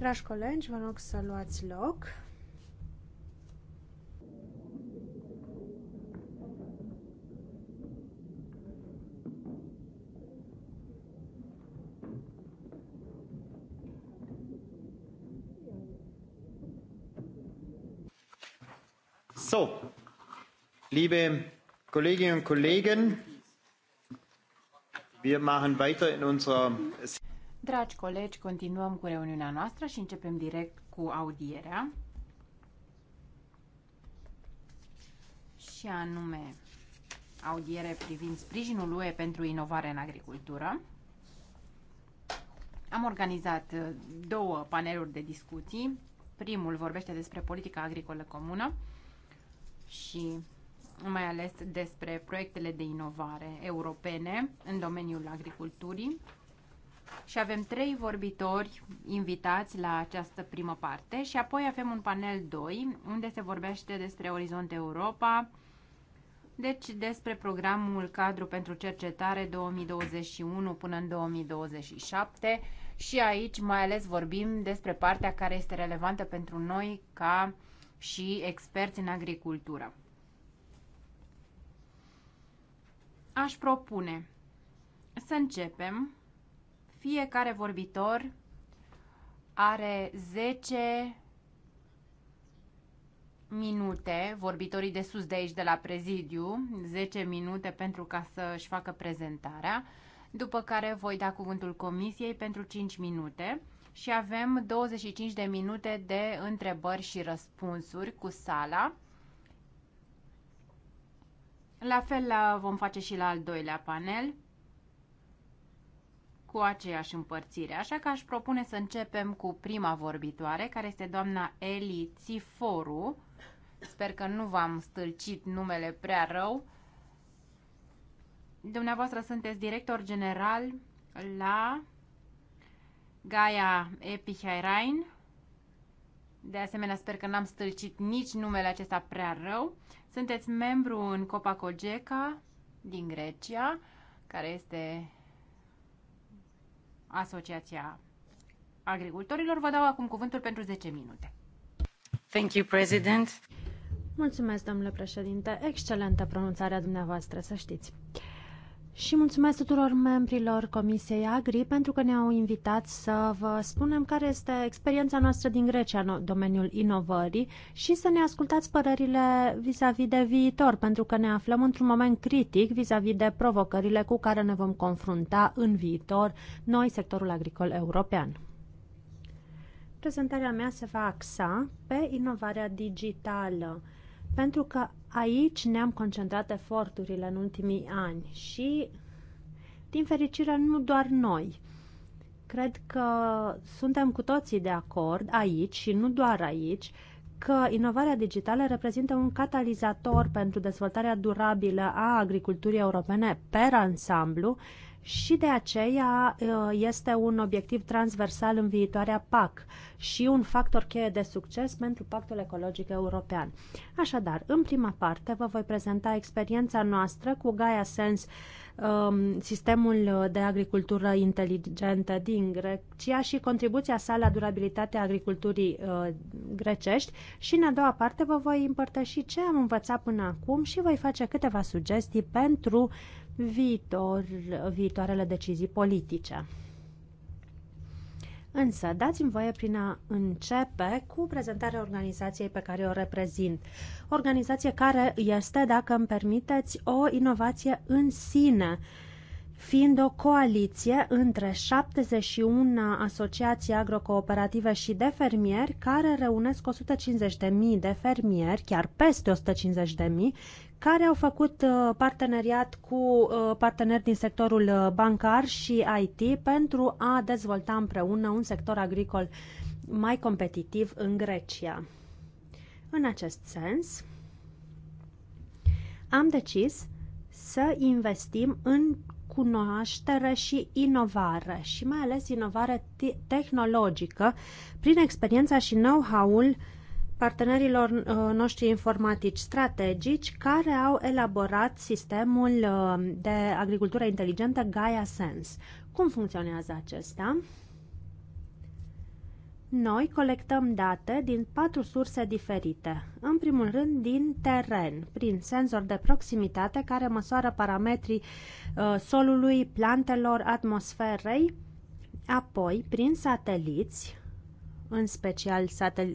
Dragi colegi, vă rog să luați loc. So, liebe Kolleginnen und Kollegen, Dragi colegi, continuăm cu reuniunea noastră și începem direct cu audierea. Și anume audiere privind sprijinul UE pentru inovare în agricultură. Am organizat uh, două paneluri de discuții. Primul vorbește despre politica agricolă comună și mai ales despre proiectele de inovare europene în domeniul agriculturii. Și avem trei vorbitori invitați la această primă parte și apoi avem un panel 2 unde se vorbește despre Orizont Europa, deci despre programul cadru pentru cercetare 2021 până în 2027 și aici mai ales vorbim despre partea care este relevantă pentru noi ca și experți în agricultură. Aș propune să începem. Fiecare vorbitor are 10 minute, vorbitorii de sus de aici de la prezidiu, 10 minute pentru ca să-și facă prezentarea, după care voi da cuvântul comisiei pentru 5 minute și avem 25 de minute de întrebări și răspunsuri cu sala la fel la, vom face și la al doilea panel cu aceeași împărțire, așa că aș propune să începem cu prima vorbitoare, care este doamna Eli Țiforu. Sper că nu v-am stâlcit numele prea rău. Dumneavoastră sunteți director general la Gaia Epichairain. De asemenea, sper că n-am stâlcit nici numele acesta prea rău. Sunteți membru în Copacogeca din Grecia, care este Asociația Agricultorilor. Vă dau acum cuvântul pentru 10 minute. Thank you, President. Mulțumesc, domnule președinte. Excelentă pronunțarea dumneavoastră, să știți și mulțumesc tuturor membrilor Comisiei Agri pentru că ne-au invitat să vă spunem care este experiența noastră din Grecia în domeniul inovării și să ne ascultați părerile vis-a-vis -vis de viitor, pentru că ne aflăm într-un moment critic vis-a-vis -vis de provocările cu care ne vom confrunta în viitor noi, sectorul agricol european. Prezentarea mea se va axa pe inovarea digitală pentru că aici ne-am concentrat eforturile în ultimii ani și, din fericire, nu doar noi. Cred că suntem cu toții de acord aici și nu doar aici că inovarea digitală reprezintă un catalizator pentru dezvoltarea durabilă a agriculturii europene per ansamblu și de aceea ă, este un obiectiv transversal în viitoarea PAC și un factor cheie de succes pentru Pactul Ecologic European. Așadar, în prima parte vă voi prezenta experiența noastră cu Gaia Sens, ă, sistemul de agricultură inteligentă din Grecia și contribuția sa la durabilitatea agriculturii ă, grecești și în a doua parte vă voi împărtăși ce am învățat până acum și voi face câteva sugestii pentru viitor, viitoarele decizii politice. Însă, dați-mi voie prin a începe cu prezentarea organizației pe care o reprezint. Organizație care este, dacă îmi permiteți, o inovație în sine, fiind o coaliție între 71 asociații agrocooperative și de fermieri, care reunesc 150.000 de fermieri, chiar peste 150.000, care au făcut uh, parteneriat cu uh, parteneri din sectorul uh, bancar și IT pentru a dezvolta împreună un sector agricol mai competitiv în Grecia. În acest sens, am decis să investim în cunoaștere și inovare și mai ales inovare tehnologică prin experiența și know-how-ul uh, partenerilor uh, noștri informatici strategici care au elaborat sistemul uh, de agricultură inteligentă Gaia Sense. Cum funcționează acesta? Noi colectăm date din patru surse diferite. În primul rând, din teren, prin senzori de proximitate care măsoară parametrii uh, solului, plantelor, atmosferei, apoi prin sateliți, în special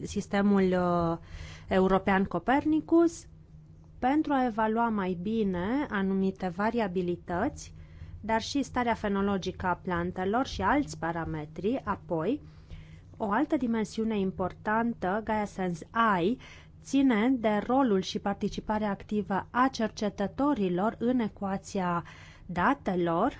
sistemul uh, european Copernicus, pentru a evalua mai bine anumite variabilități, dar și starea fenologică a plantelor și alți parametri, apoi o altă dimensiune importantă, Gaia Sense AI, ține de rolul și participarea activă a cercetătorilor în ecuația datelor,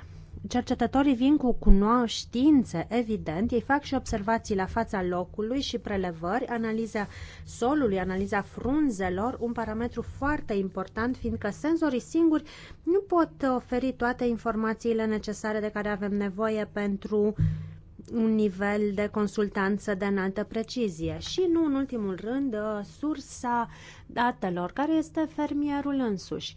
cercetătorii vin cu cunoștințe, evident, ei fac și observații la fața locului și prelevări, analiza solului, analiza frunzelor, un parametru foarte important, fiindcă senzorii singuri nu pot oferi toate informațiile necesare de care avem nevoie pentru un nivel de consultanță de înaltă precizie și nu în ultimul rând sursa datelor, care este fermierul însuși.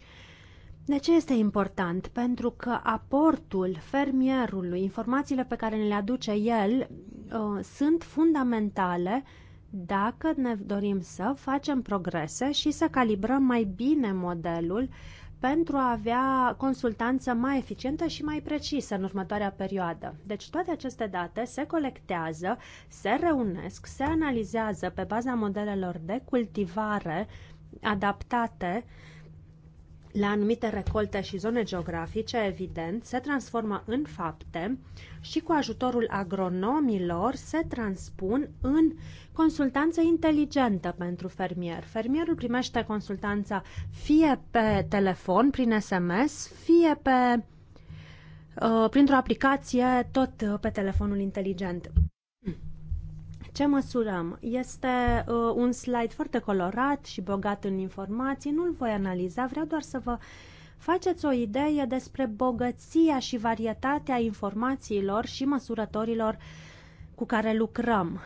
De ce este important? Pentru că aportul fermierului, informațiile pe care ne le aduce el, uh, sunt fundamentale dacă ne dorim să facem progrese și să calibrăm mai bine modelul pentru a avea consultanță mai eficientă și mai precisă în următoarea perioadă. Deci toate aceste date se colectează, se reunesc, se analizează pe baza modelelor de cultivare adaptate uh, la anumite recolte și zone geografice, evident, se transformă în fapte și cu ajutorul agronomilor se transpun în consultanță inteligentă pentru fermier. Fermierul primește consultanța fie pe telefon, prin SMS, fie pe, uh, printr-o aplicație, tot uh, pe telefonul inteligent. Ce măsurăm? Este uh, un slide foarte colorat și bogat în informații, nu-l voi analiza, vreau doar să vă faceți o idee despre bogăția și varietatea informațiilor și măsurătorilor cu care lucrăm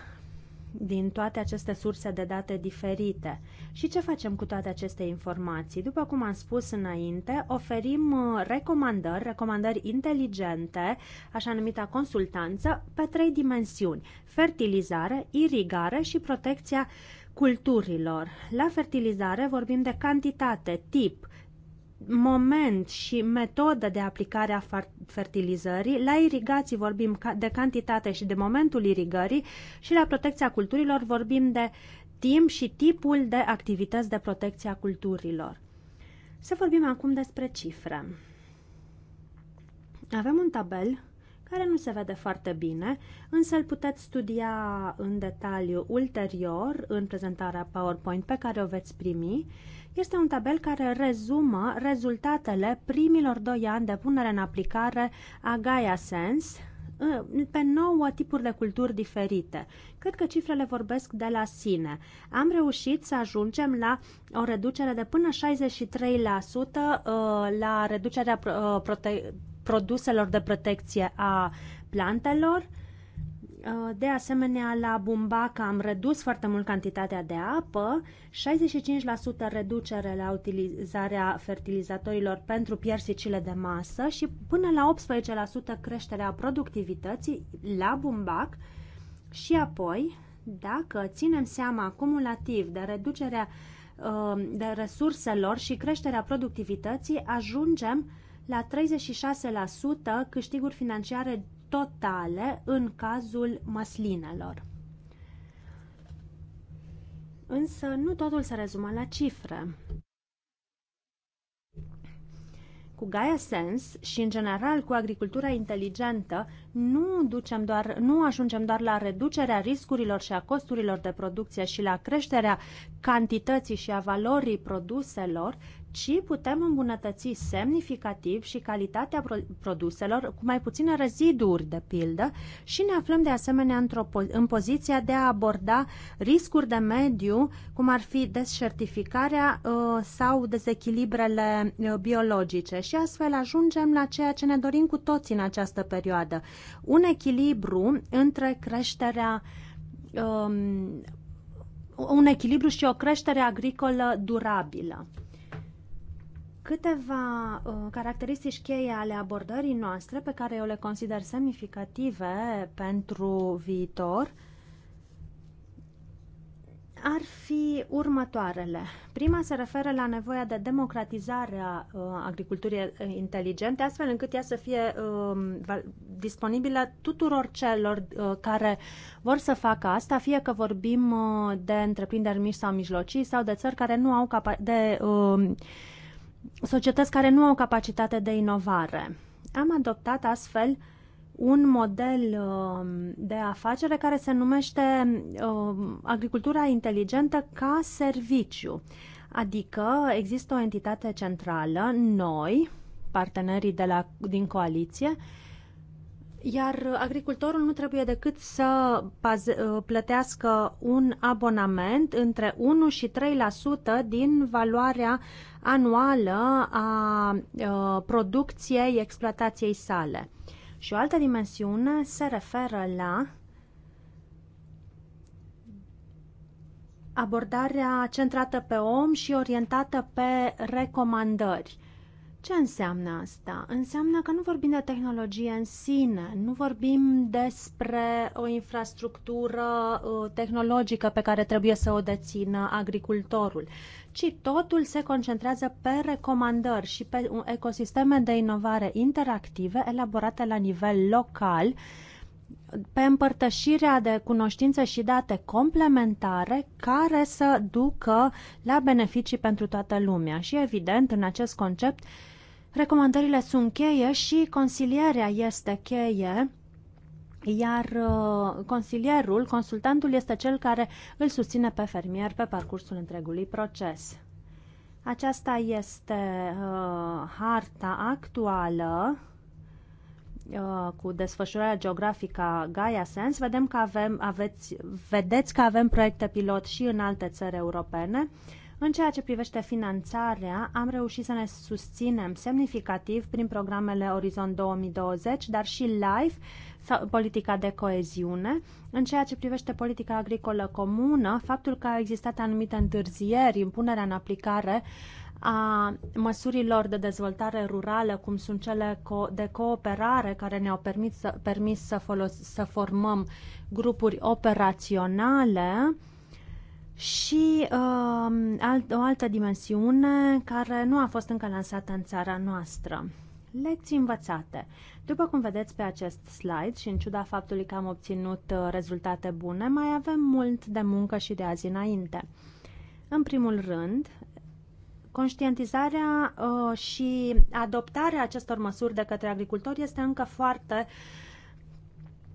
din toate aceste surse de date diferite. Și ce facem cu toate aceste informații? După cum am spus înainte, oferim uh, recomandări, recomandări inteligente, așa numita consultanță, pe trei dimensiuni. Fertilizare, irigare și protecția culturilor. La fertilizare vorbim de cantitate, tip, moment și metodă de aplicare a fertilizării, la irigații vorbim de cantitate și de momentul irigării și la protecția culturilor vorbim de timp și tipul de activități de protecție a culturilor. Să vorbim acum despre cifre. Avem un tabel care nu se vede foarte bine, însă îl puteți studia în detaliu ulterior în prezentarea PowerPoint pe care o veți primi. Este un tabel care rezumă rezultatele primilor doi ani de punere în aplicare a Gaia Sense, uh, pe nouă tipuri de culturi diferite. Cred că cifrele vorbesc de la sine. Am reușit să ajungem la o reducere de până 63% uh, la reducerea uh, prote- produselor de protecție a plantelor. Uh, de asemenea, la bumbac am redus foarte mult cantitatea de apă, 65% reducere la utilizarea fertilizatorilor pentru piersicile de masă și până la 18% creșterea productivității la bumbac și apoi, dacă ținem seama cumulativ de reducerea uh, de resurselor și creșterea productivității, ajungem la 36% câștiguri financiare totale în cazul măslinelor. Însă nu totul se rezumă la cifre. Cu Gaia Sens și, în general, cu agricultura inteligentă, nu, ducem doar, nu ajungem doar la reducerea riscurilor și a costurilor de producție și la creșterea cantității și a valorii produselor, ci putem îmbunătăți semnificativ și calitatea produselor cu mai puține reziduri, de pildă, și ne aflăm de asemenea într-o, în poziția de a aborda riscuri de mediu, cum ar fi descertificarea uh, sau dezechilibrele uh, biologice și astfel ajungem la ceea ce ne dorim cu toții în această perioadă, un echilibru între creșterea um, un echilibru și o creștere agricolă durabilă câteva uh, caracteristici cheie ale abordării noastre pe care eu le consider semnificative pentru viitor ar fi următoarele. Prima se referă la nevoia de democratizare a uh, agriculturii uh, inteligente, astfel încât ea să fie uh, disponibilă tuturor celor uh, care vor să facă asta, fie că vorbim uh, de întreprinderi mici sau mijlocii sau de țări care nu au capacitate de uh, societăți care nu au capacitate de inovare. Am adoptat astfel un model um, de afacere care se numește um, agricultura inteligentă ca serviciu. Adică există o entitate centrală, noi, partenerii de la, din coaliție, iar agricultorul nu trebuie decât să uh, plătească un abonament între 1 și 3% din valoarea anuală a uh, producției exploatației sale. Și o altă dimensiune se referă la abordarea centrată pe om și orientată pe recomandări. Ce înseamnă asta? Înseamnă că nu vorbim de tehnologie în sine, nu vorbim despre o infrastructură uh, tehnologică pe care trebuie să o dețină agricultorul ci totul se concentrează pe recomandări și pe ecosisteme de inovare interactive elaborate la nivel local, pe împărtășirea de cunoștințe și date complementare care să ducă la beneficii pentru toată lumea. Și evident, în acest concept, recomandările sunt cheie și consilierea este cheie iar uh, consilierul, consultantul, este cel care îl susține pe fermier pe parcursul întregului proces. Aceasta este uh, harta actuală uh, cu desfășurarea geografică Gaia Sens. Vedem că avem, aveți, vedeți că avem proiecte pilot și în alte țări europene. În ceea ce privește finanțarea, am reușit să ne susținem semnificativ prin programele Orizont 2020, dar și LIFE, sau politica de coeziune. În ceea ce privește politica agricolă comună, faptul că au existat anumite întârzieri în punerea în aplicare a măsurilor de dezvoltare rurală, cum sunt cele de cooperare care ne-au permis să, permis să, folos, să formăm grupuri operaționale și uh, alt, o altă dimensiune care nu a fost încă lansată în țara noastră. Lecții învățate. După cum vedeți pe acest slide și în ciuda faptului că am obținut uh, rezultate bune, mai avem mult de muncă și de azi înainte. În primul rând, conștientizarea uh, și adoptarea acestor măsuri de către agricultori este încă foarte uh,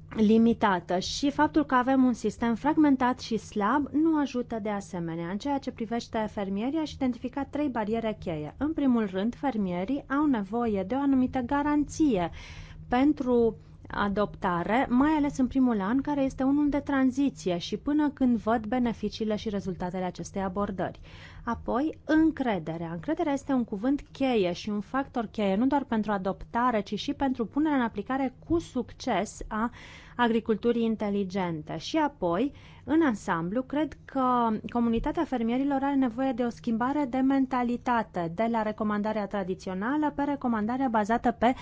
limitată și faptul că avem un sistem fragmentat și slab nu ajută de asemenea. În ceea ce privește fermierii, aș identifica trei bariere cheie. În primul rând, fermierii au nevoie de o anumită garanție pentru adoptare, mai ales în primul an, care este unul de tranziție și până când văd beneficiile și rezultatele acestei abordări. Apoi, încrederea. Încrederea este un cuvânt cheie și un factor cheie nu doar pentru adoptare, ci și pentru punerea în aplicare cu succes a agriculturii inteligente. Și apoi, în ansamblu, cred că comunitatea fermierilor are nevoie de o schimbare de mentalitate, de la recomandarea tradițională pe recomandarea bazată pe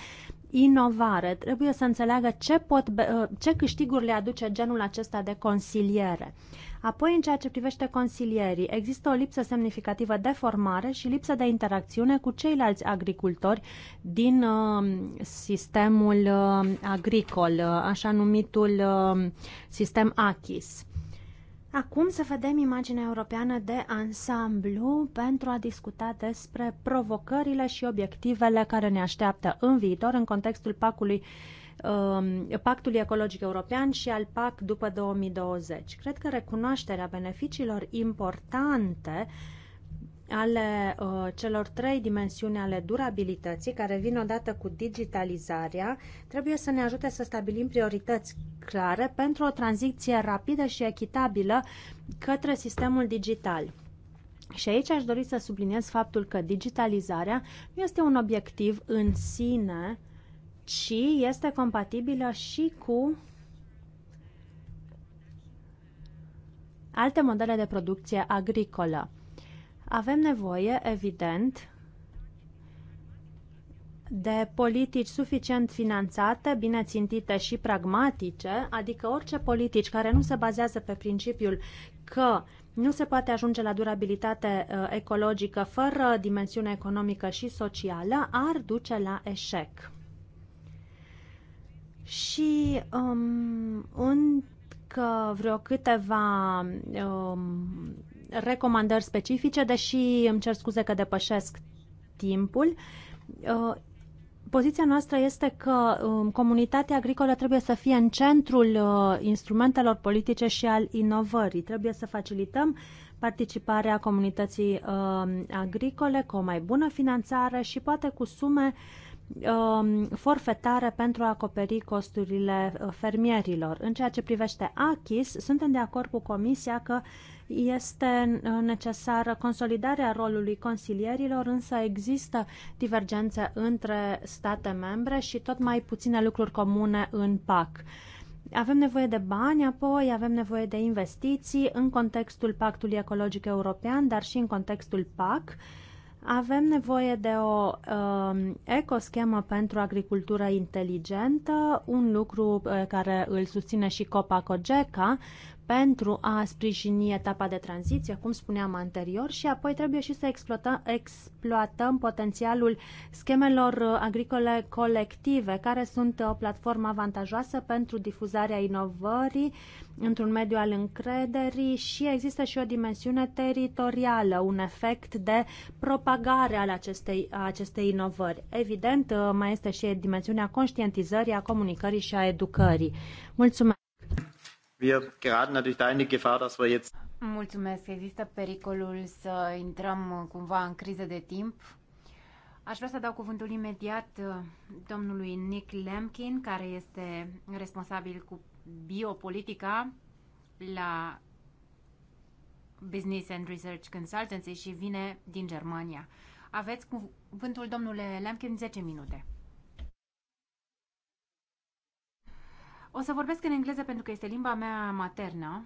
inovare, trebuie să înțeleagă ce, pot, uh, ce câștiguri le aduce genul acesta de consiliere. Apoi, în ceea ce privește consilierii, există o lipsă semnificativă de formare și lipsă de interacțiune cu ceilalți agricultori din uh, sistemul uh, agricol, uh, așa numitul uh, sistem ACHIS. Acum să vedem imaginea europeană de ansamblu pentru a discuta despre provocările și obiectivele care ne așteaptă în viitor în contextul pacului um, Pactului Ecologic European și al PAC după 2020. Cred că recunoașterea beneficiilor importante ale uh, celor trei dimensiuni ale durabilității care vin odată cu digitalizarea trebuie să ne ajute să stabilim priorități clare pentru o tranziție rapidă și echitabilă către sistemul digital. Și aici aș dori să subliniez faptul că digitalizarea nu este un obiectiv în sine, ci este compatibilă și cu alte modele de producție agricolă. Avem nevoie, evident, de politici suficient finanțate, bine țintite și pragmatice, adică orice politici care nu se bazează pe principiul că nu se poate ajunge la durabilitate uh, ecologică fără dimensiune economică și socială, ar duce la eșec. Și um, încă vreo câteva um, recomandări specifice, deși îmi cer scuze că depășesc timpul. Uh, poziția noastră este că um, comunitatea agricolă trebuie să fie în centrul uh, instrumentelor politice și al inovării. Trebuie să facilităm participarea comunității um, agricole cu o mai bună finanțare și poate cu sume um, forfetare pentru a acoperi costurile uh, fermierilor. În ceea ce privește Achis, suntem de acord cu Comisia că uh, este uh, necesară consolidarea rolului consilierilor, însă există divergențe între state membre și tot mai puține lucruri comune în PAC avem nevoie de bani, apoi avem nevoie de investiții în contextul Pactului Ecologic European, dar și în contextul PAC. Avem nevoie de o uh, ecoschemă pentru agricultură inteligentă, un lucru uh, care îl susține și COPACOGECA, pentru a sprijini etapa de tranziție, cum spuneam anterior, și apoi trebuie și să exploatăm, exploatăm potențialul schemelor uh, agricole colective, care sunt o uh, platformă avantajoasă pentru difuzarea inovării într-un mediu al încrederii și există și o dimensiune teritorială, un efect de propagare al acestei, a acestei inovări. Evident, uh, mai este și dimensiunea conștientizării, a comunicării și a educării. Mulțumesc! Wir geraten natürlich da in die Gefahr, dass wir jetzt Mulțumesc. Există pericolul să intrăm cumva în criză de timp. Aș vrea să dau cuvântul imediat uh, domnului Nick Lemkin, care este responsabil cu biopolitica la Business and Research Consultancy și vine din Germania. Aveți cuvântul domnule Lemkin 10 minute. O să vorbesc în engleză pentru că este limba mea maternă.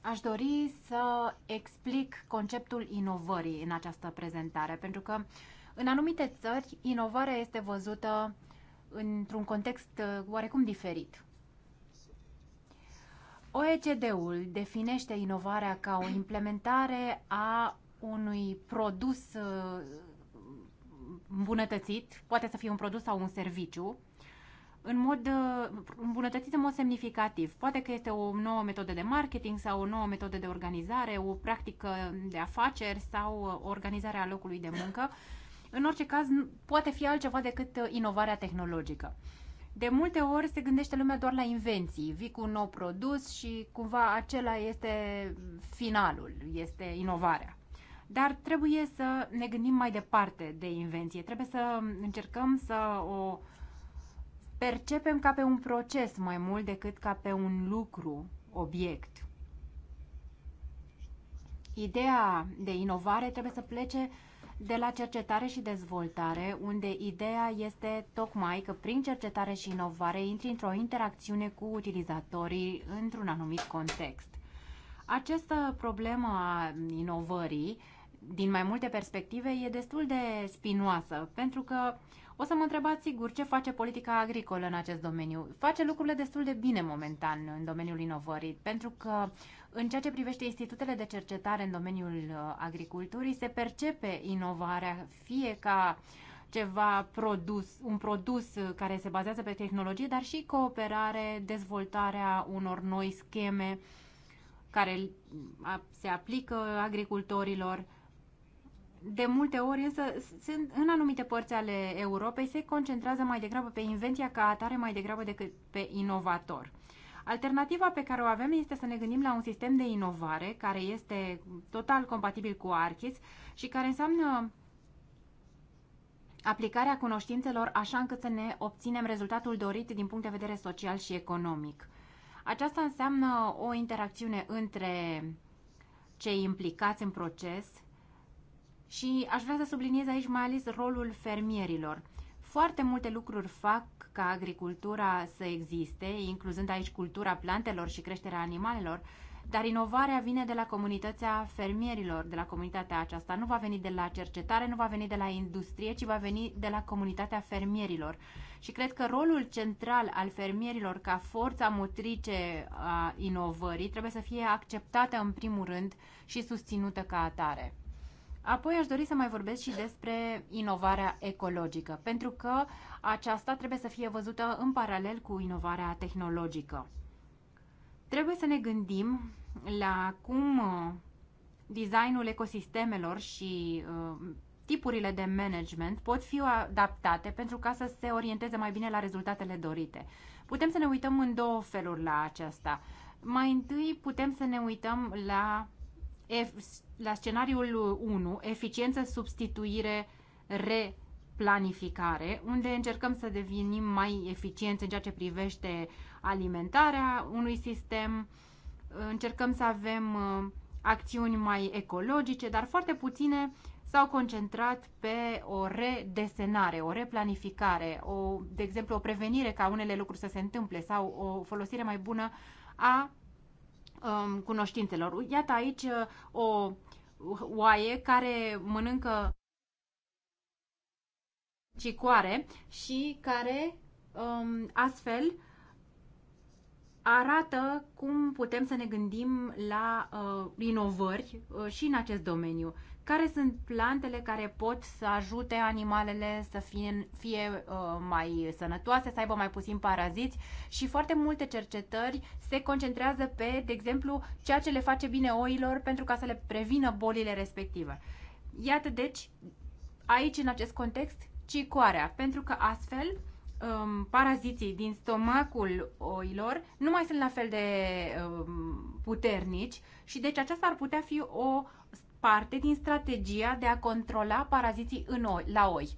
Aș dori să explic conceptul inovării în această prezentare, pentru că în anumite țări inovarea este văzută într-un context uh, oarecum diferit. OECD-ul definește inovarea ca o implementare a unui produs uh, îmbunătățit, poate să fie un produs sau un serviciu, în mod uh, îmbunătățit în mod semnificativ. Poate că este o nouă metodă de marketing sau o nouă metodă de organizare, o practică de afaceri sau uh, organizarea locului de muncă. În orice caz, poate fi altceva decât uh, inovarea tehnologică. De multe ori se gândește lumea doar la invenții, vii cu un nou produs și cumva acela este finalul, este inovarea. Dar trebuie să ne gândim mai departe de invenție, trebuie să încercăm să o uh, percepem ca pe un proces mai mult decât ca pe un lucru, obiect. Ideea de inovare trebuie să plece de la cercetare și dezvoltare, unde ideea este tocmai că prin cercetare și inovare intri într-o interacțiune cu utilizatorii într-un anumit context. Această problemă a inovării, din mai multe perspective, e destul de spinoasă, pentru că uh, o să mă întrebați sigur ce face politica agricolă în acest domeniu. Face lucrurile destul de bine momentan în domeniul inovării, pentru că în ceea ce privește institutele de cercetare în domeniul uh, agriculturii se percepe inovarea fie ca ceva produs, un produs uh, care se bazează pe tehnologie, dar și cooperare, dezvoltarea unor noi scheme care uh, se aplică agricultorilor de multe ori însă sunt în anumite părți ale Europei se concentrează mai degrabă pe invenția ca atare mai degrabă decât pe inovator. Alternativa pe care o avem este să ne gândim la un sistem de inovare care este total compatibil cu Archis și care înseamnă aplicarea cunoștințelor așa încât să ne obținem rezultatul dorit din punct de vedere social și economic. Aceasta înseamnă o interacțiune între cei implicați în proces, și aș vrea să subliniez aici mai ales rolul fermierilor. Foarte multe lucruri fac ca agricultura să existe, incluzând aici cultura plantelor și creșterea animalelor, dar inovarea vine de la comunitatea fermierilor, de la comunitatea aceasta. Nu va veni de la cercetare, nu va veni de la industrie, ci va veni de la comunitatea fermierilor. Și cred că rolul central al fermierilor ca forța motrice a inovării trebuie să fie acceptată în primul rând și susținută ca atare. Apoi aș dori să mai vorbesc și despre inovarea ecologică, pentru că aceasta trebuie să fie văzută în paralel cu inovarea tehnologică. Trebuie să ne gândim la cum uh, designul ecosistemelor și uh, tipurile de management pot fi adaptate pentru ca să se orienteze mai bine la rezultatele dorite. Putem să ne uităm în două feluri la aceasta. Mai întâi putem să ne uităm la la scenariul 1, eficiență, substituire, replanificare, unde încercăm să devenim mai eficienți în ceea ce privește alimentarea unui sistem, încercăm să avem uh, acțiuni mai ecologice, dar foarte puține s-au concentrat pe o redesenare, o replanificare, o, de exemplu o prevenire ca unele lucruri să se întâmple sau o folosire mai bună a um, cunoștințelor. Iată aici uh, o oaie care mănâncă cicoare și care um, astfel arată cum putem să ne gândim la uh, inovări uh, și în acest domeniu care sunt plantele care pot să ajute animalele să fie, fie uh, mai sănătoase, să aibă mai puțin paraziți și foarte multe cercetări se concentrează pe, de exemplu, ceea ce le face bine oilor pentru ca să le prevină bolile respective. Iată, deci, aici, în acest context, cicoarea, pentru că astfel um, paraziții din stomacul oilor nu mai sunt la fel de um, puternici și deci aceasta ar putea fi o parte din strategia de a controla paraziții în oi, la oi.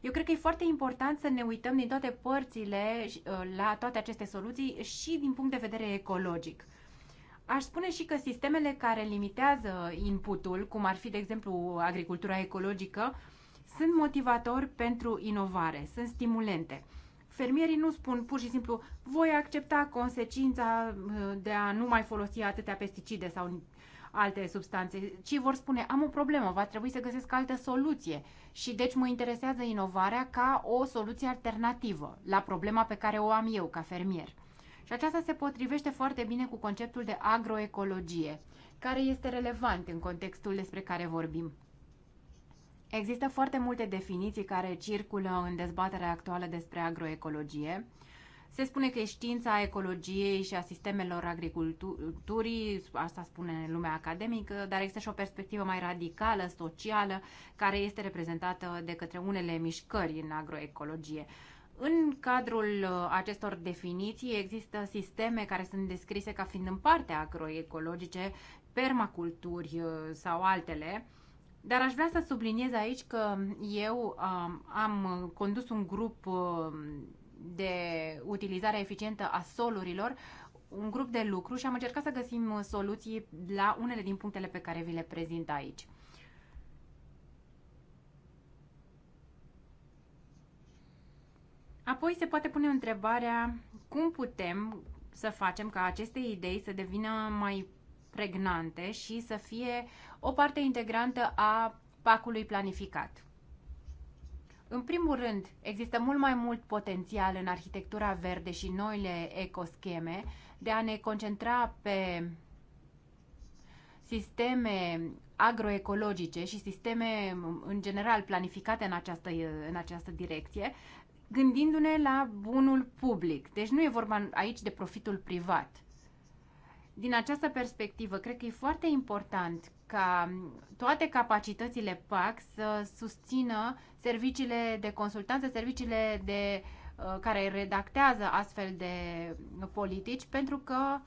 Eu cred că e foarte important să ne uităm din toate părțile uh, la toate aceste soluții și din punct de vedere ecologic. Aș spune și că sistemele care limitează inputul, cum ar fi, de exemplu, agricultura ecologică, sunt motivatori pentru inovare, sunt stimulente. Fermierii nu spun pur și simplu voi accepta consecința uh, de a nu mai folosi atâtea pesticide sau alte substanțe, ci vor spune am o problemă, va trebui să găsesc altă soluție și deci mă interesează inovarea ca o soluție alternativă la problema pe care o am eu ca fermier. Și aceasta se potrivește foarte bine cu conceptul de agroecologie, care este relevant în contextul despre care vorbim. Există foarte multe definiții care circulă în dezbaterea actuală despre agroecologie. Se spune că e știința ecologiei și a sistemelor agriculturii, asta spune lumea academică, dar există și o perspectivă mai radicală, socială, care este reprezentată de către unele mișcări în agroecologie. În cadrul uh, acestor definiții există sisteme care sunt descrise ca fiind în parte agroecologice, permaculturi uh, sau altele, dar aș vrea să subliniez aici că eu um, am condus un grup uh, de utilizare eficientă a solurilor, un grup de lucru și am încercat să găsim soluții la unele din punctele pe care vi le prezint aici. Apoi se poate pune întrebarea cum putem să facem ca aceste idei să devină mai pregnante și să fie o parte integrantă a pacului planificat. În primul rând, există mult mai mult potențial în arhitectura verde și noile ecoscheme de a ne concentra pe sisteme agroecologice și sisteme în general planificate în această, în această direcție, gândindu-ne la bunul public. Deci nu e vorba aici de profitul privat. Din această perspectivă, cred că e foarte important ca toate capacitățile PAC să susțină serviciile de consultanță, serviciile de, uh, care redactează astfel de politici, pentru că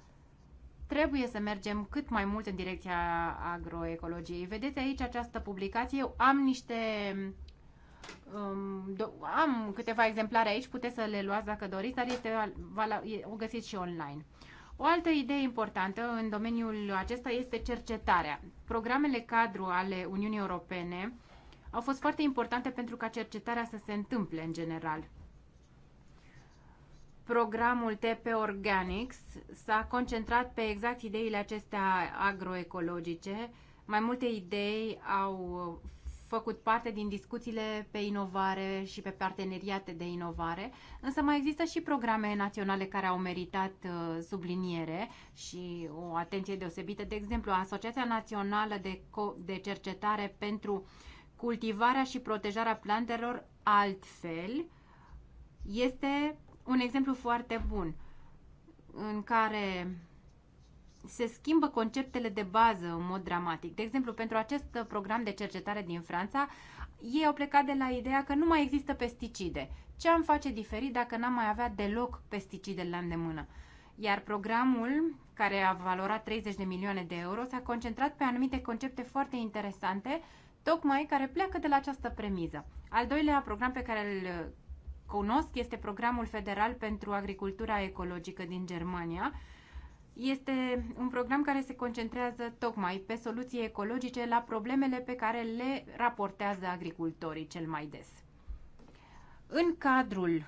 trebuie să mergem cât mai mult în direcția agroecologiei. Vedeți aici această publicație, eu am niște um, am câteva exemplare aici, puteți să le luați dacă doriți, dar este, o găsiți și online. O altă idee importantă în domeniul acesta este cercetarea. Programele cadru ale Uniunii Europene au fost foarte importante pentru ca cercetarea să se întâmple în general. Programul TP Organics s-a concentrat pe exact ideile acestea agroecologice. Mai multe idei au făcut parte din discuțiile pe inovare și pe parteneriate de inovare, însă mai există și programe naționale care au meritat uh, subliniere și o atenție deosebită. De exemplu, Asociația Națională de, Co- de Cercetare pentru Cultivarea și Protejarea Plantelor Altfel este un exemplu foarte bun în care se schimbă conceptele de bază în mod dramatic. De exemplu, pentru acest program de cercetare din Franța, ei au plecat de la ideea că nu mai există pesticide. Ce am face diferit dacă n-am mai avea deloc pesticide la îndemână? Iar programul, care a valorat 30 de milioane de euro, s-a concentrat pe anumite concepte foarte interesante, tocmai care pleacă de la această premiză. Al doilea program pe care îl uh, cunosc este programul federal pentru agricultura ecologică din Germania, este un program care se concentrează tocmai pe soluții ecologice la problemele pe care le raportează agricultorii cel mai des. În cadrul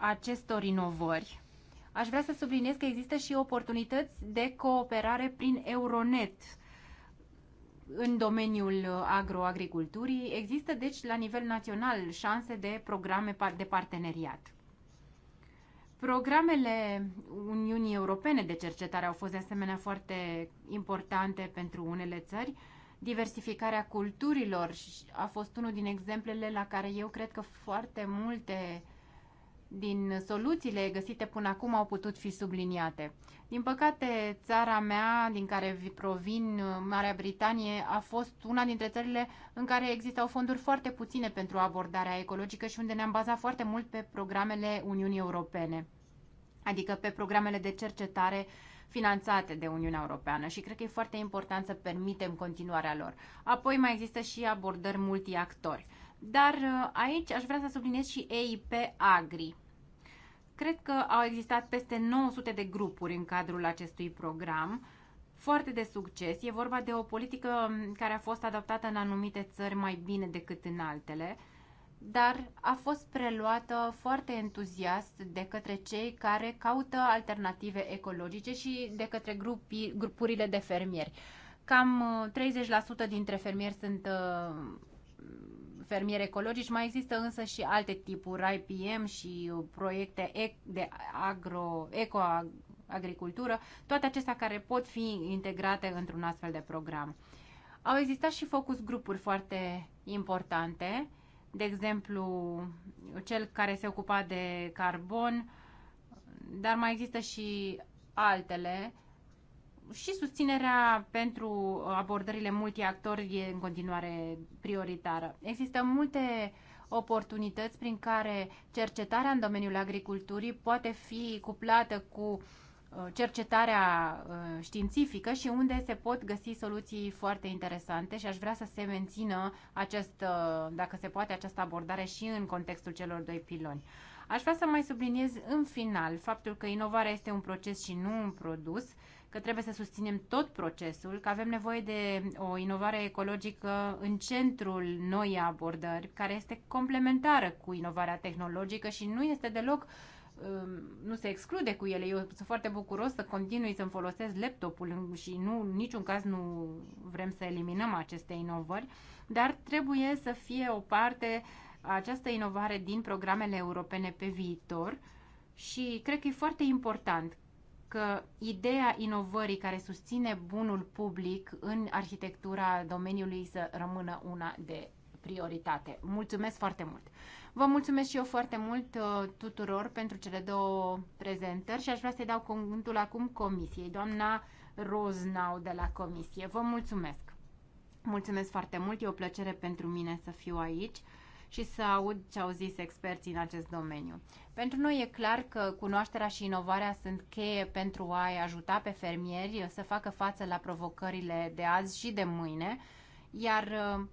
acestor inovări, aș vrea să subliniez că există și oportunități de cooperare prin Euronet în domeniul agroagriculturii. Există, deci, la nivel național șanse de programe de parteneriat. Programele Uniunii Europene de cercetare au fost de asemenea foarte importante pentru unele țări. Diversificarea culturilor a fost unul din exemplele la care eu cred că foarte multe din soluțiile găsite până acum au putut fi subliniate. Din păcate, țara mea, din care provin Marea Britanie, a fost una dintre țările în care existau fonduri foarte puține pentru abordarea ecologică și unde ne-am bazat foarte mult pe programele Uniunii Europene, adică pe programele de cercetare finanțate de Uniunea Europeană și cred că e foarte important să permitem continuarea lor. Apoi mai există și abordări multiactori. Dar uh, aici aș vrea să subliniez și EIP Agri. Cred că au existat peste 900 de grupuri în cadrul acestui program, foarte de succes. E vorba de o politică care a fost adoptată în anumite țări mai bine decât în altele, dar a fost preluată foarte entuziast de către cei care caută alternative ecologice și de către grupii, grupurile de fermieri. Cam 30% uh, dintre fermieri sunt uh, fermieri ecologici, mai există însă și alte tipuri, IPM și proiecte de agro, eco agricultură, toate acestea care pot fi integrate într-un astfel de program. Au existat și focus grupuri foarte importante, de exemplu, cel care se ocupa de carbon, dar mai există și altele și susținerea pentru abordările multiactori e în continuare prioritară. Există multe oportunități prin care cercetarea în domeniul agriculturii poate fi cuplată cu uh, cercetarea uh, științifică și unde se pot găsi soluții foarte interesante și aș vrea să se mențină acest, uh, dacă se poate, această abordare și în contextul celor doi piloni. Aș vrea să mai subliniez în final faptul că inovarea este un proces și nu un produs că trebuie să susținem tot procesul, că avem nevoie de o inovare ecologică în centrul noii abordări, care este complementară cu inovarea tehnologică și nu este deloc um, nu se exclude cu ele. Eu sunt foarte bucuros să continui să-mi folosesc laptopul și nu, în niciun caz nu vrem să eliminăm aceste inovări, dar trebuie să fie o parte această inovare din programele europene pe viitor și cred că e foarte important că ideea inovării care susține bunul public în arhitectura domeniului să rămână una de prioritate. Mulțumesc foarte mult! Vă mulțumesc și eu foarte mult uh, tuturor pentru cele două prezentări și aș vrea să-i dau cuvântul acum comisiei. Doamna Roznau de la comisie, vă mulțumesc! Mulțumesc foarte mult, e o plăcere pentru mine să fiu aici și să aud ce au zis experții în acest domeniu. Pentru noi e clar că cunoașterea și inovarea sunt cheie pentru a-i ajuta pe fermieri să facă față la provocările de azi și de mâine, iar uh,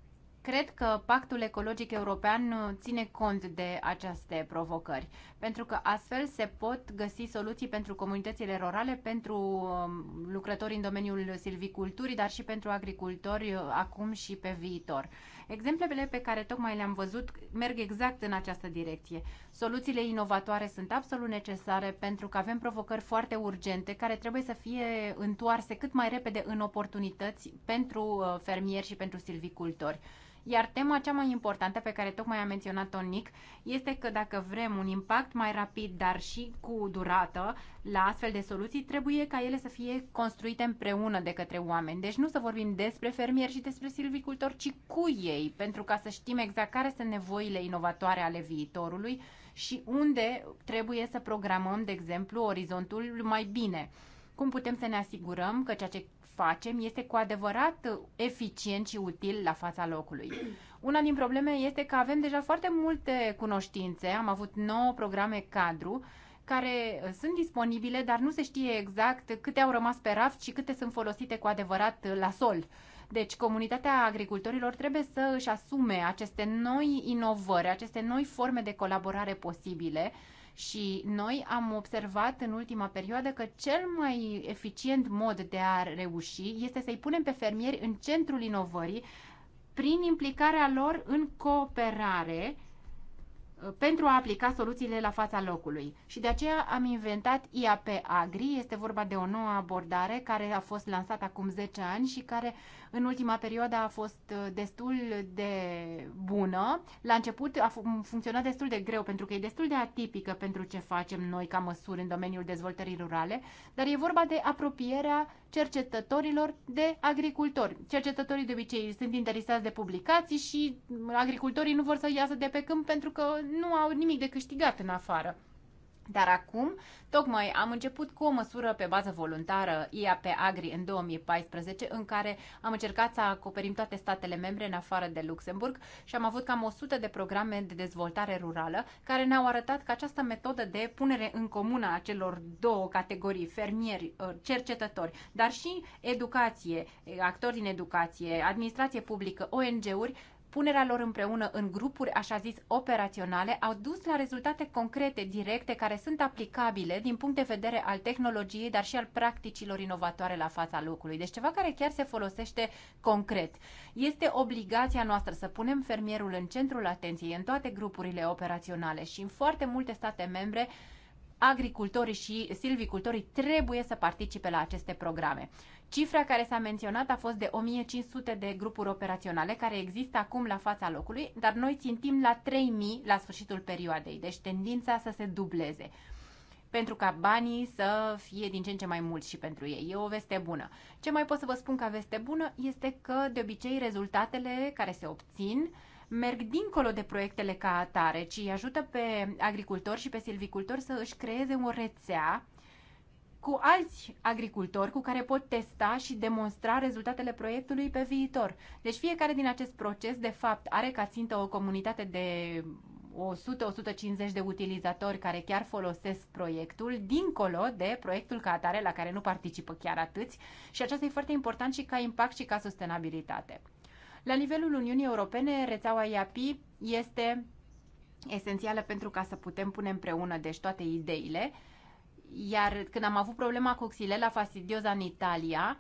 Cred că Pactul Ecologic European uh, ține cont de aceste provocări, pentru că astfel se pot găsi soluții pentru comunitățile rurale, pentru um, lucrători în domeniul silviculturii, dar și pentru agricultori uh, acum și pe viitor. Exemplele pe care tocmai le-am văzut merg exact în această direcție. Soluțiile inovatoare sunt absolut necesare pentru că avem provocări foarte urgente care trebuie să fie întoarse cât mai repede în oportunități pentru uh, fermieri și pentru silvicultori. Iar tema cea mai importantă pe care tocmai a menționat-o Nick, este că dacă vrem un impact mai rapid, dar și cu durată la astfel de soluții, trebuie ca ele să fie construite împreună de către oameni. Deci nu să vorbim despre fermieri și despre silvicultori, ci cu ei, pentru ca să știm exact care sunt nevoile inovatoare ale viitorului și unde trebuie să programăm, de exemplu, orizontul mai bine. Cum putem să ne asigurăm că ceea ce facem este cu adevărat eficient și util la fața locului. Una din probleme este că avem deja foarte multe cunoștințe, am avut 9 programe cadru care uh, sunt disponibile, dar nu se știe exact câte au rămas pe raft și câte sunt folosite cu adevărat uh, la sol. Deci comunitatea agricultorilor trebuie să își asume aceste noi inovări, aceste noi forme de colaborare posibile și noi am observat în ultima perioadă că cel mai eficient mod de a reuși este să-i punem pe fermieri în centrul inovării prin implicarea lor în cooperare uh, pentru a aplica soluțiile la fața locului. Și de aceea am inventat IAP Agri, este vorba de o nouă abordare care a fost lansată acum 10 ani și care uh, în ultima perioadă a fost uh, destul de bună. La început a funcționat destul de greu pentru că e destul de atipică pentru ce facem noi ca măsuri în domeniul dezvoltării rurale, dar e vorba de apropierea cercetătorilor de agricultori. Cercetătorii de obicei sunt interesați de publicații și agricultorii nu vor să iasă de pe câmp pentru că nu au nimic de câștigat în afară. Dar acum, tocmai am început cu o măsură pe bază voluntară, IAP Agri, în 2014, în care am încercat să acoperim toate statele membre în afară de Luxemburg și am avut cam 100 de programe de dezvoltare rurală care ne-au arătat că această metodă de punere în comună a celor două categorii, fermieri, uh, cercetători, dar și educație, actori din educație, administrație publică, ONG-uri, punerea lor împreună în grupuri, așa zis, operaționale, au dus la rezultate concrete, directe, care sunt aplicabile din punct de vedere al tehnologiei, dar și al practicilor inovatoare la fața locului. Deci ceva care chiar se folosește concret. Este obligația noastră să punem fermierul în centrul atenției în toate grupurile operaționale și în foarte multe state membre agricultorii și silvicultorii trebuie să participe la aceste programe. Cifra care s-a menționat a fost de 1500 de grupuri operaționale care există acum la fața locului, dar noi țintim la 3000 la sfârșitul perioadei, deci tendința să se dubleze pentru ca banii să fie din ce în ce mai mulți și pentru ei. E o veste bună. Ce mai pot să vă spun ca veste bună este că de obicei rezultatele care se obțin merg dincolo de proiectele ca atare, ci ajută pe agricultori și pe silvicultori să își creeze o rețea cu alți agricultori cu care pot testa și demonstra rezultatele proiectului pe viitor. Deci fiecare din acest proces, de fapt, are ca țintă o comunitate de 100-150 de utilizatori care chiar folosesc proiectul, dincolo de proiectul ca atare la care nu participă chiar atâți și aceasta e foarte important și ca impact și ca sustenabilitate. La nivelul Uniunii Europene, rețeaua IAP este esențială pentru ca să putem pune împreună deci toate ideile iar când am avut problema cu Xylella fastidioza în Italia,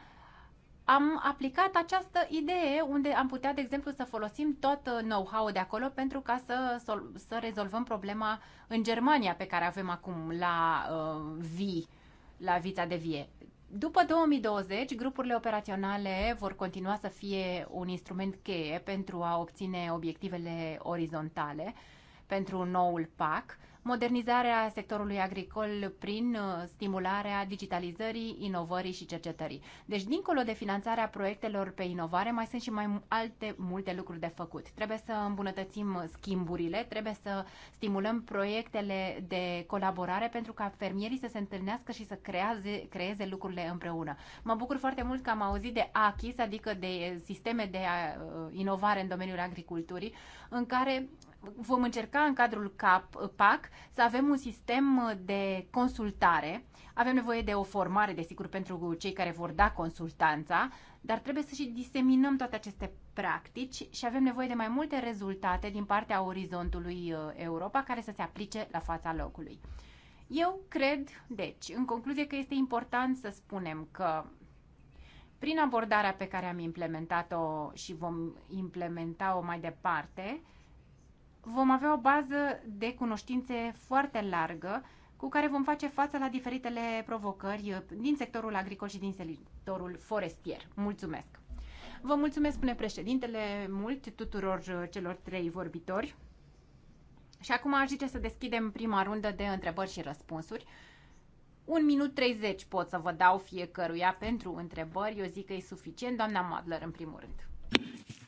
am aplicat această idee unde am putea, de exemplu, să folosim tot know-how-ul de acolo pentru ca să, să rezolvăm problema în Germania pe care avem acum la uh, vi, la vița de vie. După 2020, grupurile operaționale vor continua să fie un instrument cheie pentru a obține obiectivele orizontale pentru noul PAC modernizarea sectorului agricol prin uh, stimularea digitalizării, inovării și cercetării. Deci, dincolo de finanțarea proiectelor pe inovare, mai sunt și mai alte multe lucruri de făcut. Trebuie să îmbunătățim schimburile, trebuie să stimulăm proiectele de colaborare pentru ca fermierii să se întâlnească și să creaze, creeze lucrurile împreună. Mă bucur foarte mult că am auzit de ACHIS, adică de sisteme de uh, inovare în domeniul agriculturii, în care vom încerca în cadrul CAP, PAC să avem un sistem de consultare. Avem nevoie de o formare, desigur, pentru cei care vor da consultanța, dar trebuie să și diseminăm toate aceste practici și avem nevoie de mai multe rezultate din partea orizontului uh, Europa care să se aplice la fața locului. Eu cred, deci, în concluzie că este important să spunem că prin abordarea pe care am implementat-o și vom implementa-o mai departe, vom avea o bază de cunoștințe foarte largă cu care vom face față la diferitele provocări din sectorul agricol și din sectorul forestier. Mulțumesc! Vă mulțumesc, spune președintele, mult tuturor celor trei vorbitori. Și acum aș zice să deschidem prima rundă de întrebări și răspunsuri. Un minut 30 pot să vă dau fiecăruia pentru întrebări. Eu zic că e suficient, doamna Madler, în primul rând.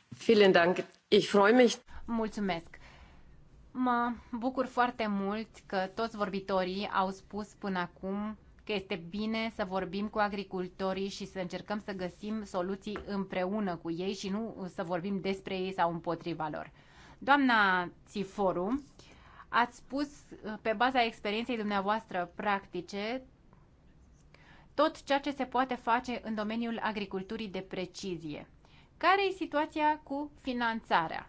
Vielen Dank. Ich freue mich. Mulțumesc. Mă bucur foarte mult că toți vorbitorii au spus până acum că este bine să vorbim cu agricultorii și să încercăm să găsim soluții împreună cu ei și nu să vorbim despre ei sau împotriva lor. Doamna Țiforu, ați spus uh, pe baza experienței dumneavoastră practice tot ceea ce se poate face în domeniul agriculturii de precizie. Care e situația cu finanțarea?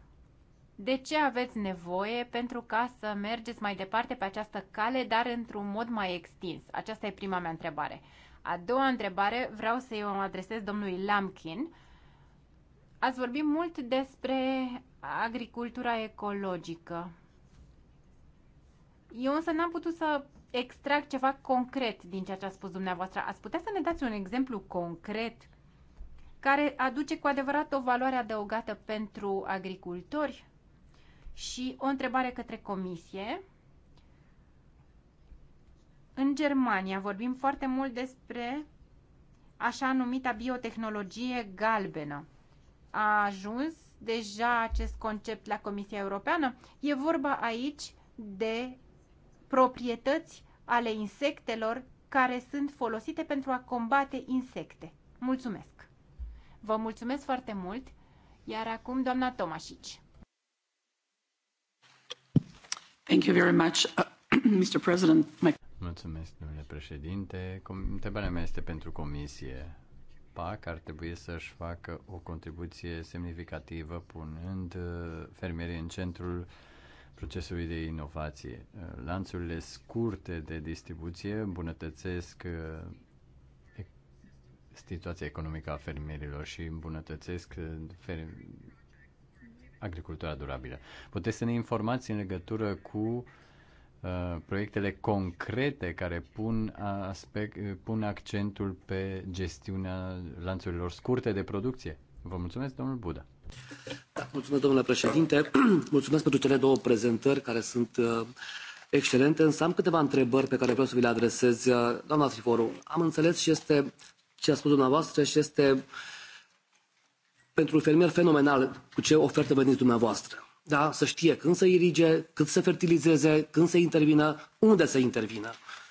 de ce aveți nevoie pentru ca să mergeți mai departe pe această cale, dar într-un mod mai extins? Aceasta e prima mea întrebare. A doua întrebare vreau să o adresez domnului Lamkin. Ați vorbit mult despre agricultura ecologică. Eu însă n-am putut să extrag ceva concret din ceea ce a spus dumneavoastră. Ați putea să ne dați un exemplu concret care aduce cu adevărat o valoare adăugată pentru agricultori? Și o întrebare către comisie. În Germania vorbim foarte mult despre așa numita biotehnologie galbenă. A ajuns deja acest concept la Comisia Europeană? E vorba aici de proprietăți ale insectelor care sunt folosite pentru a combate insecte. Mulțumesc! Vă mulțumesc foarte mult! Iar acum doamna Tomașici. Thank you very much, uh, Mr. President. My... Mulțumesc, domnule președinte. Întrebarea mea este pentru comisie. PAC ar trebui să-și facă o contribuție semnificativă punând uh, fermierii în centrul procesului de inovație. Uh, lanțurile scurte de distribuție îmbunătățesc situația economică a fermierilor și îmbunătățesc agricultura durabilă. Puteți să ne informați în legătură cu uh, proiectele concrete care pun, aspect, pun accentul pe gestiunea lanțurilor scurte de producție? Vă mulțumesc, domnul Buda. Da, mulțumesc, domnule președinte. mulțumesc pentru cele două prezentări care sunt uh, excelente, însă am câteva întrebări pe care vreau să vi le adresez. Uh, doamna Triforu, am înțeles și este ce a spus dumneavoastră și este uh, pentru un fermier fenomenal cu ce ofertă veniți dumneavoastră. Da? Să știe când să irige, cât să fertilizeze, când să intervină, unde să intervină.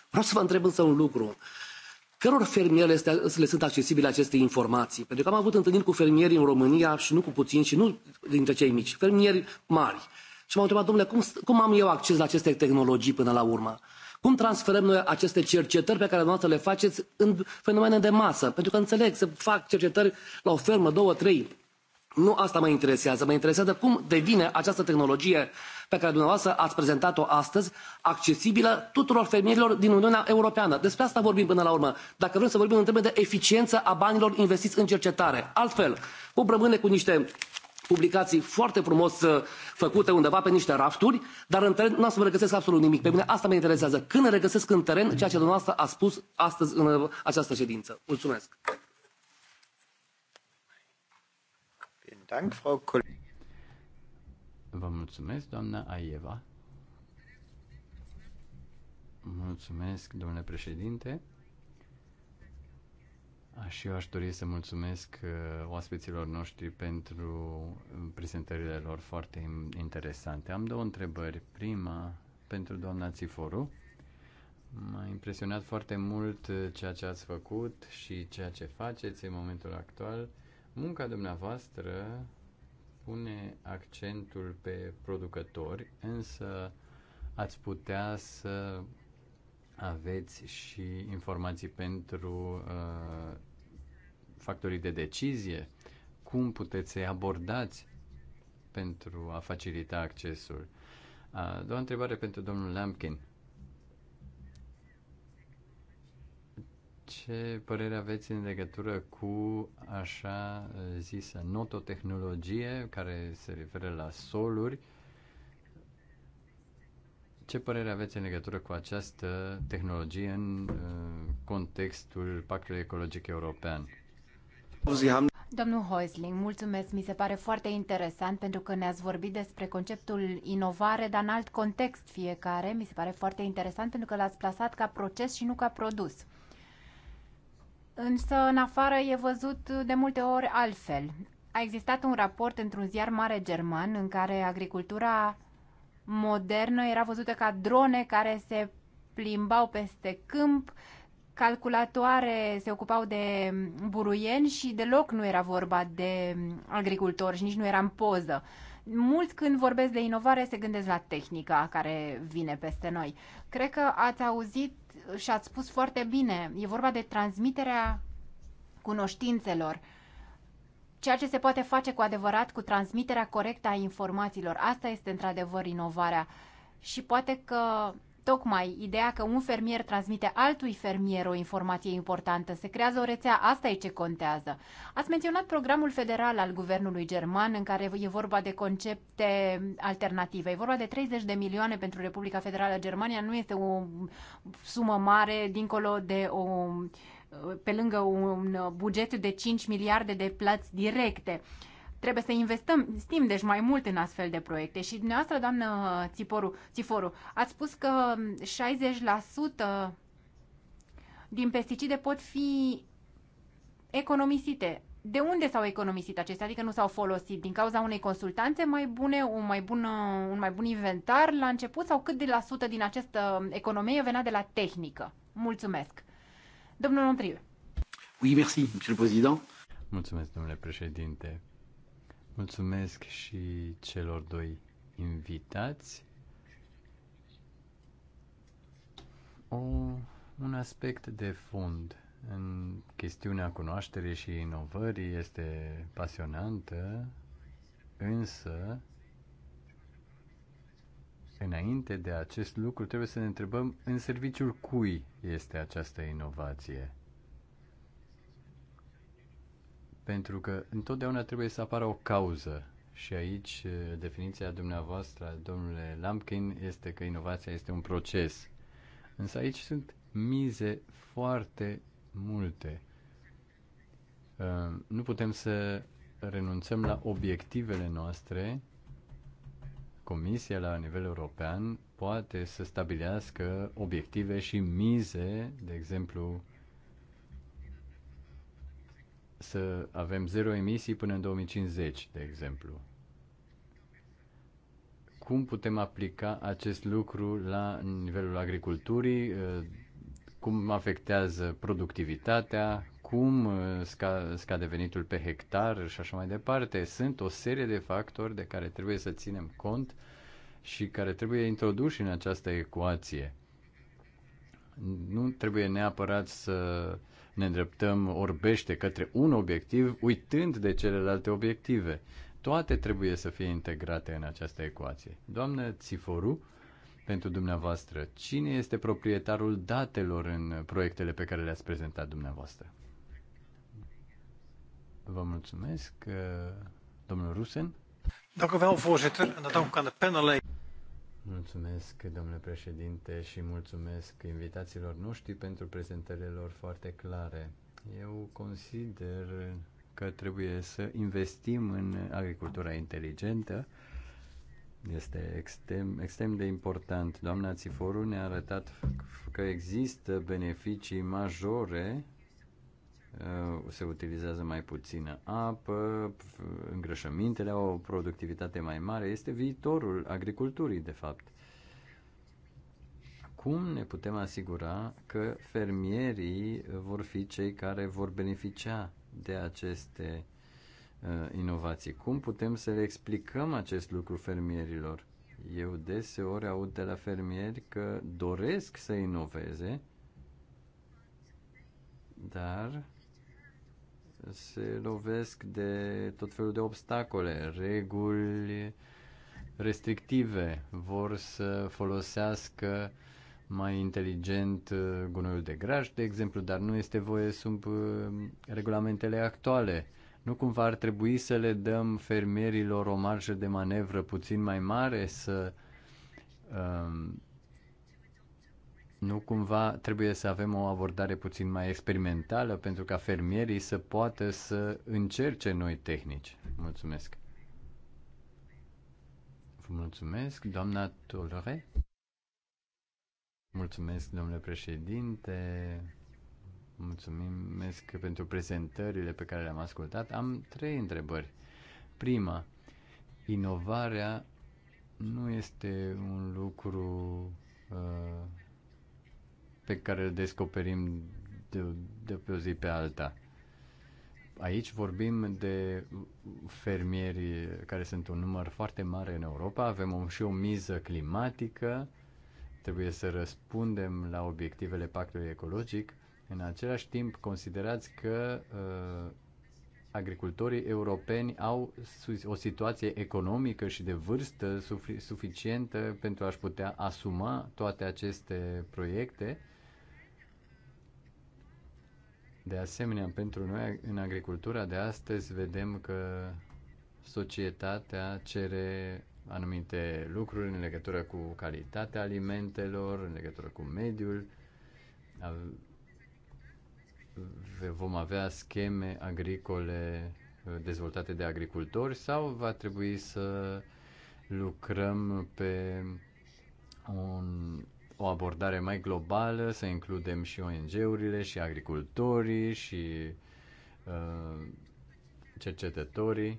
Vreau să vă întreb însă un lucru. Căror fermier este, le sunt accesibile aceste informații? Pentru că am avut întâlniri cu fermieri în România și nu cu puțini și nu dintre cei mici, fermieri mari. Și m-am întrebat, domnule, cum, cum am eu acces la aceste tehnologii până la urmă? Cum transferăm noi aceste cercetări pe care dumneavoastră le faceți în fenomene de masă? Pentru că înțeleg, se fac cercetări la o fermă, două, trei. Nu asta mă interesează. Mă interesează cum devine această tehnologie pe care dumneavoastră ați prezentat-o astăzi accesibilă tuturor fermierilor din Uniunea Europeană. Despre asta vorbim până la urmă. Dacă vrem să vorbim în termen de eficiență a banilor investiți în cercetare. Altfel, cum rămâne cu niște publicații foarte frumos uh, făcute undeva pe niște rafturi, dar în teren nu am să regăsesc absolut nimic. Pe mine asta mă interesează. Când regăsesc în teren ceea ce dumneavoastră a spus astăzi în uh, această ședință. Mulțumesc! Vă mulțumesc, doamna Aieva. Mulțumesc, domnule președinte. Și eu aș dori să mulțumesc uh, oaspeților noștri pentru prezentările lor foarte interesante. Am două întrebări. Prima, pentru doamna Țiforu. M-a impresionat foarte mult uh, ceea ce ați făcut și ceea ce faceți în momentul actual. Munca dumneavoastră pune accentul pe producători, însă ați putea să aveți și informații pentru uh, factorii de decizie, cum puteți să-i abordați pentru a facilita accesul. Uh, doua întrebare pentru domnul Lampkin. Ce părere aveți în legătură cu așa zisă nototehnologie care se referă la soluri uh, ce părere aveți în legătură cu această tehnologie în uh, contextul Pactului Ecologic European? Domnul Hoisling, mulțumesc. Mi se pare foarte interesant pentru că ne-ați vorbit despre conceptul inovare, dar în alt context fiecare. Mi se pare foarte interesant pentru că l-ați plasat ca proces și nu ca produs. Însă, în afară e văzut de multe ori altfel. A existat un raport într-un ziar mare german în care agricultura modernă era văzută ca drone care se plimbau peste câmp, calculatoare se ocupau de buruieni și deloc nu era vorba de agricultori și nici nu era în poză. Mulți când vorbesc de inovare se gândesc la tehnica care vine peste noi. Cred că ați auzit și ați spus foarte bine, e vorba de transmiterea cunoștințelor ceea ce se poate face cu adevărat cu transmiterea corectă a informațiilor. Asta este într-adevăr inovarea. Și poate că tocmai ideea că un fermier transmite altui fermier o informație importantă, se creează o rețea, asta e ce contează. Ați menționat programul federal al guvernului german în care e vorba de concepte alternative. E vorba de 30 de milioane pentru Republica Federală Germania, nu este o sumă mare dincolo de o pe lângă un buget de 5 miliarde de plăți directe. Trebuie să investăm, stim, deci mai mult în astfel de proiecte. Și dumneavoastră, doamnă Țiporu, Țiforu, ați spus că 60% din pesticide pot fi economisite. De unde s-au economisit acestea? Adică nu s-au folosit? Din cauza unei consultanțe mai bune, un mai bun, un mai bun inventar la început sau cât de la sută din această economie venea de la tehnică? Mulțumesc! Domnul Andriu. Oui, merci, monsieur le président. Mulțumesc, domnule președinte. Mulțumesc și celor doi invitați. O, un aspect de fond în chestiunea cunoașterii și inovării este pasionantă, însă Înainte de acest lucru, trebuie să ne întrebăm în serviciul cui este această inovație. Pentru că întotdeauna trebuie să apară o cauză. Și aici eh, definiția dumneavoastră, domnule Lampkin, este că inovația este un proces. Însă aici sunt mize foarte multe. Eh, nu putem să renunțăm la obiectivele noastre Comisia la nivel european poate să stabilească obiective și mize, de exemplu, să avem zero emisii până în 2050, de exemplu. Cum putem aplica acest lucru la nivelul agriculturii? Cum afectează productivitatea? cum uh, scade venitul pe hectar și așa mai departe. Sunt o serie de factori de care trebuie să ținem cont și care trebuie introduși în această ecuație. Nu trebuie neapărat să ne îndreptăm orbește către un obiectiv, uitând de celelalte obiective. Toate trebuie să fie integrate în această ecuație. Doamnă Țiforu, pentru dumneavoastră, cine este proprietarul datelor în proiectele pe care le-ați prezentat dumneavoastră? Vă mulțumesc, uh, domnul Rusen. Dacă vreau, voorzitter, în dat ook aan de panelei. Mulțumesc, domnule președinte, și mulțumesc invitațiilor noștri pentru prezentările lor foarte clare. Eu consider că trebuie să investim în agricultura inteligentă. Este extrem, extrem de important. Doamna Țiforu ne-a arătat că există beneficii majore Uh, se utilizează mai puțină apă, îngrășămintele au o productivitate mai mare, este viitorul agriculturii, de fapt. Cum ne putem asigura că fermierii vor fi cei care vor beneficia de aceste uh, inovații? Cum putem să le explicăm acest lucru fermierilor? Eu deseori aud de la fermieri că doresc să inoveze, dar se lovesc de tot felul de obstacole, reguli restrictive, vor să folosească mai inteligent uh, gunoiul de graj, de exemplu, dar nu este voie sub uh, regulamentele actuale. Nu cumva ar trebui să le dăm fermierilor o marjă de manevră puțin mai mare să um, nu cumva trebuie să avem o abordare puțin mai experimentală pentru ca fermierii să poată să încerce noi tehnici. Mulțumesc. Vă mulțumesc, doamna Tolore. Mulțumesc, domnule președinte. Mulțumesc pentru prezentările pe care le-am ascultat. Am trei întrebări. Prima, inovarea nu este un lucru uh, pe care îl descoperim de, de pe o zi pe alta. Aici vorbim de fermieri care sunt un număr foarte mare în Europa, avem o, și o miză climatică, trebuie să răspundem la obiectivele pactului ecologic. În același timp, considerați că uh, agricultorii europeni au o situație economică și de vârstă suficientă pentru a-și putea asuma toate aceste proiecte de asemenea, pentru noi, în agricultura de astăzi, vedem că societatea cere anumite lucruri în legătură cu calitatea alimentelor, în legătură cu mediul. Vom avea scheme agricole uh, dezvoltate de agricultori sau va trebui să lucrăm pe un o abordare mai globală, să includem și ONG-urile, și agricultorii, și uh, cercetătorii.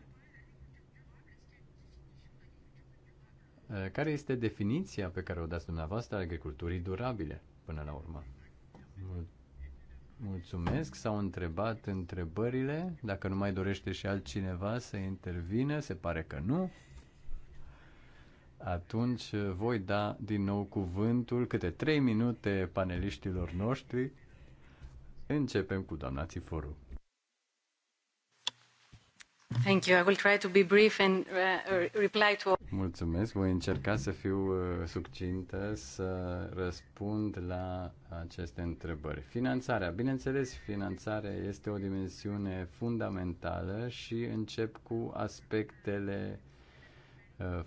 Uh, care este definiția pe care o dați dumneavoastră a agriculturii durabile, până la urmă? mulțumesc, s-au întrebat întrebările. Dacă nu mai dorește și altcineva să intervină, se pare că nu atunci voi da din nou cuvântul câte trei minute paneliștilor noștri. Începem cu doamna Țiforu. Thank you. I will try to be brief and uh, uh reply to Mulțumesc. Voi încerca să fiu uh, succintă să răspund la aceste întrebări. Finanțarea. Bineînțeles, finanțarea este o dimensiune fundamentală și încep cu aspectele uh,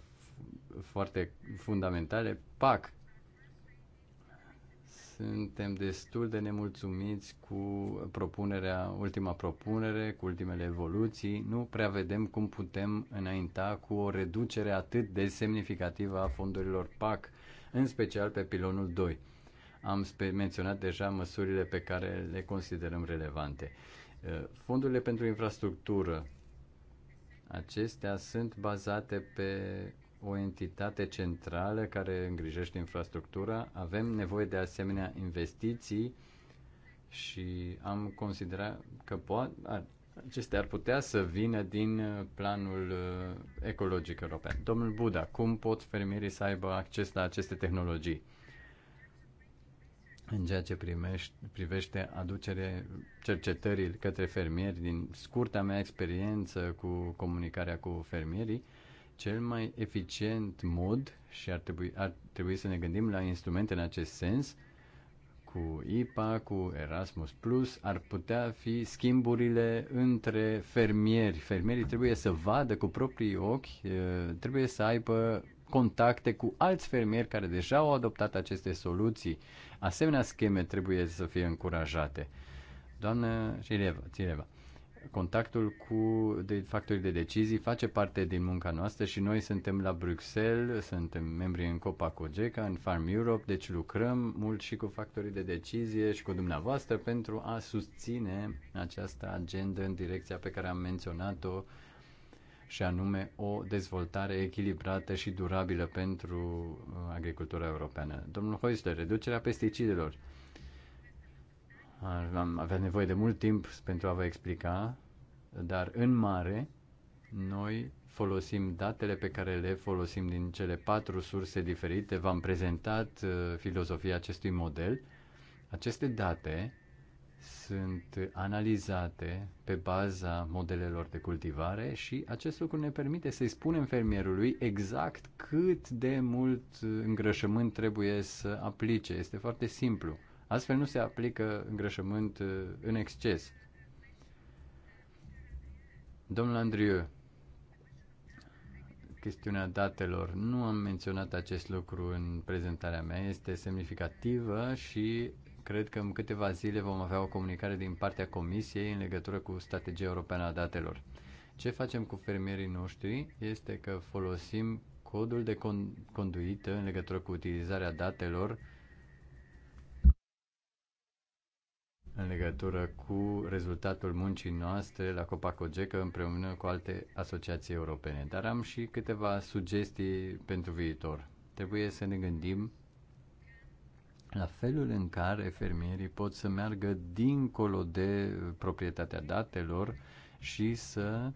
foarte fundamentale, PAC. Suntem destul de nemulțumiți cu propunerea, ultima propunere, cu ultimele evoluții. Nu prea vedem cum putem înainta cu o reducere atât de semnificativă a fondurilor PAC, în special pe pilonul 2. Am menționat deja măsurile pe care le considerăm relevante. Uh, fondurile pentru infrastructură, acestea sunt bazate pe o entitate centrală care îngrijește infrastructura. Avem nevoie de asemenea investiții și am considerat că poate, acestea ar putea să vină din uh, planul uh, ecologic european. Domnul Buda, cum pot fermierii să aibă acces la aceste tehnologii? În ceea ce primești, privește aducere cercetării către fermieri, din scurta mea experiență cu comunicarea cu fermierii, cel mai eficient mod și ar trebui, ar trebui să ne gândim la instrumente în acest sens, cu IPA, cu Erasmus Plus, ar putea fi schimburile între fermieri. Fermierii trebuie să vadă cu proprii ochi, trebuie să aibă contacte cu alți fermieri care deja au adoptat aceste soluții. Asemenea scheme trebuie să fie încurajate. Doamnă Cireva, Cireva contactul cu de, factorii de decizii face parte din munca noastră și noi suntem la Bruxelles, suntem membri în Copa Cogeca, în Farm Europe, deci lucrăm mult și cu factorii de decizie și cu dumneavoastră pentru a susține această agendă în direcția pe care am menționat-o și anume o dezvoltare echilibrată și durabilă pentru uh, agricultura europeană. Domnul Hoisler, reducerea pesticidelor am avea nevoie de mult timp pentru a vă explica, dar în mare noi folosim datele pe care le folosim din cele patru surse diferite. V-am prezentat uh, filozofia acestui model. Aceste date sunt analizate pe baza modelelor de cultivare și acest lucru ne permite să-i spunem fermierului exact cât de mult uh, îngrășământ trebuie să aplice. Este foarte simplu. Astfel nu se aplică îngrășământ uh, în exces. Domnul Andriu, chestiunea datelor, nu am menționat acest lucru în prezentarea mea, este semnificativă și cred că în câteva zile vom avea o comunicare din partea Comisiei în legătură cu strategia europeană a datelor. Ce facem cu fermierii noștri este că folosim codul de conduită în legătură cu utilizarea datelor în legătură cu rezultatul muncii noastre la Copacogecă împreună cu alte asociații europene. Dar am și câteva sugestii pentru viitor. Trebuie să ne gândim la felul în care fermierii pot să meargă dincolo de proprietatea datelor și să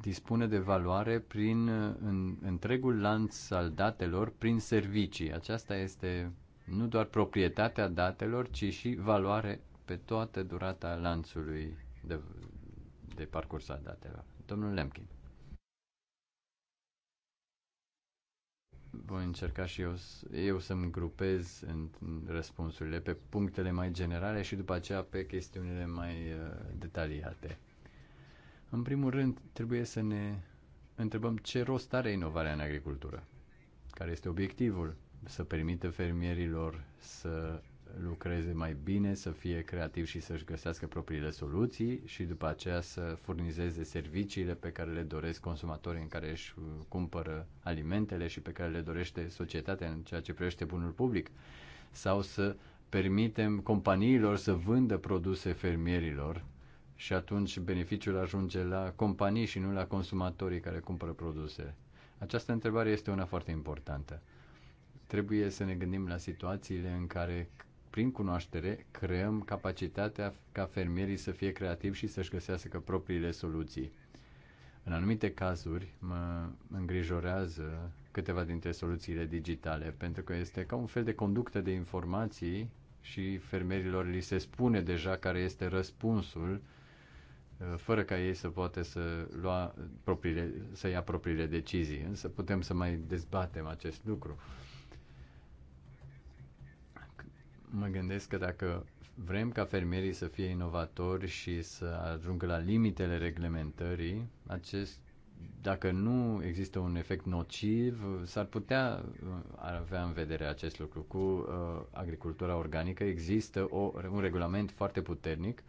dispune de valoare prin în, întregul lanț al datelor, prin servicii. Aceasta este nu doar proprietatea datelor, ci și valoare pe toată durata lanțului de, de parcurs a datelor. Domnul Lemkin. Voi încerca și eu, eu să-mi grupez în, răspunsurile pe punctele mai generale și după aceea pe chestiunile mai uh, detaliate. În primul rând, trebuie să ne întrebăm ce rost are inovarea în agricultură, care este obiectivul să permită fermierilor să lucreze mai bine, să fie creativi și să-și găsească propriile soluții și după aceea să furnizeze serviciile pe care le doresc consumatorii în care își uh, cumpără alimentele și pe care le dorește societatea în ceea ce privește bunul public sau să permitem companiilor să vândă produse fermierilor și atunci beneficiul ajunge la companii și nu la consumatorii care cumpără produse. Această întrebare este una foarte importantă. Trebuie să ne gândim la situațiile în care, prin cunoaștere, creăm capacitatea ca fermierii să fie creativi și să-și găsească propriile soluții. În anumite cazuri mă îngrijorează câteva dintre soluțiile digitale, pentru că este ca un fel de conductă de informații și fermierilor li se spune deja care este răspunsul, uh, fără ca ei să poată să, lua propriile, să ia propriile decizii. Însă putem să mai dezbatem acest lucru mă gândesc că dacă vrem ca fermierii să fie inovatori și să ajungă la limitele reglementării, acest, dacă nu există un efect nociv, s-ar putea uh, avea în vedere acest lucru. Cu uh, agricultura organică există o, un regulament foarte puternic,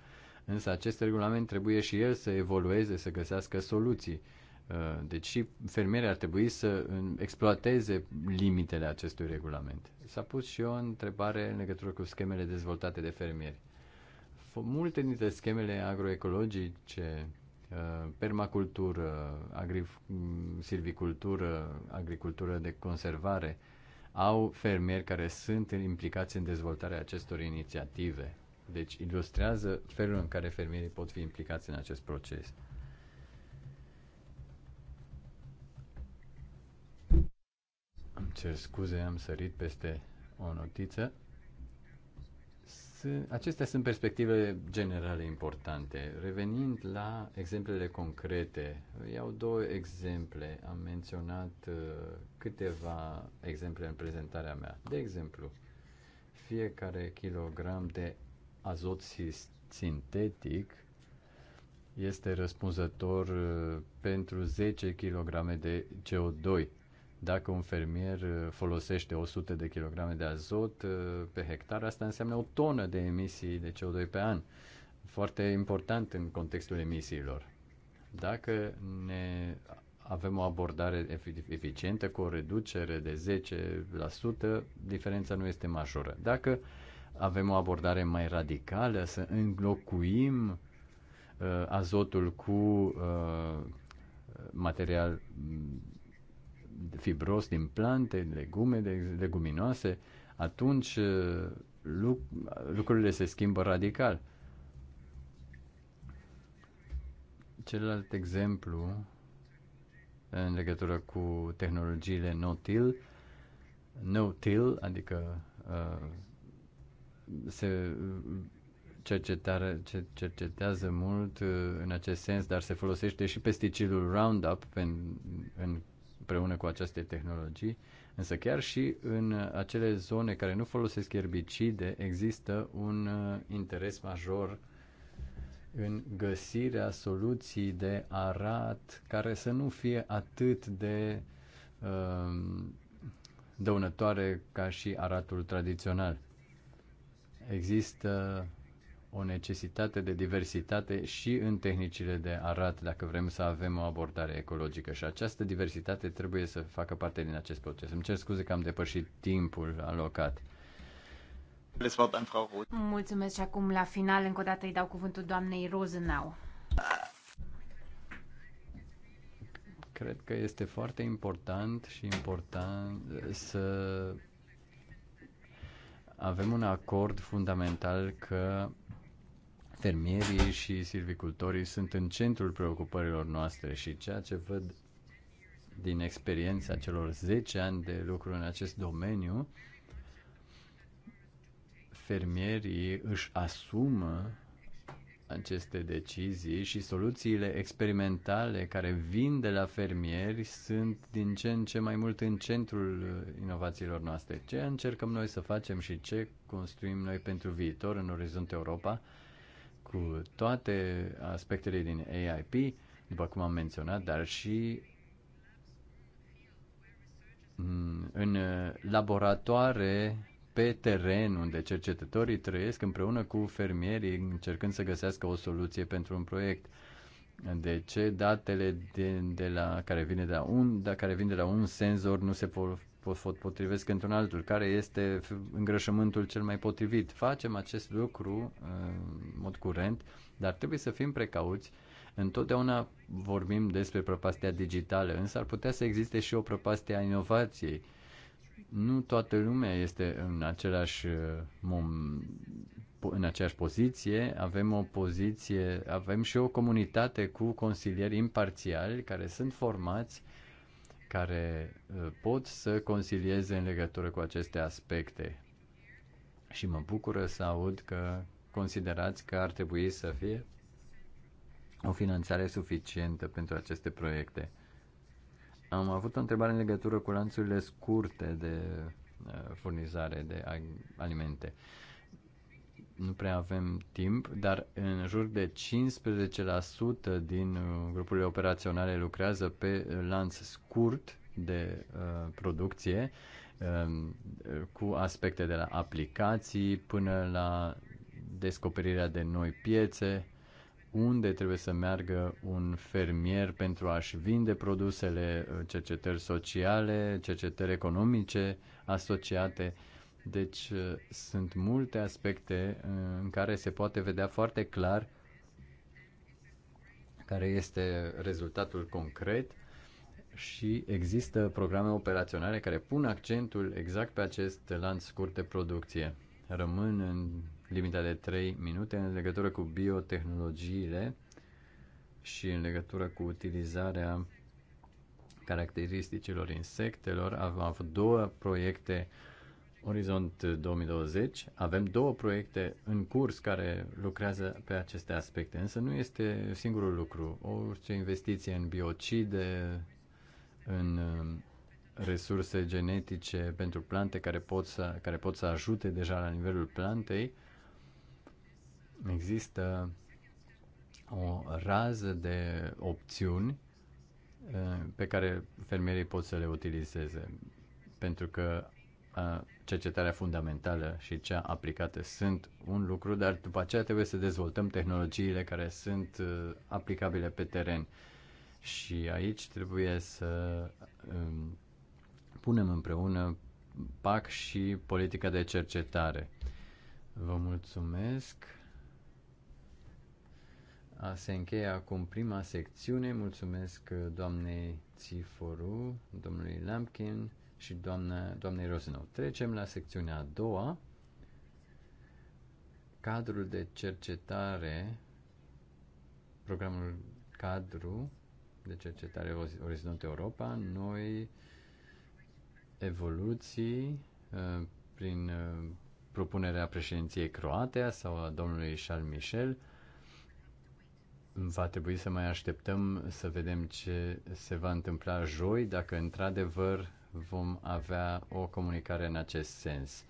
însă acest regulament trebuie și el să evolueze, să găsească soluții. Uh, Uh, deci și fermierii ar trebui să exploateze limitele acestui regulament. S-a pus și o întrebare în legătură cu schemele dezvoltate de fermieri. Multe dintre schemele agroecologice, uh, permacultură, agri- silvicultură, agricultură de conservare, au fermieri care sunt implicați în dezvoltarea acestor inițiative. Deci ilustrează felul în care fermierii pot fi implicați în acest proces. Îmi cer scuze, am sărit peste o notiță. Acestea sunt perspective generale importante. Revenind la exemplele concrete, iau două exemple. Am menționat uh, câteva exemple în prezentarea mea. De exemplu, fiecare kilogram de azot sintetic este răspunzător uh, pentru 10 kg de CO2 dacă un fermier uh, folosește 100 de kilograme de azot uh, pe hectar, asta înseamnă o tonă de emisii de CO2 pe an. Foarte important în contextul emisiilor. Dacă ne avem o abordare eficientă cu o reducere de 10%, diferența nu este majoră. Dacă avem o abordare mai radicală, să înlocuim uh, azotul cu uh, material fibros din plante, legume, de, leguminoase, atunci uh, luc, lucrurile se schimbă radical. Celălalt exemplu în legătură cu tehnologiile no-till, no-till, adică uh, se cercetare, cercetează mult uh, în acest sens, dar se folosește și pesticidul Roundup în, în împreună cu aceste tehnologii, însă chiar și în acele zone care nu folosesc erbicide există un uh, interes major în găsirea soluții de arat care să nu fie atât de um, dăunătoare ca și aratul tradițional. Există o necesitate de diversitate și în tehnicile de arat dacă vrem să avem o abordare ecologică și această diversitate trebuie să facă parte din acest proces. Îmi cer scuze că am depășit timpul alocat. Mulțumesc și acum la final încă o dată îi dau cuvântul doamnei Rozenau. Cred că este foarte important și important să avem un acord fundamental că fermierii și silvicultorii sunt în centrul preocupărilor noastre și ceea ce văd din experiența celor 10 ani de lucru în acest domeniu, fermierii își asumă aceste decizii și soluțiile experimentale care vin de la fermieri sunt din ce în ce mai mult în centrul inovațiilor noastre. Ce încercăm noi să facem și ce construim noi pentru viitor în orizont Europa cu toate aspectele din AIP, după cum am menționat, dar și mm, în laboratoare pe teren unde cercetătorii trăiesc împreună cu fermierii încercând să găsească o soluție pentru un proiect. De ce datele de, de la, care, vine de la un, da, care vin de la un senzor nu se potrivesc într-un altul, care este îngrășământul cel mai potrivit. Facem acest lucru uh, în mod curent, dar trebuie să fim precauți. Întotdeauna vorbim despre prăpastia digitală, însă ar putea să existe și o prăpastie a inovației. Nu toată lumea este în același uh, în aceeași poziție, avem o poziție, avem și o comunitate cu consilieri imparțiali care sunt formați uh, care uh, pot să consilieze în legătură cu aceste aspecte. Și mă bucură să aud că considerați că ar trebui să fie o finanțare suficientă pentru aceste proiecte. Am avut o întrebare în legătură cu lanțurile scurte de uh, furnizare de alimente nu prea avem timp, dar în jur de 15% din uh, grupurile operaționale lucrează pe uh, lanț scurt de uh, producție, um, uh, cu aspecte de la aplicații până la descoperirea de noi piețe, unde trebuie să meargă un fermier pentru a-și vinde produsele, uh, cercetări sociale, cercetări economice asociate. Uh, deci uh, sunt multe aspecte uh, în care se poate vedea foarte clar care este rezultatul concret și există programe operaționale care pun accentul exact pe acest lanț scurt de producție. Rămân în limita de 3 minute în legătură cu biotehnologiile și în legătură cu utilizarea caracteristicilor insectelor. Am avut două proiecte uh, Orizont 2020, avem două proiecte în curs care lucrează pe aceste aspecte, însă nu este singurul lucru. Orice investiție în biocide, în um, resurse genetice pentru plante care pot să, care pot să ajute deja la nivelul plantei, există o rază de opțiuni uh, pe care fermierii pot să le utilizeze. Pentru că uh, cercetarea fundamentală și cea aplicată sunt un lucru, dar după aceea trebuie să dezvoltăm tehnologiile care sunt uh, aplicabile pe teren. Și aici trebuie să um, punem împreună PAC și politica de cercetare. Vă mulțumesc. Se încheie acum prima secțiune. Mulțumesc uh, doamnei Țiforu, domnului Lampkin și doamne, doamnei Rosenau. Trecem la secțiunea a doua, cadrul de cercetare, programul cadru de cercetare Orizont Europa, noi evoluții uh, prin uh, propunerea președinției croate sau a domnului Charles Michel. Va trebui să mai așteptăm să vedem ce se va întâmpla joi, dacă într-adevăr vom avea o comunicare în acest sens.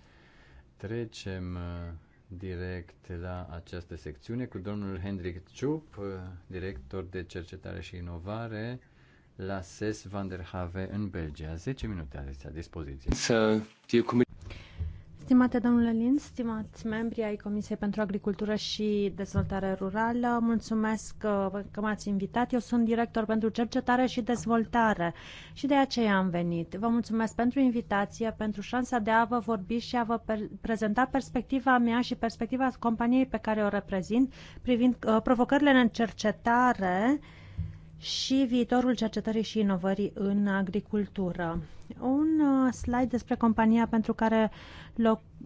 Trecem uh, direct la această secțiune cu domnul Hendrik Ciup, uh, director de cercetare și inovare la SES Have în Belgia. 10 minute aveți la dispoziție. Să fie cum Stimate domnule Lin, stimați membri ai Comisiei pentru Agricultură și Dezvoltare Rurală, mulțumesc că, uh, că m-ați invitat. Eu sunt director pentru cercetare și dezvoltare și de aceea am venit. Vă mulțumesc pentru invitație, pentru șansa de a vă vorbi și a vă per- prezenta perspectiva mea și perspectiva companiei pe care o reprezint privind uh, provocările în cercetare uh, și viitorul cercetării și inovării în agricultură. Un uh, slide despre compania pentru care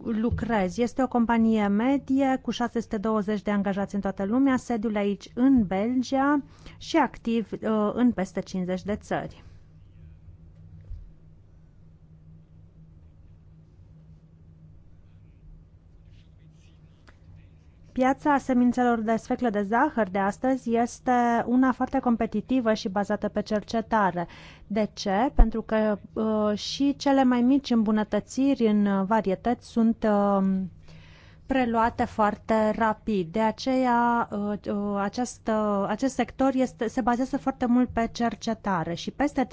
lucrez. Este o companie medie cu 620 de angajați în toată lumea, sediul aici în Belgia și activ uh, în peste 50 de țări. Piața semințelor de sfeclă de zahăr de astăzi este una foarte competitivă și bazată pe cercetare. De ce? Pentru că uh, și cele mai mici îmbunătățiri în varietăți sunt uh, preluate foarte rapid. De aceea, uh, uh, acest, acest sector este, se bazează foarte mult pe cercetare și peste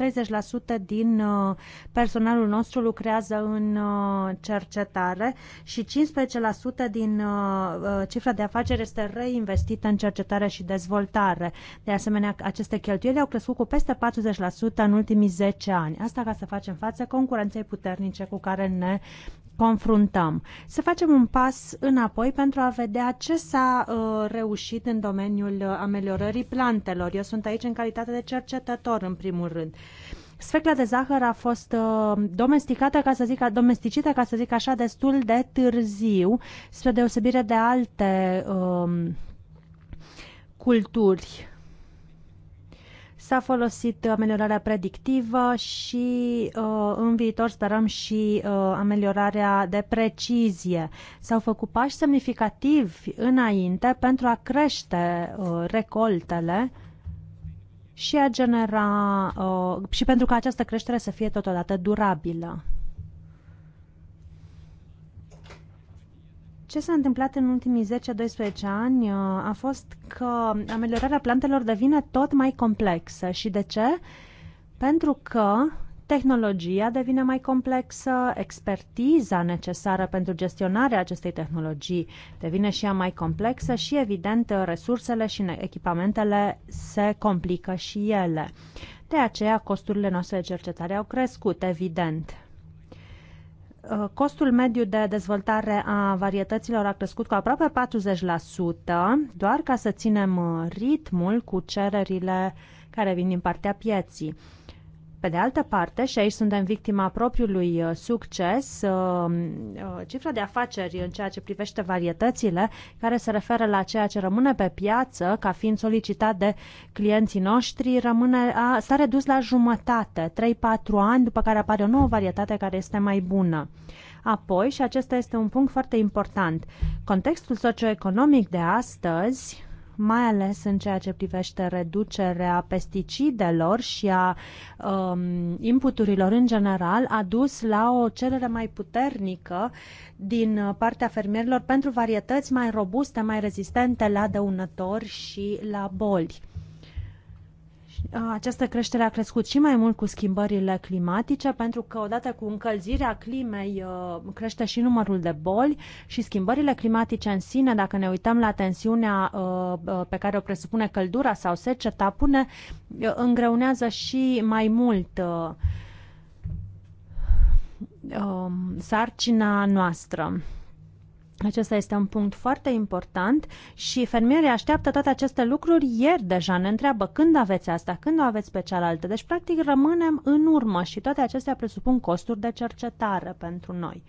30% din uh, personalul nostru lucrează în cercetare și 15% din cifra de afaceri este reinvestită în cercetare și dezvoltare. De asemenea, aceste cheltuieli au crescut cu peste 40% în ultimii 10 ani. Asta ca să facem față concurenței puternice cu care ne confruntăm. Să facem un pas înapoi pentru a vedea ce s-a uh, reușit în domeniul ameliorării plantelor. Eu sunt aici în calitate de cercetător, în primul rând. Sfecla de zahăr a fost uh, domesticată, ca să zic, domesticită, ca să zic așa, destul de târziu, spre deosebire de alte uh, culturi S-a folosit ameliorarea predictivă și uh, în viitor sperăm și uh, ameliorarea de precizie. S-au făcut pași semnificativi înainte pentru a crește uh, recoltele și a genera și pentru ca această creștere să fie totodată durabilă. Ce s-a întâmplat în ultimii 10-12 ani uh, a fost că ameliorarea plantelor devine tot mai complexă. Și de ce? Pentru că tehnologia devine mai complexă, expertiza necesară pentru gestionarea acestei tehnologii devine și ea mai complexă și, evident, resursele și echipamentele se complică și ele. De aceea, costurile noastre de cercetare au crescut, evident. Uh, costul mediu de dezvoltare a varietăților a crescut cu aproape 40%, doar ca să ținem uh, ritmul cu cererile care vin din partea pieții. Pe de altă parte, și aici suntem victima propriului uh, succes, uh, uh, cifra de afaceri în ceea ce privește varietățile, care se referă la ceea ce rămâne pe piață, ca fiind solicitat de clienții noștri, rămâne, a, s-a redus la jumătate, 3-4 ani, după care apare o nouă varietate care este mai bună. Apoi, și acesta este un punct foarte important, contextul socioeconomic de astăzi mai ales în ceea ce privește reducerea pesticidelor și a um, inputurilor în general, a dus la o cerere mai puternică din partea fermierilor pentru varietăți mai robuste, mai rezistente la dăunători și la boli această creștere a crescut și mai mult cu schimbările climatice, pentru că odată cu încălzirea climei uh, crește și numărul de boli și schimbările climatice în sine, dacă ne uităm la tensiunea uh, uh, pe care o presupune căldura sau seceta, pune, îngreunează și mai mult um, sarcina noastră. Acesta este un punct foarte important și fermierii așteaptă toate aceste lucruri ieri deja. Ne întreabă când aveți asta, când o aveți pe cealaltă. Deci, practic, rămânem în urmă și toate acestea presupun costuri de cercetare pentru noi.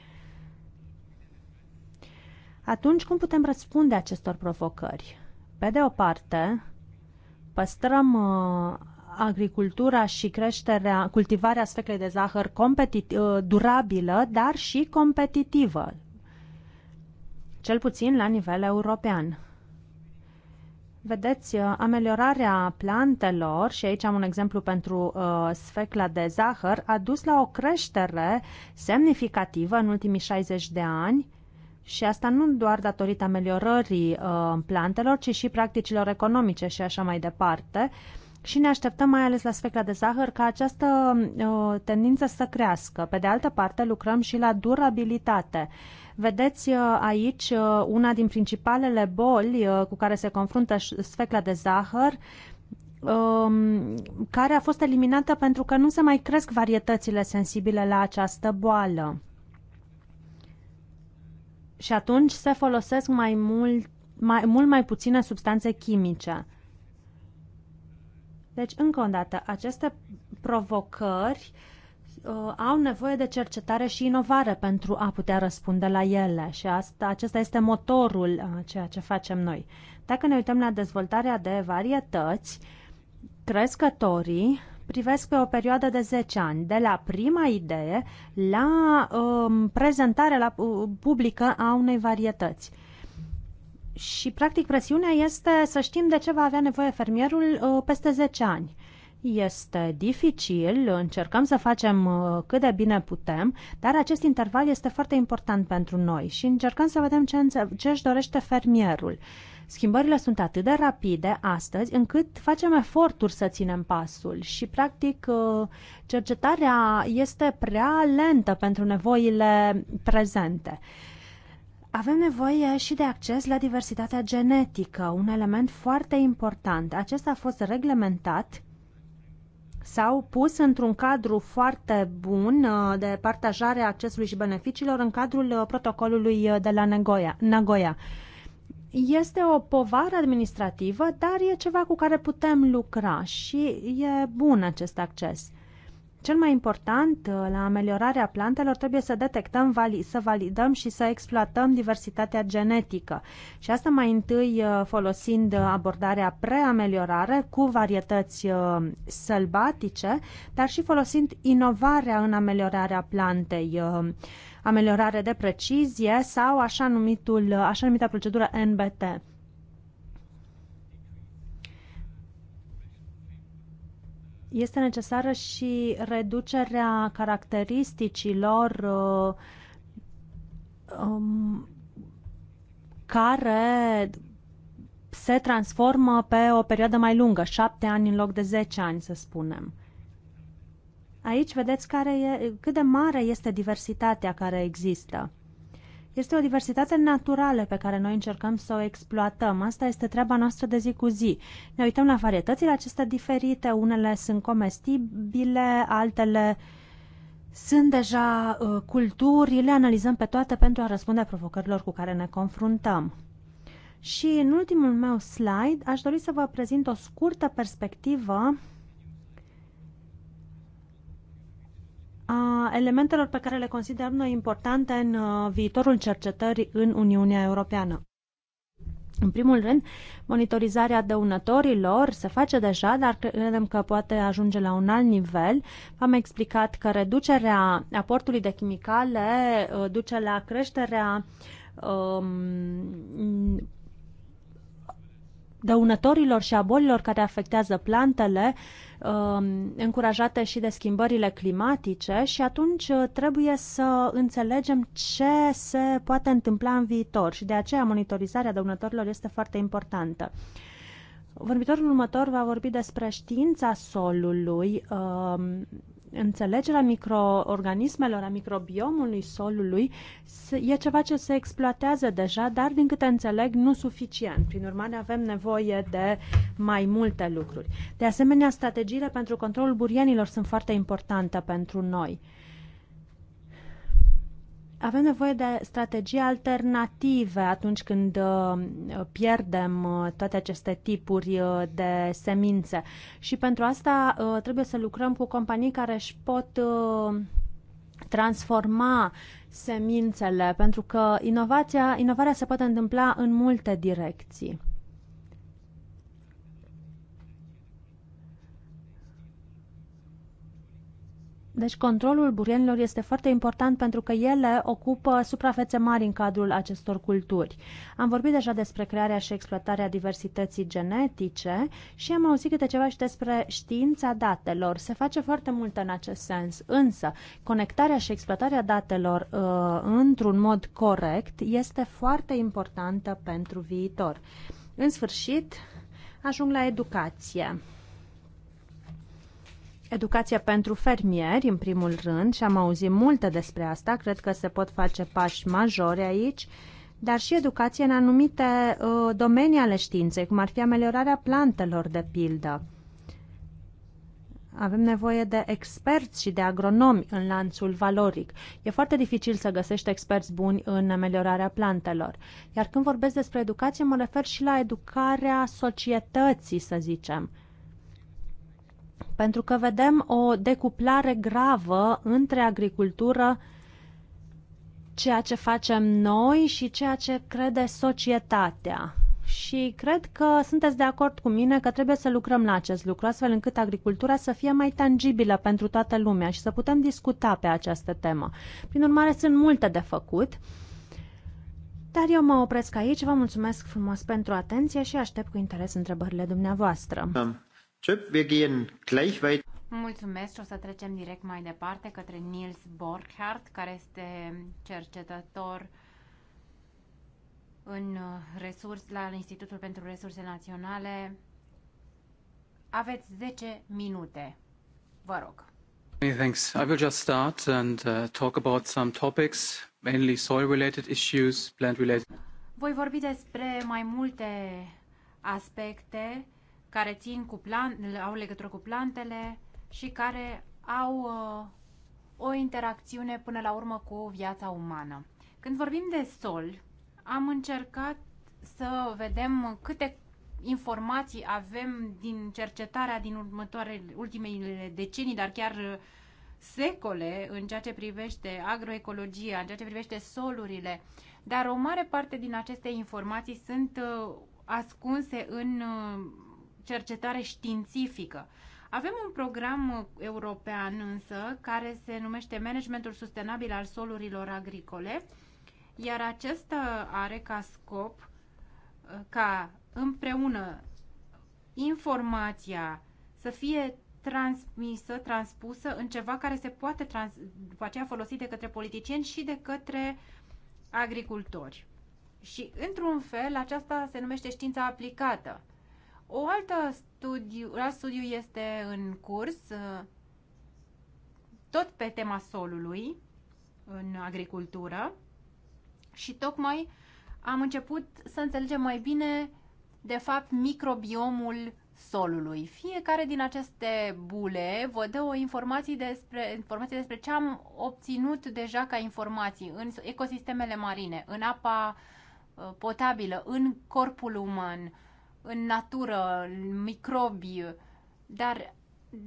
Atunci, cum putem răspunde acestor provocări? Pe de o parte, păstrăm uh, agricultura și creșterea, cultivarea sfeclei de zahăr competitiv, uh, durabilă, dar și competitivă cel puțin la nivel european. Vedeți, uh, ameliorarea plantelor, și aici am un exemplu pentru uh, sfecla de zahăr, a dus la o creștere semnificativă în ultimii 60 de ani și asta nu doar datorită ameliorării uh, plantelor, ci și practicilor economice și așa mai departe. Și ne așteptăm mai ales la sfecla de zahăr ca această uh, tendință să crească. Pe de altă parte, lucrăm și la durabilitate. Uh, Vedeți uh, aici uh, una din principalele boli uh, cu care se confruntă sfecla de zahăr, um, care a fost eliminată pentru că nu se mai cresc varietățile sensibile la această boală. Și atunci se folosesc mai mult mai, mult mai puține substanțe chimice. Deci, încă o dată, aceste provocări uh, uh, au nevoie de cercetare și inovare pentru a putea răspunde la ele și asta, acesta este motorul uh, ceea ce facem noi. Dacă ne uităm la dezvoltarea de varietăți, crescătorii privesc pe o perioadă de 10 ani, de la prima idee la um, prezentarea la, uh, publică a unei varietăți. Și, practic, presiunea este să știm de ce va avea nevoie fermierul uh, peste 10 ani. Uh, este dificil, încercăm să facem uh, cât de bine putem, dar acest interval este foarte important pentru noi și încercăm să vedem ce, ce își dorește fermierul. Schimbările sunt atât de rapide astăzi încât facem eforturi să ținem pasul și, practic, uh, cercetarea este prea lentă pentru nevoile prezente. Avem nevoie și de acces la diversitatea genetică, un element foarte important. Acesta a fost reglementat s-au pus într-un cadru foarte bun uh, de partajare a accesului și beneficiilor în cadrul uh, protocolului uh, de la Nagoya. Nagoya. Este o povară administrativă, dar e ceva cu care putem lucra și e bun acest acces. Cel mai important uh, la ameliorarea plantelor trebuie să detectăm, să validăm și să exploatăm diversitatea genetică. Și asta mai întâi uh, folosind uh, abordarea preameliorare cu varietăți sălbatice, dar și folosind inovarea în ameliorarea plantei ameliorare de precizie sau așa, numitul, așa numită procedură NBT. este necesară și reducerea caracteristicilor uh, um, care se transformă pe o perioadă mai lungă, șapte ani în loc de zece ani, să spunem. Aici vedeți care e, cât de mare este diversitatea care există. Este o diversitate naturală pe care noi încercăm să o exploatăm. Asta este treaba noastră de zi cu zi. Ne uităm la varietățile acestea diferite, unele sunt comestibile, altele sunt deja uh, culturi, le analizăm pe toate pentru a răspunde provocărilor cu care ne confruntăm. Și în ultimul meu slide aș dori să vă prezint o scurtă perspectivă a elementelor pe care le considerăm noi importante în uh, viitorul cercetării în Uniunea Europeană. În primul rând, monitorizarea dăunătorilor se face deja, dar credem că poate ajunge la un alt nivel. V-am explicat că reducerea aportului de chimicale uh, duce la creșterea um, dăunătorilor și a bolilor care afectează plantele, uh, Um, încurajate și de schimbările climatice și atunci uh, trebuie să înțelegem ce se poate întâmpla în viitor și de aceea monitorizarea dăunătorilor este foarte importantă. Vorbitorul următor va vorbi despre știința solului um, înțelegerea microorganismelor, a microbiomului solului e ceva ce se exploatează deja, dar din câte înțeleg nu suficient. Prin urmare avem nevoie de mai multe lucruri. De asemenea, strategiile pentru controlul burienilor sunt foarte importante pentru noi. Avem nevoie de strategii alternative atunci când uh, pierdem uh, toate aceste tipuri uh, de semințe. Și pentru asta trebuie să lucrăm cu companii care își pot transforma semințele, pentru că inovația, inovarea se poate întâmpla în multe direcții. Deci controlul burienilor este foarte important pentru că ele ocupă suprafețe mari în cadrul acestor culturi. Am vorbit deja despre crearea și exploatarea diversității genetice și am auzit câte ceva și despre știința datelor. Se face foarte mult în acest sens, însă conectarea și exploatarea datelor uh, într-un mod corect este foarte importantă pentru viitor. În sfârșit, ajung la educație. Educația pentru fermieri, în primul rând, și am auzit multe despre asta, cred că se pot face pași majori aici, dar și educație în anumite uh, domenii ale științei, cum ar fi ameliorarea plantelor, de pildă. Avem nevoie de experți și de agronomi în lanțul valoric. E foarte dificil să găsești experți buni în ameliorarea plantelor. Iar când vorbesc despre educație, mă refer și la educarea societății, să zicem pentru că vedem o decuplare gravă între agricultură, ceea ce facem noi și ceea ce crede societatea. Și cred că sunteți de acord cu mine că trebuie să lucrăm la acest lucru, astfel încât agricultura să fie mai tangibilă pentru toată lumea și să putem discuta pe această temă. Prin urmare, sunt multe de făcut. Dar eu mă opresc aici, vă mulțumesc frumos pentru atenție și aștept cu interes întrebările dumneavoastră. Am. Um, Mulțumesc și o să trecem direct mai departe către Niels Borchardt, care este cercetător în uh, resurs, la Institutul pentru Resurse Naționale. Aveți 10 minute. Vă rog. Many thanks. I will just start and uh, talk about some topics, mainly soil-related issues, plant-related. Voi vorbi despre mai multe aspecte care țin cu plantele, au legătură cu plantele și care au uh, o interacțiune până la urmă cu viața umană. Când vorbim de sol, am încercat să vedem câte informații avem din cercetarea din următoarele, ultimele decenii, dar chiar uh, secole în ceea ce privește agroecologia, în ceea ce privește solurile, dar o mare parte din aceste informații sunt uh, ascunse în uh, cercetare științifică. Avem un program uh, european însă care se numește Managementul Sustenabil al Solurilor Agricole, iar acesta are ca scop uh, ca împreună informația să fie transmisă, transpusă în ceva care se poate trans, după aceea folosi de către politicieni și de către agricultori. Și, într-un fel, aceasta se numește știința aplicată. O altă studiu, alt studiu este în curs, uh, tot pe tema solului în agricultură și tocmai am început să înțelegem mai bine, de fapt, microbiomul solului. Fiecare din aceste bule vă dă o informație despre, informație despre ce am obținut deja ca informații în ecosistemele marine, în apa uh, potabilă, în corpul uman, în natură, microbi, dar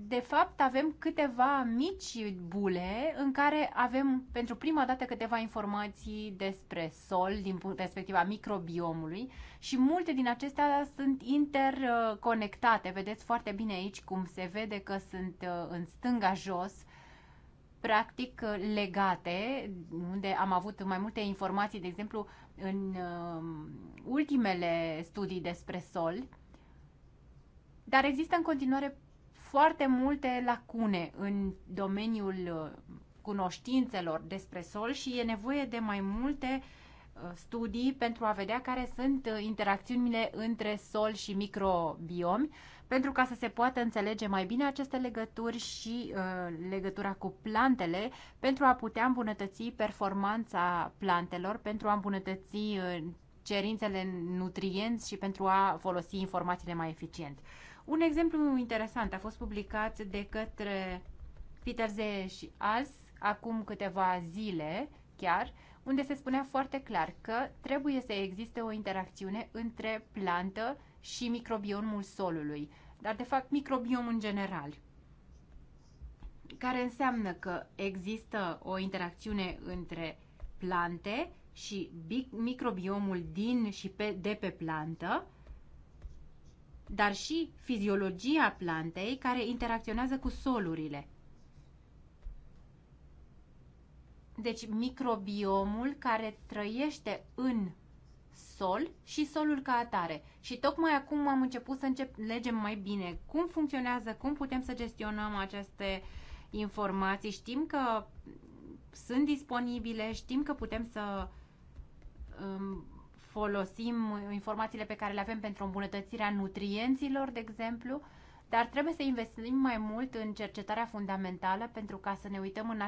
de fapt avem câteva mici bule în care avem pentru prima dată câteva informații despre sol din perspectiva microbiomului și multe din acestea sunt interconectate. Vedeți foarte bine aici cum se vede că sunt uh, în stânga jos practic uh, legate, unde am avut mai multe informații, de exemplu, în um, ultimele studii despre sol, dar există în continuare foarte multe lacune în domeniul uh, cunoștințelor despre sol și e nevoie de mai multe uh, Uh, studii pentru a vedea care sunt uh, interacțiunile între sol și microbiomi, pentru ca să se poată înțelege mai bine aceste legături și uh, legătura cu plantele, pentru a putea îmbunătăți performanța plantelor, pentru a îmbunătăți uh, cerințele nutrienți și pentru a folosi informațiile mai eficient. Un exemplu interesant a fost publicat de către Peter Zee și Als acum câteva zile chiar, uh, unde se spunea foarte clar că trebuie să existe o interacțiune între plantă și microbiomul solului, dar de fapt microbiomul în general care înseamnă că există o interacțiune între plante și microbiomul din și pe, de pe plantă, dar și fiziologia plantei care interacționează cu solurile. Deci microbiomul care trăiește în sol și solul ca atare. Și tocmai acum am început să încep, legem mai bine cum funcționează, cum putem să gestionăm aceste informații. Știm că sunt disponibile, știm că putem să um, folosim informațiile pe care le avem pentru îmbunătățirea nutrienților, de exemplu, dar trebuie să investim mai mult în cercetarea fundamentală pentru ca să ne uităm în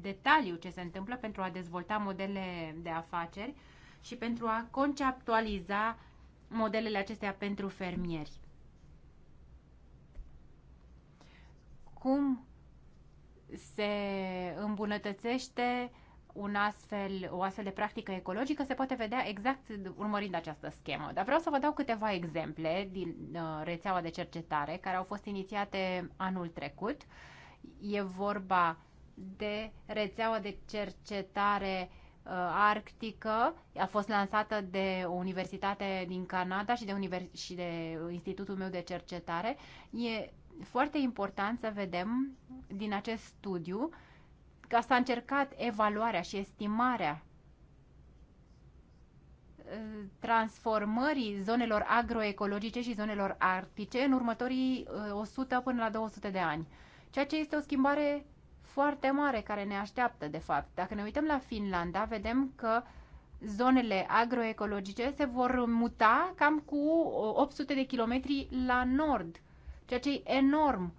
detaliu ce se întâmplă pentru a dezvolta modele de afaceri și pentru a conceptualiza modelele acestea pentru fermieri. Cum se îmbunătățește un astfel, o astfel de practică ecologică se poate vedea exact urmărind această schemă. Dar vreau să vă dau câteva exemple din uh, rețeaua de cercetare care au fost inițiate anul trecut. E vorba de rețeaua de cercetare uh, arctică, a fost lansată de o universitate din Canada și de, univers- și de institutul meu de cercetare. E foarte important să vedem din acest studiu că s-a încercat evaluarea și estimarea uh, transformării zonelor agroecologice și zonelor arctice în următorii 100 uh, până la 200 de ani, ceea ce este o schimbare foarte mare care ne așteaptă, de fapt. Dacă ne uităm la Finlanda, vedem că zonele agroecologice se vor muta cam cu 800 de kilometri la nord, ceea ce e enorm.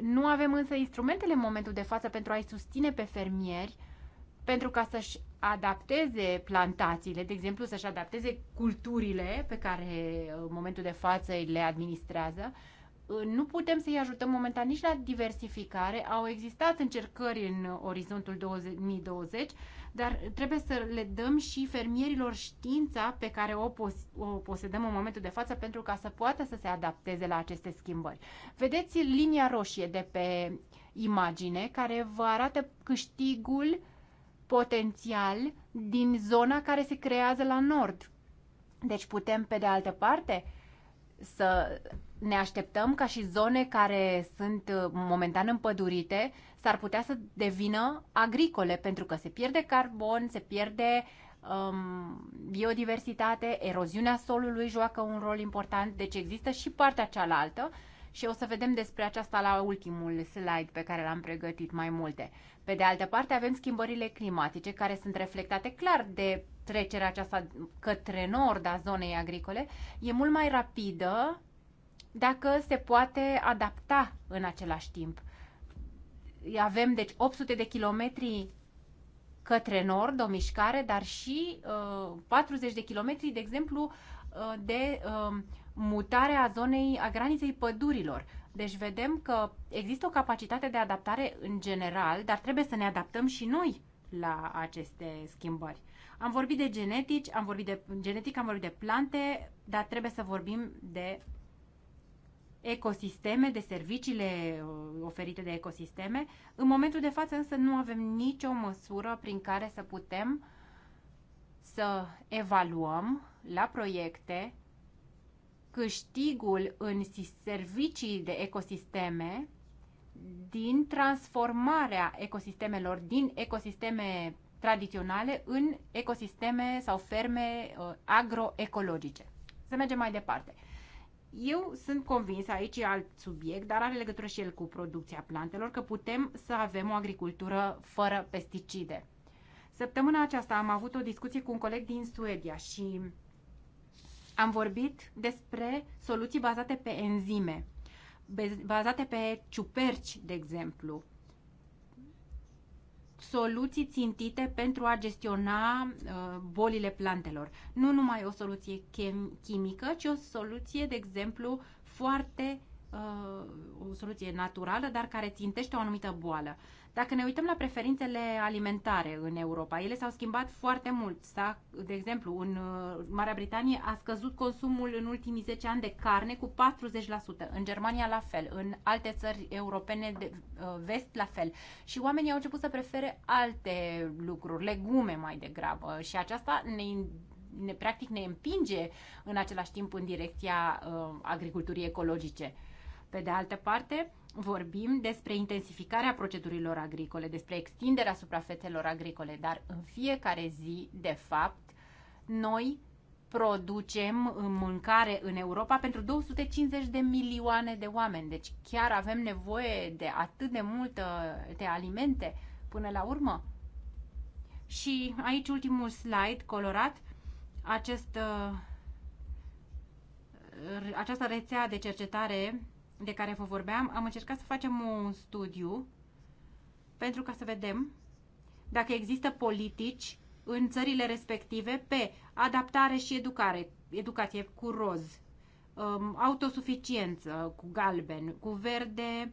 Nu avem însă instrumentele în momentul de față pentru a-i susține pe fermieri pentru ca să-și adapteze plantațiile, de exemplu să-și adapteze culturile pe care în momentul de față le administrează Uh, nu putem să-i ajutăm momentan nici la diversificare. Au existat încercări în orizontul 2020, dar trebuie să le dăm și fermierilor știința pe care o, pos- o posedăm în momentul de față pentru ca să poată să se adapteze la aceste schimbări. Vedeți linia roșie de pe imagine care vă arată câștigul potențial din zona care se creează la nord. Deci putem, pe de altă parte, să ne așteptăm ca și zone care sunt uh, momentan împădurite s-ar putea să devină agricole, pentru că se pierde carbon, se pierde um, biodiversitate, eroziunea solului joacă un rol important, deci există și partea cealaltă și o să vedem despre aceasta la ultimul slide pe care l-am pregătit mai multe. Pe de altă parte avem schimbările climatice care sunt reflectate clar de trecerea aceasta către nord a zonei agricole, e mult mai rapidă dacă se poate adapta în același timp. Avem, deci, 800 de kilometri către nord, o mișcare, dar și uh, 40 de kilometri, de exemplu, uh, de uh, mutare a zonei, a graniței pădurilor. Deci vedem că există o capacitate de adaptare în general, dar trebuie să ne adaptăm și noi la aceste schimbări. Am vorbit de genetici, am vorbit de genetic, am vorbit de plante, dar trebuie să vorbim de ecosisteme, de serviciile uh, oferite de ecosisteme. În momentul de față însă nu avem nicio măsură prin care să putem să evaluăm la proiecte câștigul în servicii de ecosisteme din transformarea ecosistemelor din ecosisteme tradiționale în ecosisteme sau ferme uh, agroecologice. Să mergem mai departe. Eu sunt convins, aici e alt subiect, dar are legătură și el cu producția plantelor, că putem să avem o agricultură fără pesticide. Săptămâna aceasta am avut o discuție cu un coleg din Suedia și am vorbit despre soluții bazate pe enzime, bazate pe ciuperci, de exemplu, soluții țintite pentru a gestiona uh, bolile plantelor. Nu numai o soluție chimică, ci o soluție, de exemplu, foarte uh, o soluție naturală, dar care țintește o anumită boală. Dacă ne uităm la preferințele alimentare în Europa, ele s-au schimbat foarte mult. s de exemplu, în uh, Marea Britanie a scăzut consumul în ultimii 10 ani de carne cu 40%, în Germania la fel, în alte țări europene de uh, vest la fel. Și oamenii au început să prefere alte lucruri, legume mai degrabă. Și aceasta ne ne, practic ne împinge în același timp în direcția uh, agriculturii ecologice. Pe de altă parte, vorbim despre intensificarea procedurilor agricole, despre extinderea suprafețelor agricole, dar în fiecare zi, de fapt, noi producem uh, mâncare în Europa pentru 250 de milioane de oameni. Deci chiar avem nevoie de atât de multe de alimente până la urmă. Și aici ultimul slide colorat, acest, uh, această rețea de cercetare de care vă vorbeam, am încercat să facem un studiu pentru ca să vedem dacă există politici în țările respective pe adaptare și educare, educație cu roz, um, autosuficiență cu galben, cu verde,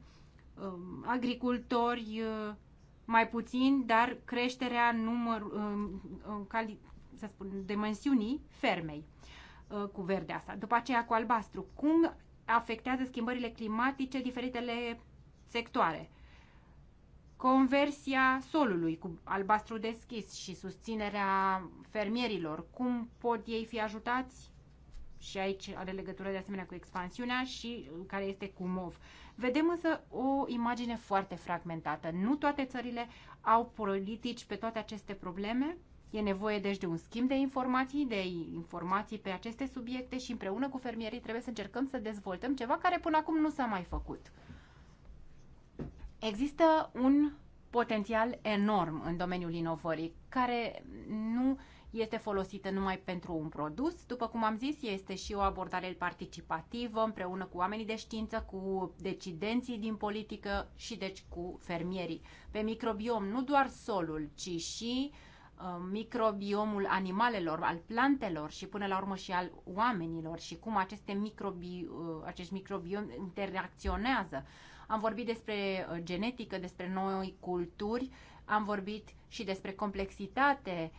um, agricultori uh, mai puțin, dar creșterea număr, um, um, cali, să spun, dimensiunii fermei uh, cu verde asta. După aceea cu albastru. Cum afectează schimbările climatice diferitele sectoare. Conversia solului cu albastru deschis și susținerea fermierilor, cum pot ei fi ajutați? Și aici are legătură de asemenea cu expansiunea și uh, care este cu MOV. Vedem însă o imagine foarte fragmentată. Nu toate țările au politici pe toate aceste probleme E nevoie deci de un schimb de informații, de informații pe aceste subiecte și împreună cu fermierii trebuie să încercăm să dezvoltăm ceva care până acum nu s-a mai făcut. Există un potențial enorm în domeniul inovării, care nu este folosită numai pentru un produs. După cum am zis, este și o abordare participativă împreună cu oamenii de știință, cu decidenții din politică și deci cu fermierii. Pe microbiom nu doar solul, ci și uh, Uh, microbiomul animalelor, al plantelor și până la urmă și al oamenilor și cum aceste microbi, uh, acești microbiom interacționează. Am vorbit despre uh, genetică, despre noi culturi, am vorbit și despre complexitate,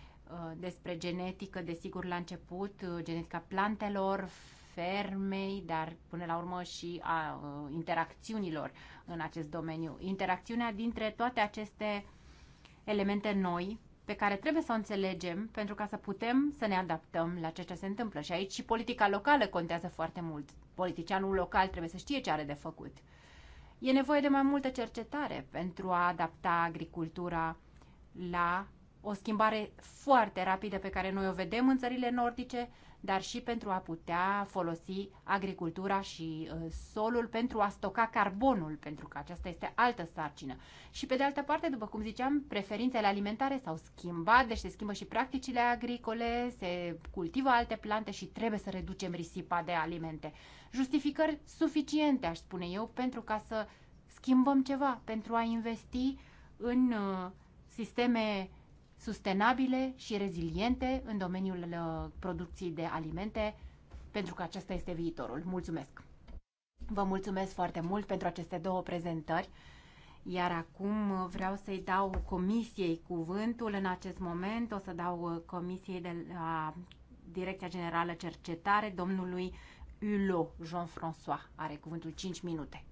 despre genetică, desigur, la început, genetica plantelor, fermei, dar până la urmă și a interacțiunilor în acest domeniu. Interacțiunea dintre toate aceste elemente noi pe care trebuie să o înțelegem pentru ca să putem să ne adaptăm la ceea ce se întâmplă. Și aici și politica locală contează foarte mult. Politicianul local trebuie să știe ce are de făcut. E nevoie de mai multă cercetare pentru a adapta agricultura la o schimbare foarte rapidă pe care noi o vedem în țările nordice, dar și pentru a putea folosi agricultura și uh, solul pentru a stoca carbonul, pentru că aceasta este altă sarcină. Și pe de altă parte, după cum ziceam, preferințele alimentare s-au schimbat, deci se schimbă și practicile agricole, se cultivă alte plante și trebuie să reducem risipa de alimente. Justificări suficiente, aș spune eu, pentru ca să schimbăm ceva, pentru a investi în uh, sisteme sustenabile și reziliente în domeniul uh, producției de alimente, pentru că acesta este viitorul. Mulțumesc! Vă mulțumesc foarte mult pentru aceste două prezentări, iar acum vreau să-i dau comisiei cuvântul în acest moment. O să dau uh, comisiei de la Direcția Generală Cercetare, domnului Hulot, Jean-François, are cuvântul 5 minute.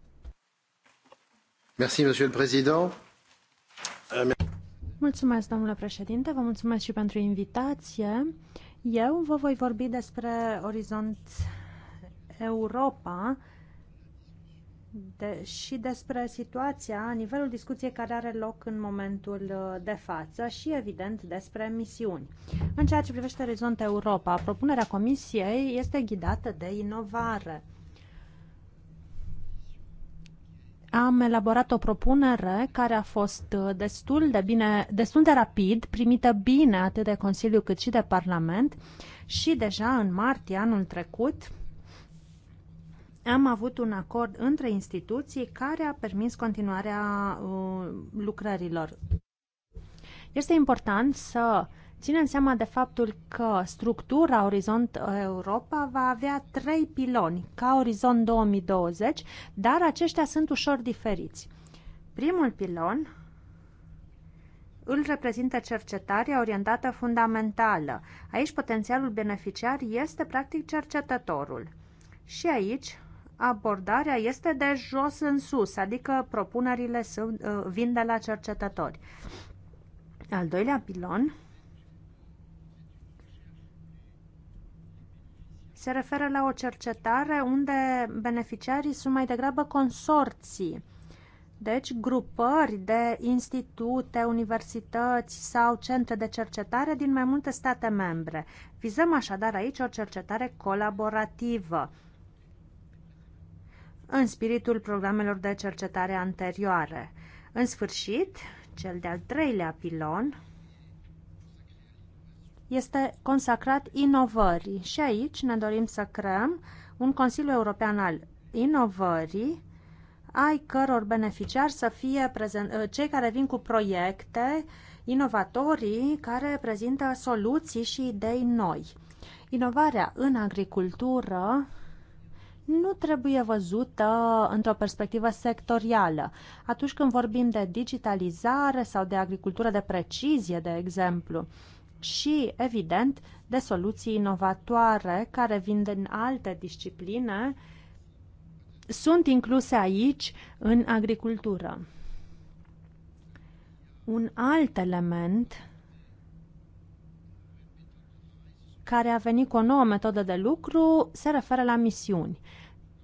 Merci, Monsieur le Président. Euh, Mulțumesc, domnule președinte, vă mulțumesc și pentru invitație. Eu vă voi vorbi despre Orizont Europa de, și despre situația, nivelul discuției care are loc în momentul uh, de față și, evident, despre misiuni. În ceea ce privește Orizont Europa, propunerea Comisiei este ghidată de inovare. am elaborat o propunere care a fost uh, destul de bine, destul de rapid, primită bine atât de Consiliu cât și de Parlament și deja în martie anul trecut am avut un acord între instituții care a permis continuarea uh, lucrărilor. Este important să ținând seama de faptul că structura Orizont Europa va avea trei piloni, ca Orizont 2020, dar aceștia sunt ușor diferiți. Primul pilon îl reprezintă cercetarea orientată fundamentală. Aici potențialul beneficiar este practic cercetătorul. Și aici abordarea este de jos în sus, adică propunerile sunt, uh, vin de la cercetători. Al doilea pilon se referă la o cercetare unde beneficiarii sunt mai degrabă consorții, deci grupări de institute, universități sau centre de cercetare din mai multe state membre. Vizăm așadar aici o cercetare colaborativă în spiritul programelor de cercetare anterioare. În sfârșit, cel de-al treilea pilon este consacrat inovării și aici ne dorim să creăm un Consiliu European al Inovării, ai căror beneficiari să fie prezent, ă, cei care vin cu proiecte, inovatorii care prezintă soluții și idei noi. Inovarea în agricultură nu trebuie văzută într-o perspectivă sectorială. Atunci când vorbim de digitalizare sau de agricultură de precizie, de exemplu, și, evident, de soluții inovatoare care vin din alte discipline, sunt incluse aici în agricultură. Un alt element care a venit cu o nouă metodă de lucru se referă la misiuni.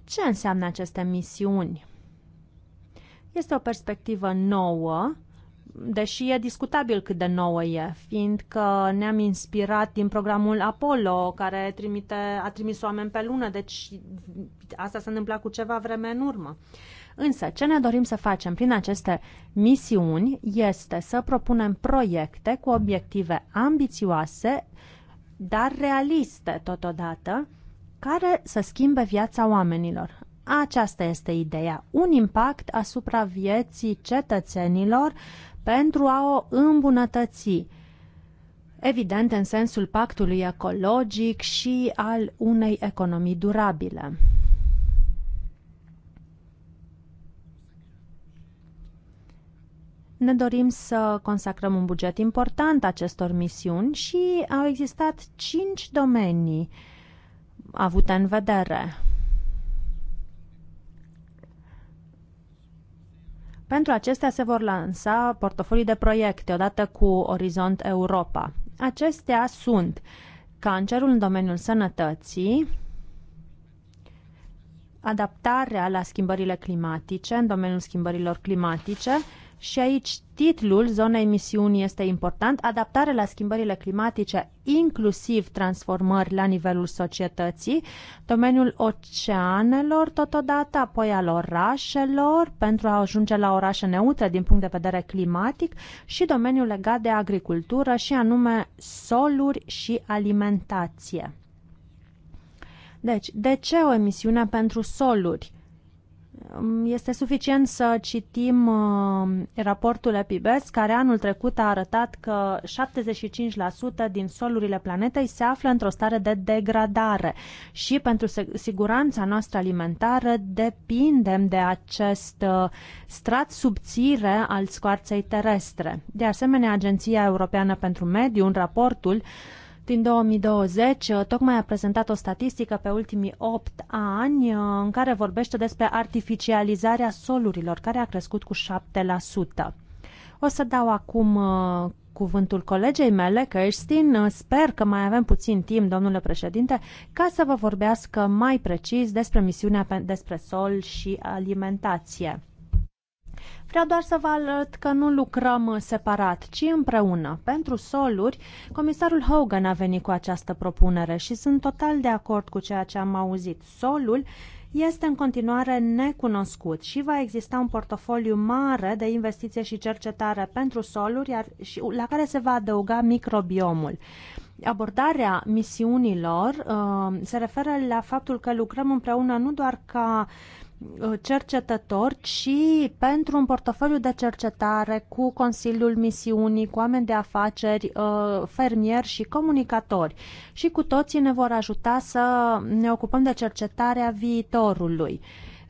Ce înseamnă aceste misiuni? Este o perspectivă nouă deși e discutabil cât de nouă e, fiindcă ne-am inspirat din programul Apollo, care trimite, a trimis oameni pe lună, deci asta s-a întâmplat cu ceva vreme în urmă. Însă, ce ne dorim să facem prin aceste misiuni este să propunem proiecte cu obiective ambițioase, dar realiste totodată, care să schimbe viața oamenilor. Aceasta este ideea. Un impact asupra vieții cetățenilor pentru a o îmbunătăți. Evident, în sensul pactului ecologic și al unei economii durabile. Ne dorim să consacrăm un buget important acestor misiuni și au existat cinci domenii avute în vedere. Pentru acestea se vor lansa portofolii de proiecte odată cu Orizont Europa. Acestea sunt cancerul în domeniul sănătății, adaptarea la schimbările climatice, în domeniul schimbărilor climatice, și aici titlul zonei misiunii este important, adaptare la schimbările climatice, inclusiv transformări la nivelul societății, domeniul oceanelor totodată, apoi al orașelor, pentru a ajunge la orașe neutre din punct de vedere climatic și domeniul legat de agricultură și anume soluri și alimentație. Deci, de ce o emisiune pentru soluri? Este suficient să citim uh, raportul EPIBES, care anul trecut a arătat că 75% din solurile planetei se află într-o stare de degradare și pentru siguranța noastră alimentară depindem de acest uh, strat subțire al scoarței terestre. De asemenea, Agenția Europeană pentru Mediu, în raportul, din 2020 uh, tocmai a prezentat o statistică pe ultimii 8 ani uh, în care vorbește despre artificializarea solurilor, care a crescut cu 7%. O să dau acum uh, cuvântul colegei mele, Kirstin. Sper că mai avem puțin timp, domnule președinte, ca să vă vorbească mai precis despre misiunea despre sol și alimentație. Vreau doar să vă arăt că nu lucrăm separat, ci împreună. Pentru soluri, comisarul Hogan a venit cu această propunere și sunt total de acord cu ceea ce am auzit. Solul este în continuare necunoscut și va exista un portofoliu mare de investiție și cercetare pentru soluri, iar, și, la care se va adăuga microbiomul. Abordarea misiunilor uh, se referă la faptul că lucrăm împreună nu doar ca uh, Uh, cercetători, ci pentru un portofoliu de cercetare cu Consiliul Misiunii, cu oameni de afaceri, uh, fermieri și comunicatori. Și cu toții ne vor ajuta să ne ocupăm de cercetarea viitorului.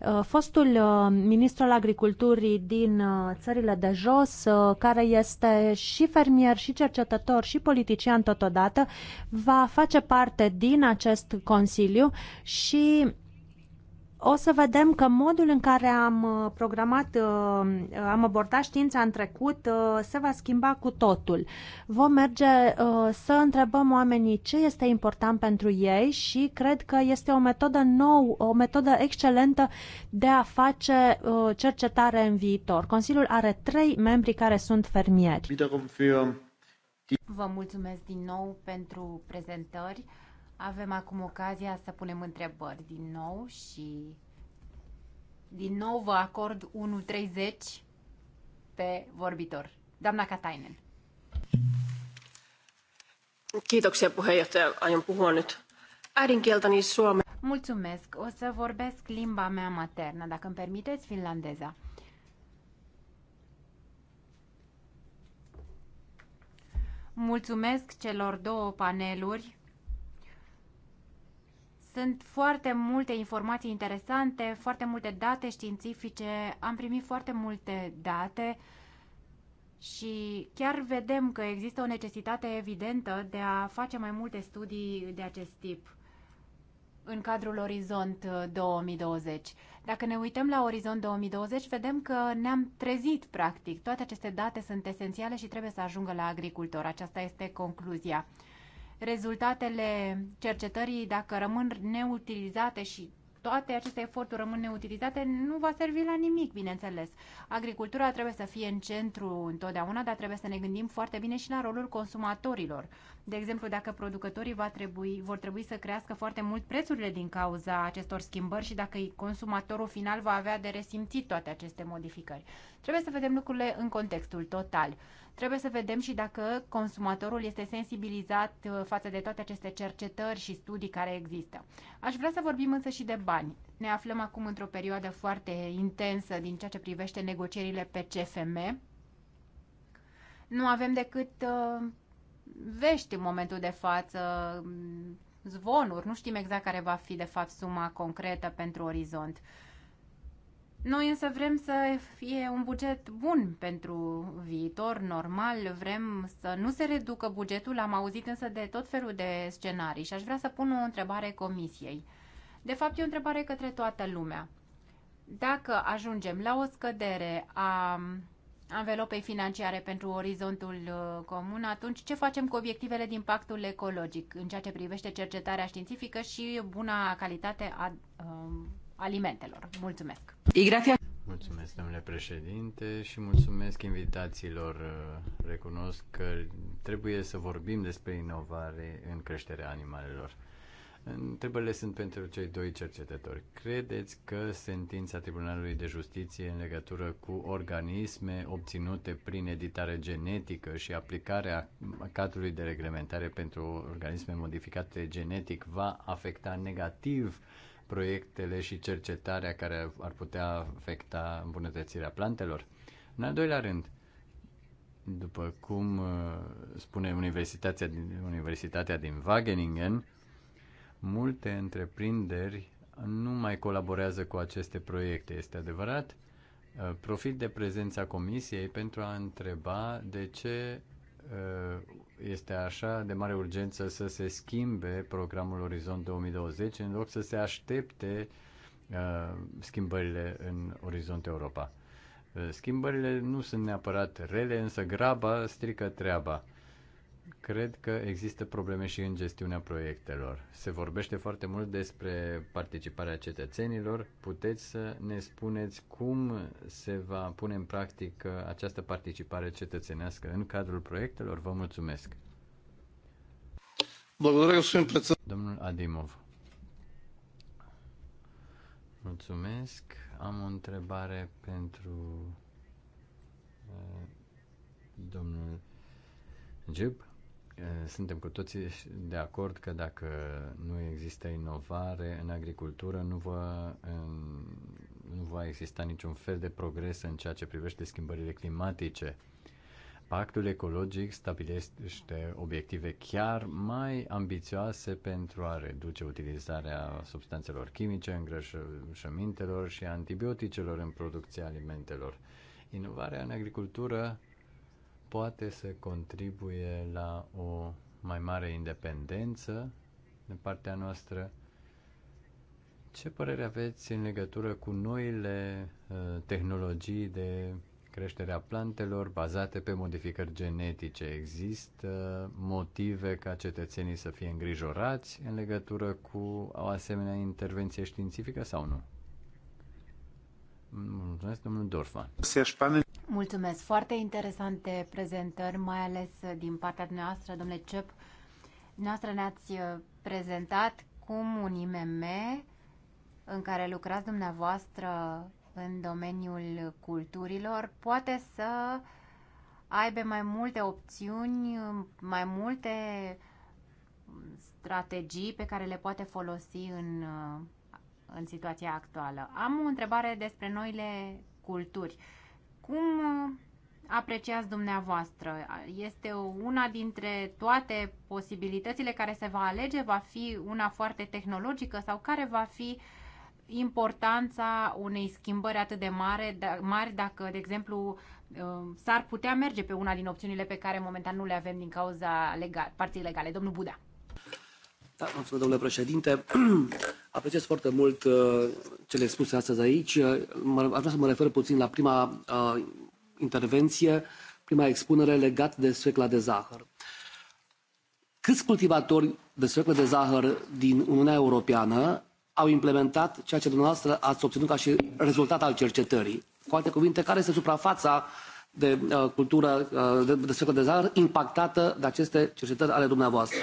Uh, fostul ministru al agriculturii din țările de jos, care este și fermier, și cercetător, și politician totodată, va face parte din acest consiliu și o să vedem că modul în care am uh, programat, uh, uh, am abordat știința în trecut se va schimba cu totul. Vom merge să întrebăm oamenii ce este important pentru ei și cred că este o metodă nouă, o metodă excelentă de a face cercetare în viitor. Consiliul are trei membri care sunt fermieri. Vă mulțumesc din nou pentru prezentări. Avem acum ocazia să punem întrebări din nou și din nou vă acord 1.30 pe vorbitor. Doamna Katainen. Kiitoksia puheenjohtaja. Aion puhua nyt äidinkieltäni suomea. Mulțumesc. O să vorbesc limba mea maternă, dacă îmi permiteți, finlandeza. Mulțumesc celor două paneluri sunt foarte multe informații interesante, foarte multe date științifice, am primit foarte multe date și chiar vedem că există o necesitate evidentă de a face mai multe studii de acest tip în cadrul Orizont 2020. Uh, Dacă ne uităm la Orizont 2020, vedem că ne-am trezit practic. Toate aceste date sunt esențiale și trebuie să ajungă la agricultor. Aceasta este concluzia rezultatele cercetării, dacă rămân neutilizate și toate aceste eforturi rămân neutilizate, nu va servi la nimic, bineînțeles. Agricultura trebuie să fie în centru întotdeauna, dar trebuie să ne gândim foarte bine și la rolul consumatorilor. De exemplu, dacă producătorii va trebui, vor trebui să crească foarte mult prețurile din cauza acestor schimbări și dacă consumatorul final va avea de resimțit toate aceste modificări. Trebuie să vedem lucrurile în contextul total. Trebuie să vedem și dacă consumatorul este sensibilizat uh, față de toate aceste cercetări și studii care există. Aș vrea să vorbim însă și de bani. Ne aflăm acum într-o perioadă foarte intensă din ceea ce privește negocierile pe CFM. Nu avem decât uh, vești în momentul de față, mm, zvonuri, nu știm exact care va fi de fapt suma concretă pentru orizont. Noi însă vrem să fie un buget bun pentru viitor, normal, vrem să nu se reducă bugetul, am auzit însă de tot felul de scenarii și aș vrea să pun o întrebare comisiei. De fapt, e o întrebare către toată lumea. Dacă ajungem la o scădere a anvelopei financiare pentru orizontul uh, comun, atunci ce facem cu obiectivele din pactul ecologic în ceea ce privește cercetarea științifică și buna calitate a uh, alimentelor. Mulțumesc! Mulțumesc, domnule președinte, și mulțumesc invitațiilor. Uh, recunosc că trebuie să vorbim despre inovare în creșterea animalelor. Întrebările sunt pentru cei doi cercetători. Credeți că sentința Tribunalului de Justiție în legătură cu organisme obținute prin editare genetică și aplicarea cadrului de reglementare pentru organisme modificate genetic va afecta negativ uh, proiectele și cercetarea care ar putea afecta îmbunătățirea plantelor. În al doilea rând, după cum uh, spune Universitatea din, Universitatea din Wageningen, multe întreprinderi nu mai colaborează cu aceste proiecte. Este adevărat? Uh, profit de prezența comisiei pentru a întreba de ce uh, este așa de mare urgență să se schimbe programul Orizont 2020 în loc să se aștepte uh, schimbările în Orizont Europa. Uh, schimbările nu sunt neapărat rele, însă graba strică treaba cred că există probleme și în gestiunea proiectelor. Se vorbește foarte mult despre participarea cetățenilor. Puteți să ne spuneți cum se va pune în practică această participare cetățenească în cadrul proiectelor? Vă mulțumesc! Domnul Adimov. Mulțumesc. Am o întrebare pentru eh, domnul Gib. Eh, suntem cu toții de acord că dacă nu există inovare în agricultură, nu va, nu va exista niciun fel de progres în ceea ce privește schimbările climatice. Pactul ecologic stabilește obiective chiar mai ambițioase pentru a reduce utilizarea substanțelor chimice, îngrășămintelor și antibioticelor în producția alimentelor. Inovarea în agricultură poate să contribuie la o mai mare independență de partea noastră. Ce părere aveți în legătură cu noile uh, tehnologii de creștere a plantelor bazate pe modificări genetice? Există motive ca cetățenii să fie îngrijorați în legătură cu o asemenea intervenție științifică sau nu? Mulțumesc, domnul Dorfman. Mulțumesc. Foarte interesante prezentări, mai ales uh, din partea dumneavoastră, domnule Cep. Noastră ne-ați uh, prezentat cum un IMM în care lucrați dumneavoastră în domeniul culturilor poate să aibă mai multe opțiuni, mai multe strategii pe care le poate folosi în, uh, în situația actuală. Am o întrebare despre noile culturi. Uh, cum uh, apreciați dumneavoastră? Este una dintre toate posibilitățile care se va alege? Va fi una foarte tehnologică sau care va fi importanța unei schimbări atât de mare, da, mari dacă, de exemplu, uh, s-ar putea merge pe una din opțiunile pe care momentan nu le avem din cauza legal, parții legale? Domnul Buda. Da, mulțumesc, domnule președinte. Apreciez foarte mult uh, cele spuse astăzi aici. Uh, aș vrea să mă refer puțin la prima uh, intervenție, prima expunere legată de sfecla de zahăr. Câți cultivatori de sfeclă de zahăr din Uniunea Europeană au implementat ceea ce dumneavoastră ați obținut ca și rezultat al cercetării? Cu alte cuvinte, care este suprafața de cultură de, de de zahăr impactată de aceste cercetări ale dumneavoastră?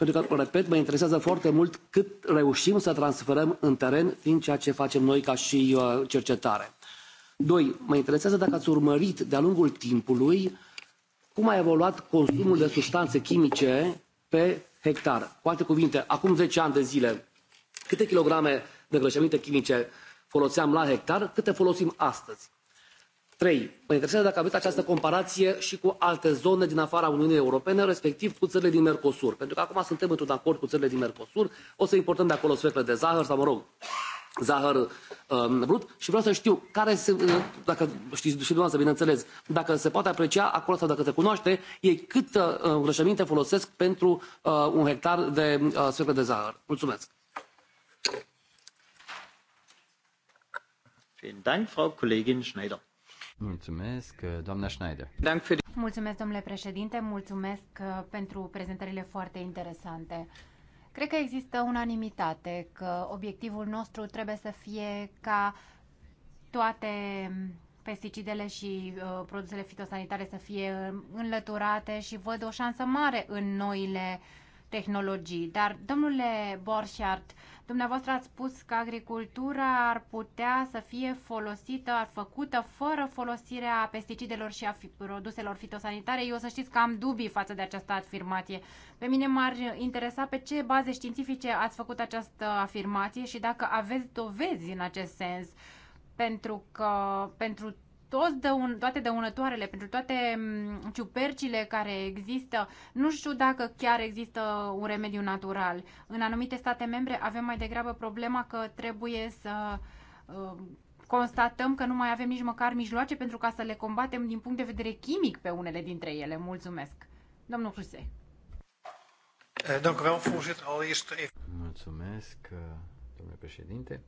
Pentru că, repet, mă interesează foarte mult cât reușim să transferăm în teren din ceea ce facem noi ca și uh, cercetare. Doi, mă interesează dacă ați urmărit de-a lungul timpului cum a evoluat consumul de substanțe chimice pe hectar. Cu alte cuvinte, acum 10 ani de zile, câte kilograme de îngrășăminte chimice foloseam la hectar, câte folosim astăzi trei mă interesează dacă aveți această comparație și cu alte zone din afara uniunii europene respectiv cu țările din mercosur pentru că acum suntem într un acord cu țările din mercosur o să importăm de acolo sfeclă de zahăr sau mă rog zahăr um, brut și vreau să știu care se, uh, dacă știți și dumneavoastră bineînțeles, dacă se poate aprecia acolo sau dacă se cunoaște, ei cât uh, îngrășăminte folosesc pentru uh, un hectar de uh, sfeclă de zahăr. Mulțumesc! Vielen Dank, Frau Kollegin Schneider. Mulțumesc, doamna Schneider. Mulțumesc, domnule președinte, mulțumesc uh, pentru prezentările foarte interesante. Cred că există unanimitate că obiectivul nostru trebuie să fie ca toate pesticidele și uh, produsele fitosanitare să fie uh, înlăturate și văd o șansă mare în noile tehnologii. Dar, domnule Borchardt, Dumneavoastră ați spus că agricultura ar putea să fie folosită, ar făcută fără folosirea pesticidelor și a produselor fitosanitare. Eu să știți că am dubii față de această afirmație. Pe mine m-ar interesa pe ce baze științifice ați făcut această afirmație și dacă aveți dovezi în acest sens. Pentru că pentru toți dăun, toate dăunătoarele, pentru toate mm, ciupercile care există, nu știu dacă chiar există un remediu natural. În anumite state membre avem mai degrabă problema că trebuie să uh, constatăm că nu mai avem nici măcar mijloace pentru ca să le combatem din punct de vedere chimic pe unele dintre ele. Mulțumesc. Domnul Huse. Eh, Mulțumesc, eh, domnule președinte.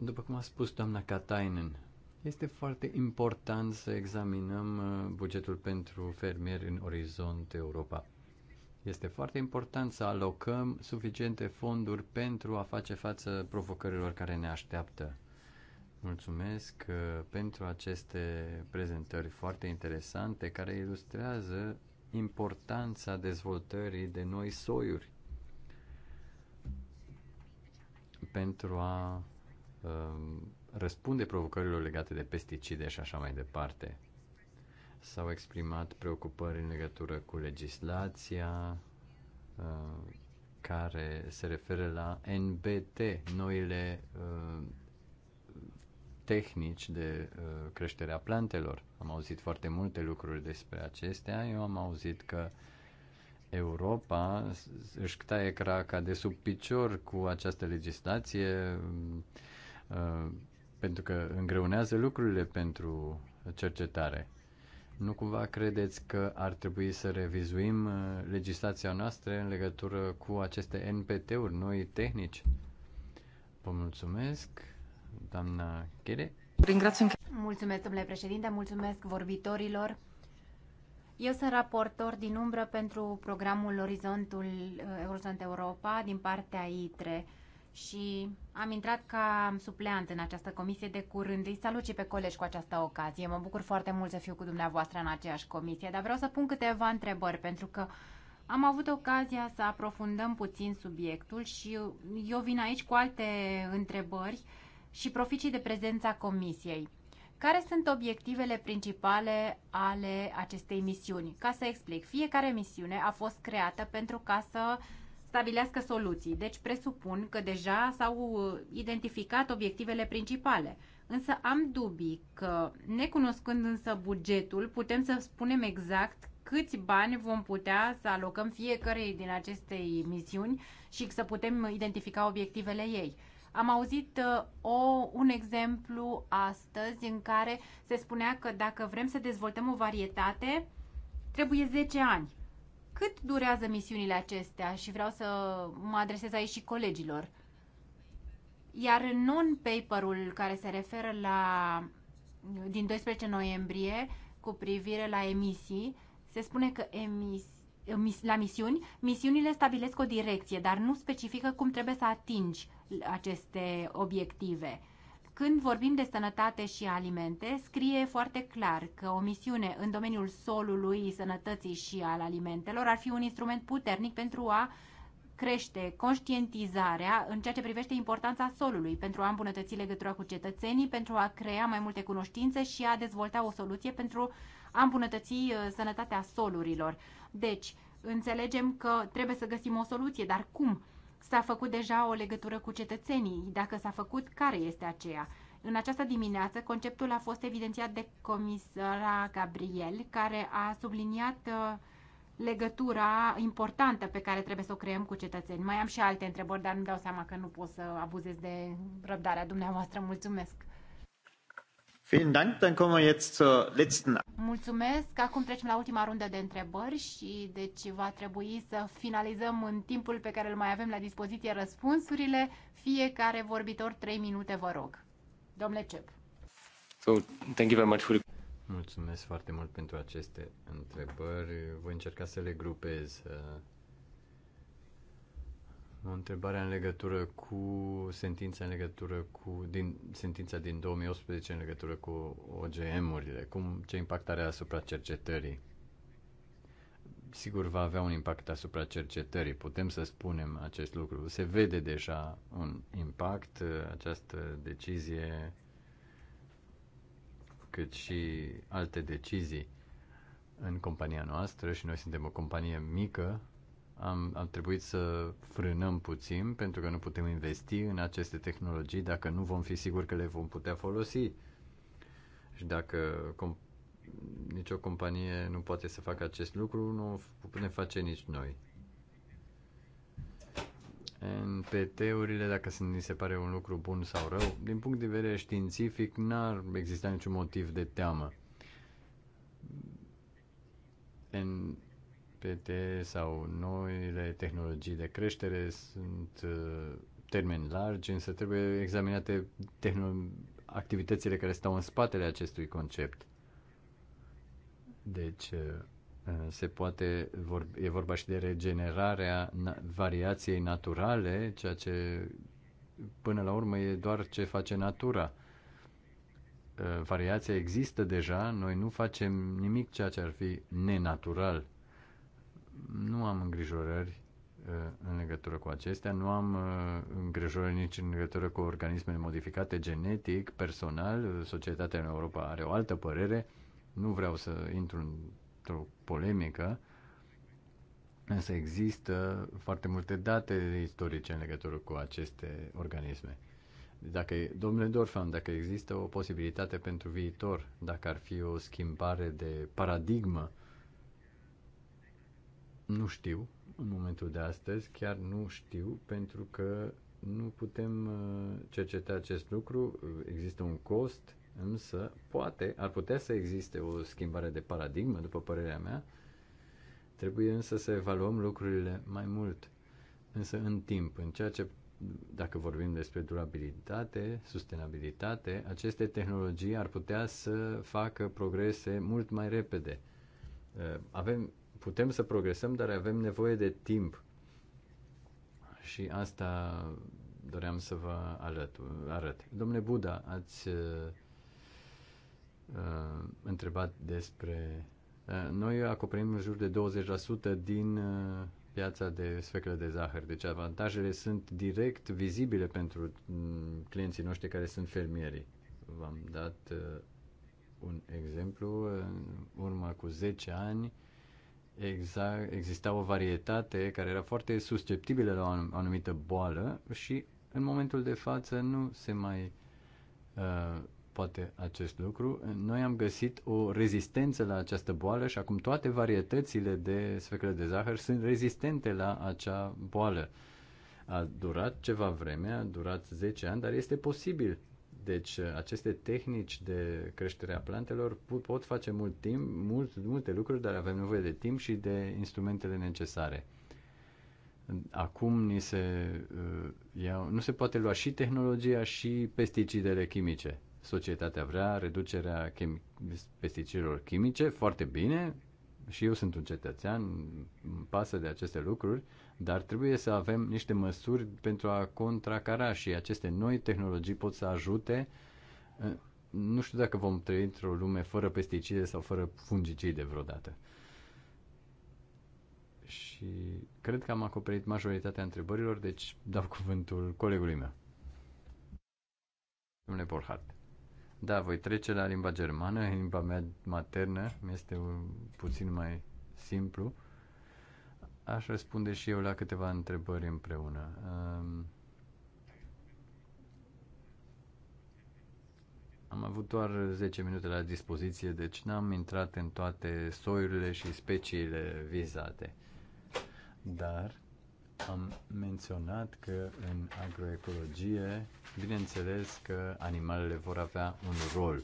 După cum a spus doamna Katainen, este foarte important să examinăm uh, bugetul pentru fermieri în orizont Europa. Este foarte important să alocăm suficiente fonduri pentru a face față provocărilor care ne așteaptă. Mulțumesc uh, pentru aceste prezentări foarte interesante care ilustrează importanța dezvoltării de noi soiuri pentru a Um, răspunde provocărilor legate de pesticide și așa mai departe. S-au exprimat preocupări în legătură cu legislația uh, care se referă la NBT, noile uh, tehnici de uh, creștere a plantelor. Am auzit foarte multe lucruri despre acestea. Eu am auzit că Europa își taie craca de sub picior cu această legislație Uh, pentru că îngreunează lucrurile pentru cercetare. Nu cumva credeți că ar trebui să revizuim uh, legislația noastră în legătură cu aceste NPT-uri, noi tehnici? Vă mulțumesc, doamna Chere. Mulțumesc, domnule președinte, mulțumesc vorbitorilor. Eu sunt raportor din umbră pentru programul Orizontul uh, Orizont Europa din partea ITRE și am intrat ca supleant în această comisie de curând. Îi salut și pe colegi cu această ocazie. Mă bucur foarte mult să fiu cu dumneavoastră în aceeași comisie, dar vreau să pun câteva întrebări pentru că am avut ocazia să aprofundăm puțin subiectul și eu vin aici cu alte întrebări și proficii de prezența comisiei. Care sunt obiectivele principale ale acestei misiuni? Ca să explic, fiecare misiune a fost creată pentru ca să stabilească soluții. Deci presupun că deja s-au uh, identificat obiectivele principale. Însă am dubii că, necunoscând însă bugetul, putem să spunem exact câți bani vom putea să alocăm fiecarei din aceste misiuni și să putem identifica obiectivele ei. Am auzit uh, o, un exemplu astăzi în care se spunea că dacă vrem să dezvoltăm o varietate, trebuie 10 ani. Cât durează misiunile acestea? Și vreau să mă adresez aici și colegilor. Iar în non-paperul care se referă la din 12 noiembrie cu privire la emisii, se spune că emisii la misiuni, misiunile stabilesc o direcție, dar nu specifică cum trebuie să atingi aceste obiective. Când vorbim de sănătate și alimente, scrie foarte clar că o misiune în domeniul solului, sănătății și al alimentelor ar fi un instrument puternic pentru a crește conștientizarea în ceea ce privește importanța solului pentru a îmbunătăți legătura cu cetățenii, pentru a crea mai multe cunoștințe și a dezvolta o soluție pentru a îmbunătăți uh, sănătatea solurilor. Deci, înțelegem că trebuie să găsim o soluție, dar cum? s-a făcut deja o legătură cu cetățenii, dacă s-a făcut, care este aceea. În această dimineață, conceptul a fost evidențiat de comisara Gabriel, care a subliniat uh, legătura importantă pe care trebuie să o creăm cu cetățeni. Mai am și alte întrebări, dar nu dau seama că nu pot să abuzez de răbdarea dumneavoastră. Mulțumesc! Mulțumesc. Acum trecem la ultima rundă de întrebări și deci va trebui să finalizăm în timpul pe care îl mai avem la dispoziție răspunsurile. Fiecare vorbitor trei minute, vă rog. Domnule Cep. So, thank you very much for... Mulțumesc foarte mult pentru aceste întrebări. Voi încerca să le grupez uh, o întrebare în legătură cu sentința în legătură cu din, sentința din 2018 în legătură cu OGM-urile. Cum, ce impact are asupra cercetării? Sigur va avea un impact asupra cercetării, putem să spunem acest lucru. Se vede deja un impact, această decizie, cât și alte decizii în compania noastră și noi suntem o companie mică am, am trebuit să frânăm puțin pentru că nu putem investi în aceste tehnologii dacă nu vom fi siguri că le vom putea folosi. Și dacă com- nicio companie nu poate să facă acest lucru, nu putem face nici noi. NPT-urile, dacă ni se pare un lucru bun sau rău, din punct de vedere științific, n-ar exista niciun motiv de teamă. În PT sau noile tehnologii de creștere sunt uh, termeni largi, însă trebuie examinate activitățile care stau în spatele acestui concept. Deci, uh, uh, se poate, e vorba și de regenerarea variației naturale, ceea ce până la urmă e doar ce face natura. Variația există deja, noi nu facem nimic ceea ce ar fi nenatural nu am îngrijorări uh, în legătură cu acestea, nu am uh, îngrijorări nici în legătură cu organismele modificate genetic, personal, societatea în Europa are o altă părere, nu vreau să intru într-o polemică, însă există foarte multe date istorice în legătură cu aceste organisme. Dacă, domnule Dorfan, dacă există o posibilitate pentru viitor, dacă ar fi o schimbare de paradigmă nu știu, în momentul de astăzi, chiar nu știu, pentru că nu putem uh, cerceta acest lucru, există un cost, însă poate, ar putea să existe o schimbare de paradigmă, după părerea mea, trebuie însă să evaluăm lucrurile mai mult, însă în timp, în ceea ce, dacă vorbim despre durabilitate, sustenabilitate, aceste tehnologii ar putea să facă progrese mult mai repede. Uh, avem putem să progresăm, dar avem nevoie de timp. Și asta doream să vă arăt. arăt. Domnule Buda, ați uh, uh, întrebat despre. Uh, noi acoperim în jur de 20% din uh, piața de sfeclă de zahăr. Deci avantajele sunt direct vizibile pentru mm, clienții noștri care sunt fermieri. V-am dat uh, un exemplu. Uh, în urmă cu 10 ani, uh, exact, exista o varietate care era foarte susceptibilă la o anumită boală și în momentul de față nu se mai uh, poate acest lucru. Noi am găsit o rezistență la această boală și acum toate varietățile de sfeclă de zahăr sunt rezistente la acea boală. A durat ceva vreme, a durat 10 ani, dar este posibil deci uh, aceste tehnici de creștere a plantelor pot face mult timp, mult, multe lucruri, dar avem nevoie de timp și de instrumentele necesare. Acum ni se, uh, iau, nu se poate lua și tehnologia și pesticidele chimice. Societatea vrea reducerea chim, pesticidelor chimice, foarte bine, și eu sunt un cetățean, îmi pasă de aceste lucruri, dar trebuie să avem niște măsuri pentru a contracara și aceste noi tehnologii pot să ajute. Nu știu dacă vom trăi într-o lume fără pesticide sau fără fungicide vreodată. Și cred că am acoperit majoritatea întrebărilor, deci dau cuvântul colegului meu. Domnule Borhardt. Da, voi trece la limba germană, limba mea maternă, mi este puțin mai simplu. Aș răspunde și eu la câteva întrebări împreună. Am avut doar 10 minute la dispoziție, deci n-am intrat în toate soiurile și speciile vizate. Dar am menționat că în agroecologie, bineînțeles că animalele vor avea un rol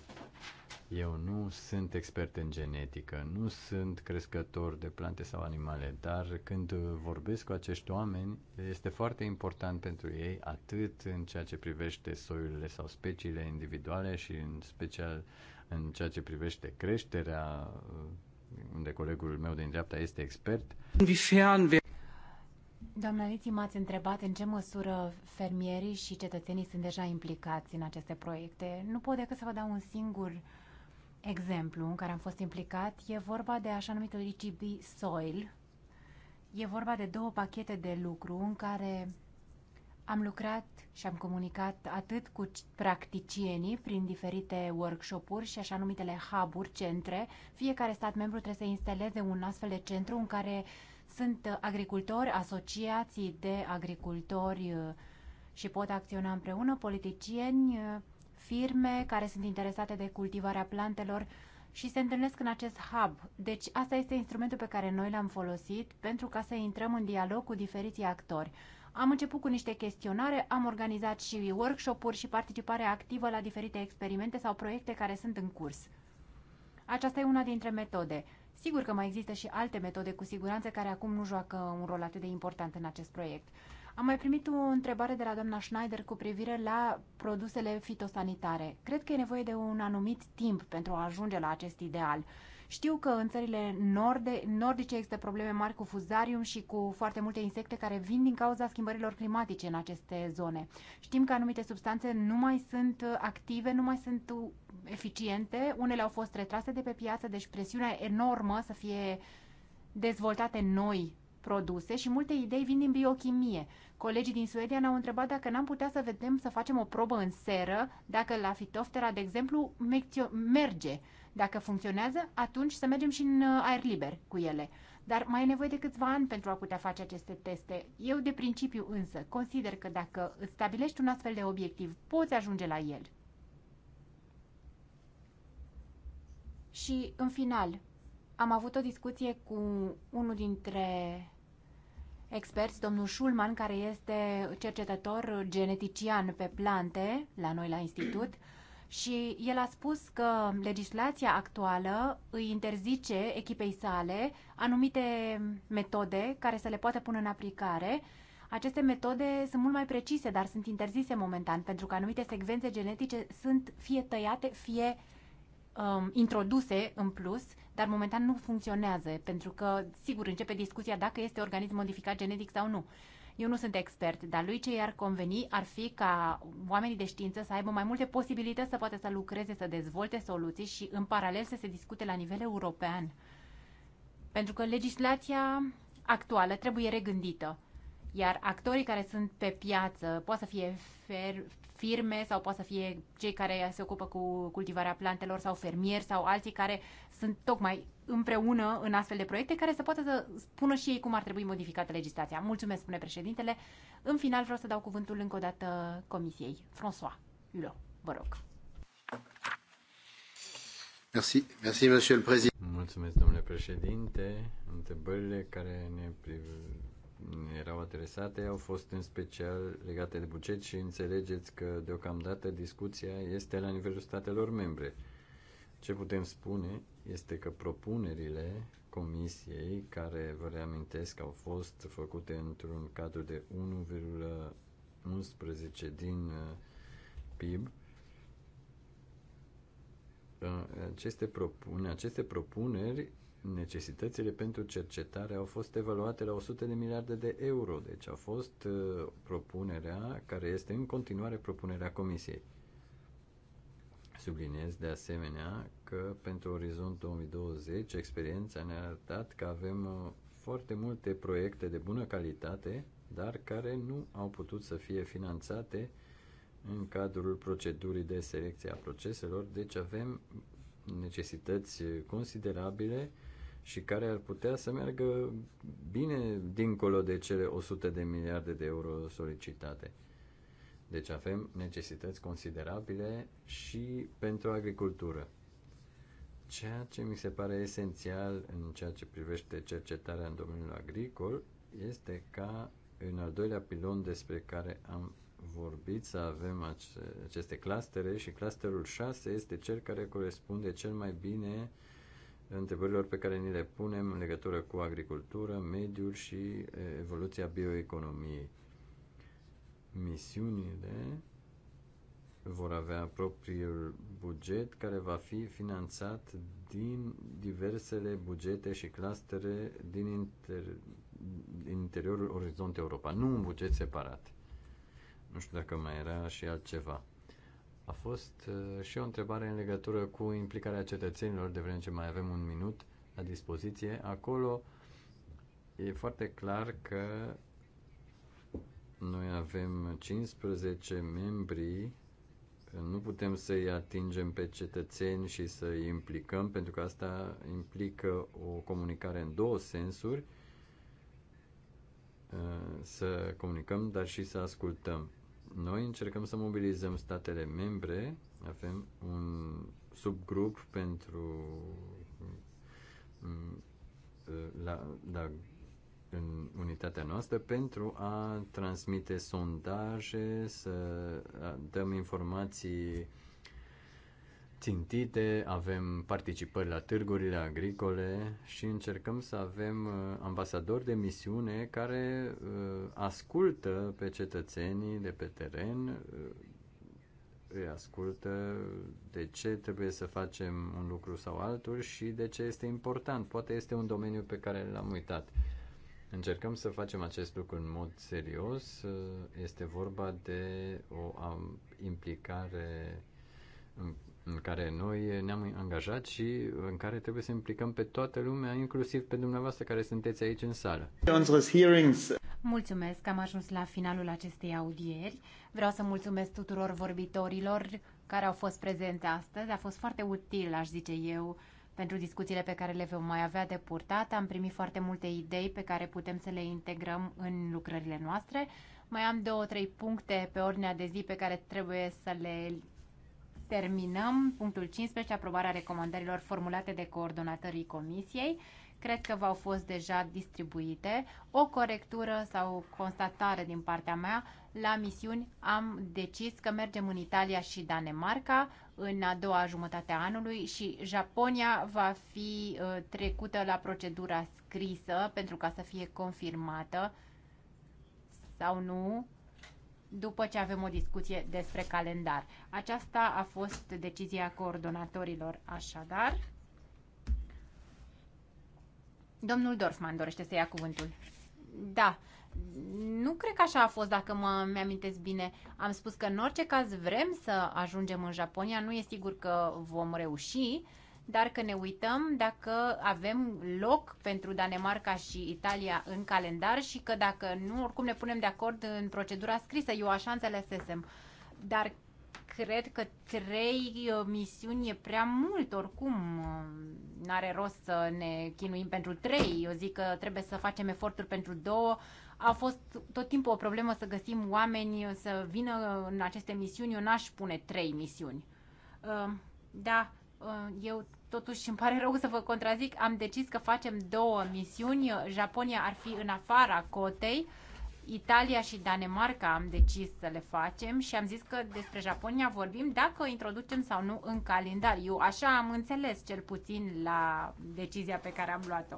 eu nu sunt expert în genetică, nu sunt crescător de plante sau animale, dar când vorbesc cu acești oameni, este foarte important pentru ei, atât în ceea ce privește soiurile sau speciile individuale și în special în ceea ce privește creșterea, unde colegul meu din dreapta este expert. Doamna Liții, m-ați întrebat în ce măsură fermierii și cetățenii sunt deja implicați în aceste proiecte. Nu pot decât să vă dau un singur uh, exemplu în care am fost implicat e vorba de așa numitul ICB Soil. E vorba de două pachete de lucru în care am lucrat și am comunicat atât cu practicienii prin diferite workshop-uri și așa numitele hub-uri, centre. Fiecare stat membru trebuie să instaleze un astfel de centru în care sunt agricultori, asociații de agricultori uh, și pot acționa împreună, politicieni, uh, firme care sunt interesate de cultivarea plantelor și se întâlnesc în acest hub. Deci asta este instrumentul pe care noi l-am folosit pentru ca să intrăm în dialog cu diferiții actori. Am început cu niște chestionare, am organizat și workshop-uri și participare activă la diferite experimente sau proiecte care sunt în curs. Aceasta e una dintre metode. Sigur că mai există și alte metode cu siguranță care acum nu joacă un rol atât de important în acest proiect. Am mai primit o întrebare de la doamna Schneider cu privire la produsele fitosanitare. Cred că e nevoie de un anumit timp pentru a ajunge la acest ideal. Știu că în țările nord nordice există probleme mari cu fuzarium și cu foarte multe insecte care vin din cauza schimbărilor climatice în aceste zone. Știm că anumite substanțe nu mai sunt active, nu mai sunt eficiente, unele au fost retrase de pe piață, deci presiunea enormă să fie dezvoltate noi produse și multe idei vin din biochimie. Colegii din Suedia ne-au întrebat dacă n-am putea să vedem să facem o probă în seră, dacă la fitoftera, de exemplu, merge. Dacă funcționează, atunci să mergem și în uh, aer liber cu ele. Dar mai e nevoie de câțiva ani pentru a putea face aceste teste. Eu, de principiu însă, consider că dacă îți stabilești un astfel de obiectiv, poți ajunge la el. Și, în final, am avut o discuție cu unul dintre experți, domnul Schulman, care este cercetător genetician pe plante la noi la institut, și el a spus că legislația actuală îi interzice echipei sale anumite metode care să le poată pune în aplicare. Aceste metode sunt mult mai precise, dar sunt interzise momentan, pentru că anumite secvențe genetice sunt fie tăiate, fie um, introduse în plus dar momentan nu funcționează, pentru că, sigur, începe discuția dacă este organism modificat genetic sau nu. Eu nu sunt expert, dar lui ce i-ar conveni ar fi ca oamenii de știință să aibă mai multe posibilități să poată să lucreze, să dezvolte soluții și în paralel să se discute la nivel european. Pentru că legislația actuală trebuie regândită, iar actorii care sunt pe piață, poate să fie fer, firme sau poate să fie cei care se ocupă cu cultivarea plantelor sau fermieri sau alții care sunt tocmai împreună în astfel de proiecte care să poată să spună și ei cum ar trebui modificată legislația. Mulțumesc, spune președintele. În final vreau să dau cuvântul încă o dată comisiei. François Hulot, vă rog. Merci, merci, monsieur le président. Mulțumesc, domnule președinte. Întrebările care ne priv- erau adresate au fost în special legate de buget și înțelegeți că deocamdată discuția este la nivelul statelor membre. Ce putem spune este că propunerile comisiei, care vă reamintesc au fost făcute într-un cadru de 1,11 din uh, PIB, uh, aceste propuneri, aceste propuneri necesitățile pentru cercetare au fost evaluate la 100 de miliarde de euro, deci a fost uh, propunerea care este în continuare propunerea Comisiei. Subliniez de asemenea că pentru Orizont 2020 experiența ne-a arătat că avem uh, foarte multe proiecte de bună calitate, dar care nu au putut să fie finanțate în cadrul procedurii de selecție a proceselor, deci avem necesități considerabile și care ar putea să meargă bine dincolo de cele 100 de miliarde de euro solicitate. Deci avem necesități considerabile și pentru agricultură. Ceea ce mi se pare esențial în ceea ce privește cercetarea în domeniul agricol este ca în al doilea pilon despre care am vorbit să avem aceste clastere și clusterul 6 este cel care corespunde cel mai bine întrebărilor pe care ni le punem în legătură cu agricultură, mediul și evoluția bioeconomiei. Misiunile vor avea propriul buget care va fi finanțat din diversele bugete și clastere din, inter, din interiorul Orizont Europa, nu un buget separat. Nu știu dacă mai era și altceva. A fost uh, și o întrebare în legătură cu implicarea cetățenilor, de vreme ce mai avem un minut la dispoziție. Acolo e foarte clar că noi avem 15 membri, nu putem să-i atingem pe cetățeni și să-i implicăm, pentru că asta implică o comunicare în două sensuri, uh, să comunicăm, dar și să ascultăm. Noi încercăm să mobilizăm statele membre, avem un subgrup pentru mm, la, la, da, în unitatea noastră pentru a transmite sondaje, să dăm informații țintite, avem participări la târgurile agricole și încercăm să avem uh, ambasadori de misiune care uh, ascultă pe cetățenii de pe teren, uh, îi ascultă de ce trebuie să facem un lucru sau altul și de ce este important. Poate este un domeniu pe care l-am uitat. Încercăm să facem acest lucru în mod serios. Este vorba de o implicare în care noi ne-am angajat și în care trebuie să implicăm pe toată lumea, inclusiv pe dumneavoastră care sunteți aici în sală. Mulțumesc că am ajuns la finalul acestei audieri. Vreau să mulțumesc tuturor vorbitorilor care au fost prezente astăzi. A fost foarte util, aș zice eu, pentru discuțiile pe care le vom mai avea de purtat. Am primit foarte multe idei pe care putem să le integrăm în lucrările noastre. Mai am două, trei puncte pe ordinea de zi pe care trebuie să le terminăm punctul 15, aprobarea recomandărilor formulate de coordonatorii comisiei. Cred că v-au fost deja distribuite. O corectură sau constatare din partea mea la misiuni am decis că mergem în Italia și Danemarca în a doua jumătate a anului și Japonia va fi ă, trecută la procedura scrisă pentru ca să fie confirmată sau nu după ce avem o discuție despre calendar. Aceasta a fost decizia coordonatorilor așadar. Domnul Dorfman dorește să ia cuvântul. Da, nu cred că așa a fost, dacă mă amintesc bine. Am spus că în orice caz vrem să ajungem în Japonia, nu e sigur că vom reuși, dar că ne uităm dacă avem loc pentru Danemarca și Italia în calendar și că dacă nu, oricum ne punem de acord în procedura scrisă. Eu așa înțelesesem. Dar cred că trei uh, misiuni e prea mult oricum. Uh, n-are rost să ne chinuim pentru trei. Eu zic că trebuie să facem eforturi pentru două. A fost tot timpul o problemă să găsim oameni să vină în aceste misiuni. Eu n-aș pune trei misiuni. Uh, da, Uh, eu totuși îmi pare rău să vă contrazic, am decis că facem două misiuni. Japonia ar fi în afara cotei, Italia și Danemarca am decis să le facem și am zis că despre Japonia vorbim dacă o introducem sau nu în calendar. Eu așa am înțeles cel puțin la decizia pe care am luat-o.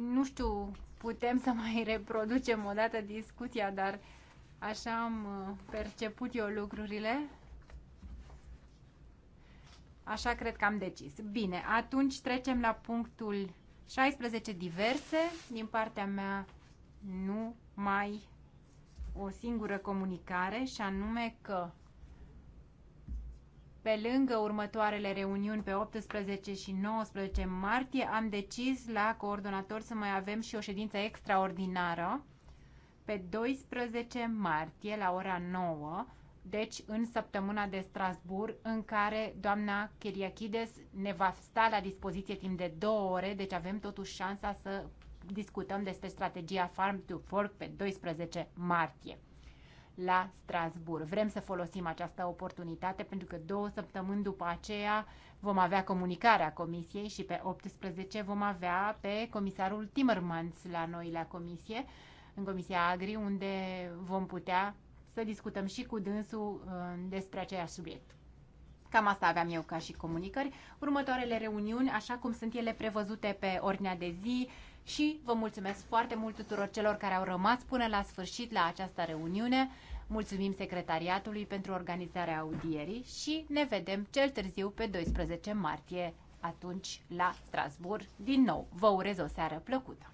Nu știu, putem să mai reproducem o dată discuția, dar așa am uh, perceput eu lucrurile. Așa cred că am decis. Bine, atunci trecem la punctul 16 diverse. Din partea mea nu mai o singură comunicare și anume că pe lângă următoarele reuniuni pe 18 și 19 martie am decis la coordonator să mai avem și o ședință extraordinară pe 12 martie la ora 9 deci în săptămâna de Strasbourg, în care doamna Chiriachides ne va sta la dispoziție timp de două ore, deci avem totuși șansa să discutăm despre strategia Farm to Fork pe 12 martie la Strasbourg. Vrem să folosim această oportunitate pentru că două săptămâni după aceea vom avea comunicarea comisiei și pe 18 vom avea pe comisarul Timmermans la noi la comisie, în Comisia Agri, unde vom putea să discutăm și cu dânsul uh, despre aceeași subiect. Cam asta aveam eu ca și comunicări. Următoarele reuniuni, așa cum sunt ele prevăzute pe ordinea de zi, și vă mulțumesc foarte mult tuturor celor care au rămas până la sfârșit la această reuniune. Mulțumim secretariatului pentru organizarea audierii și ne vedem cel târziu pe 12 martie, atunci la Strasbourg din nou. Vă urez o seară plăcută!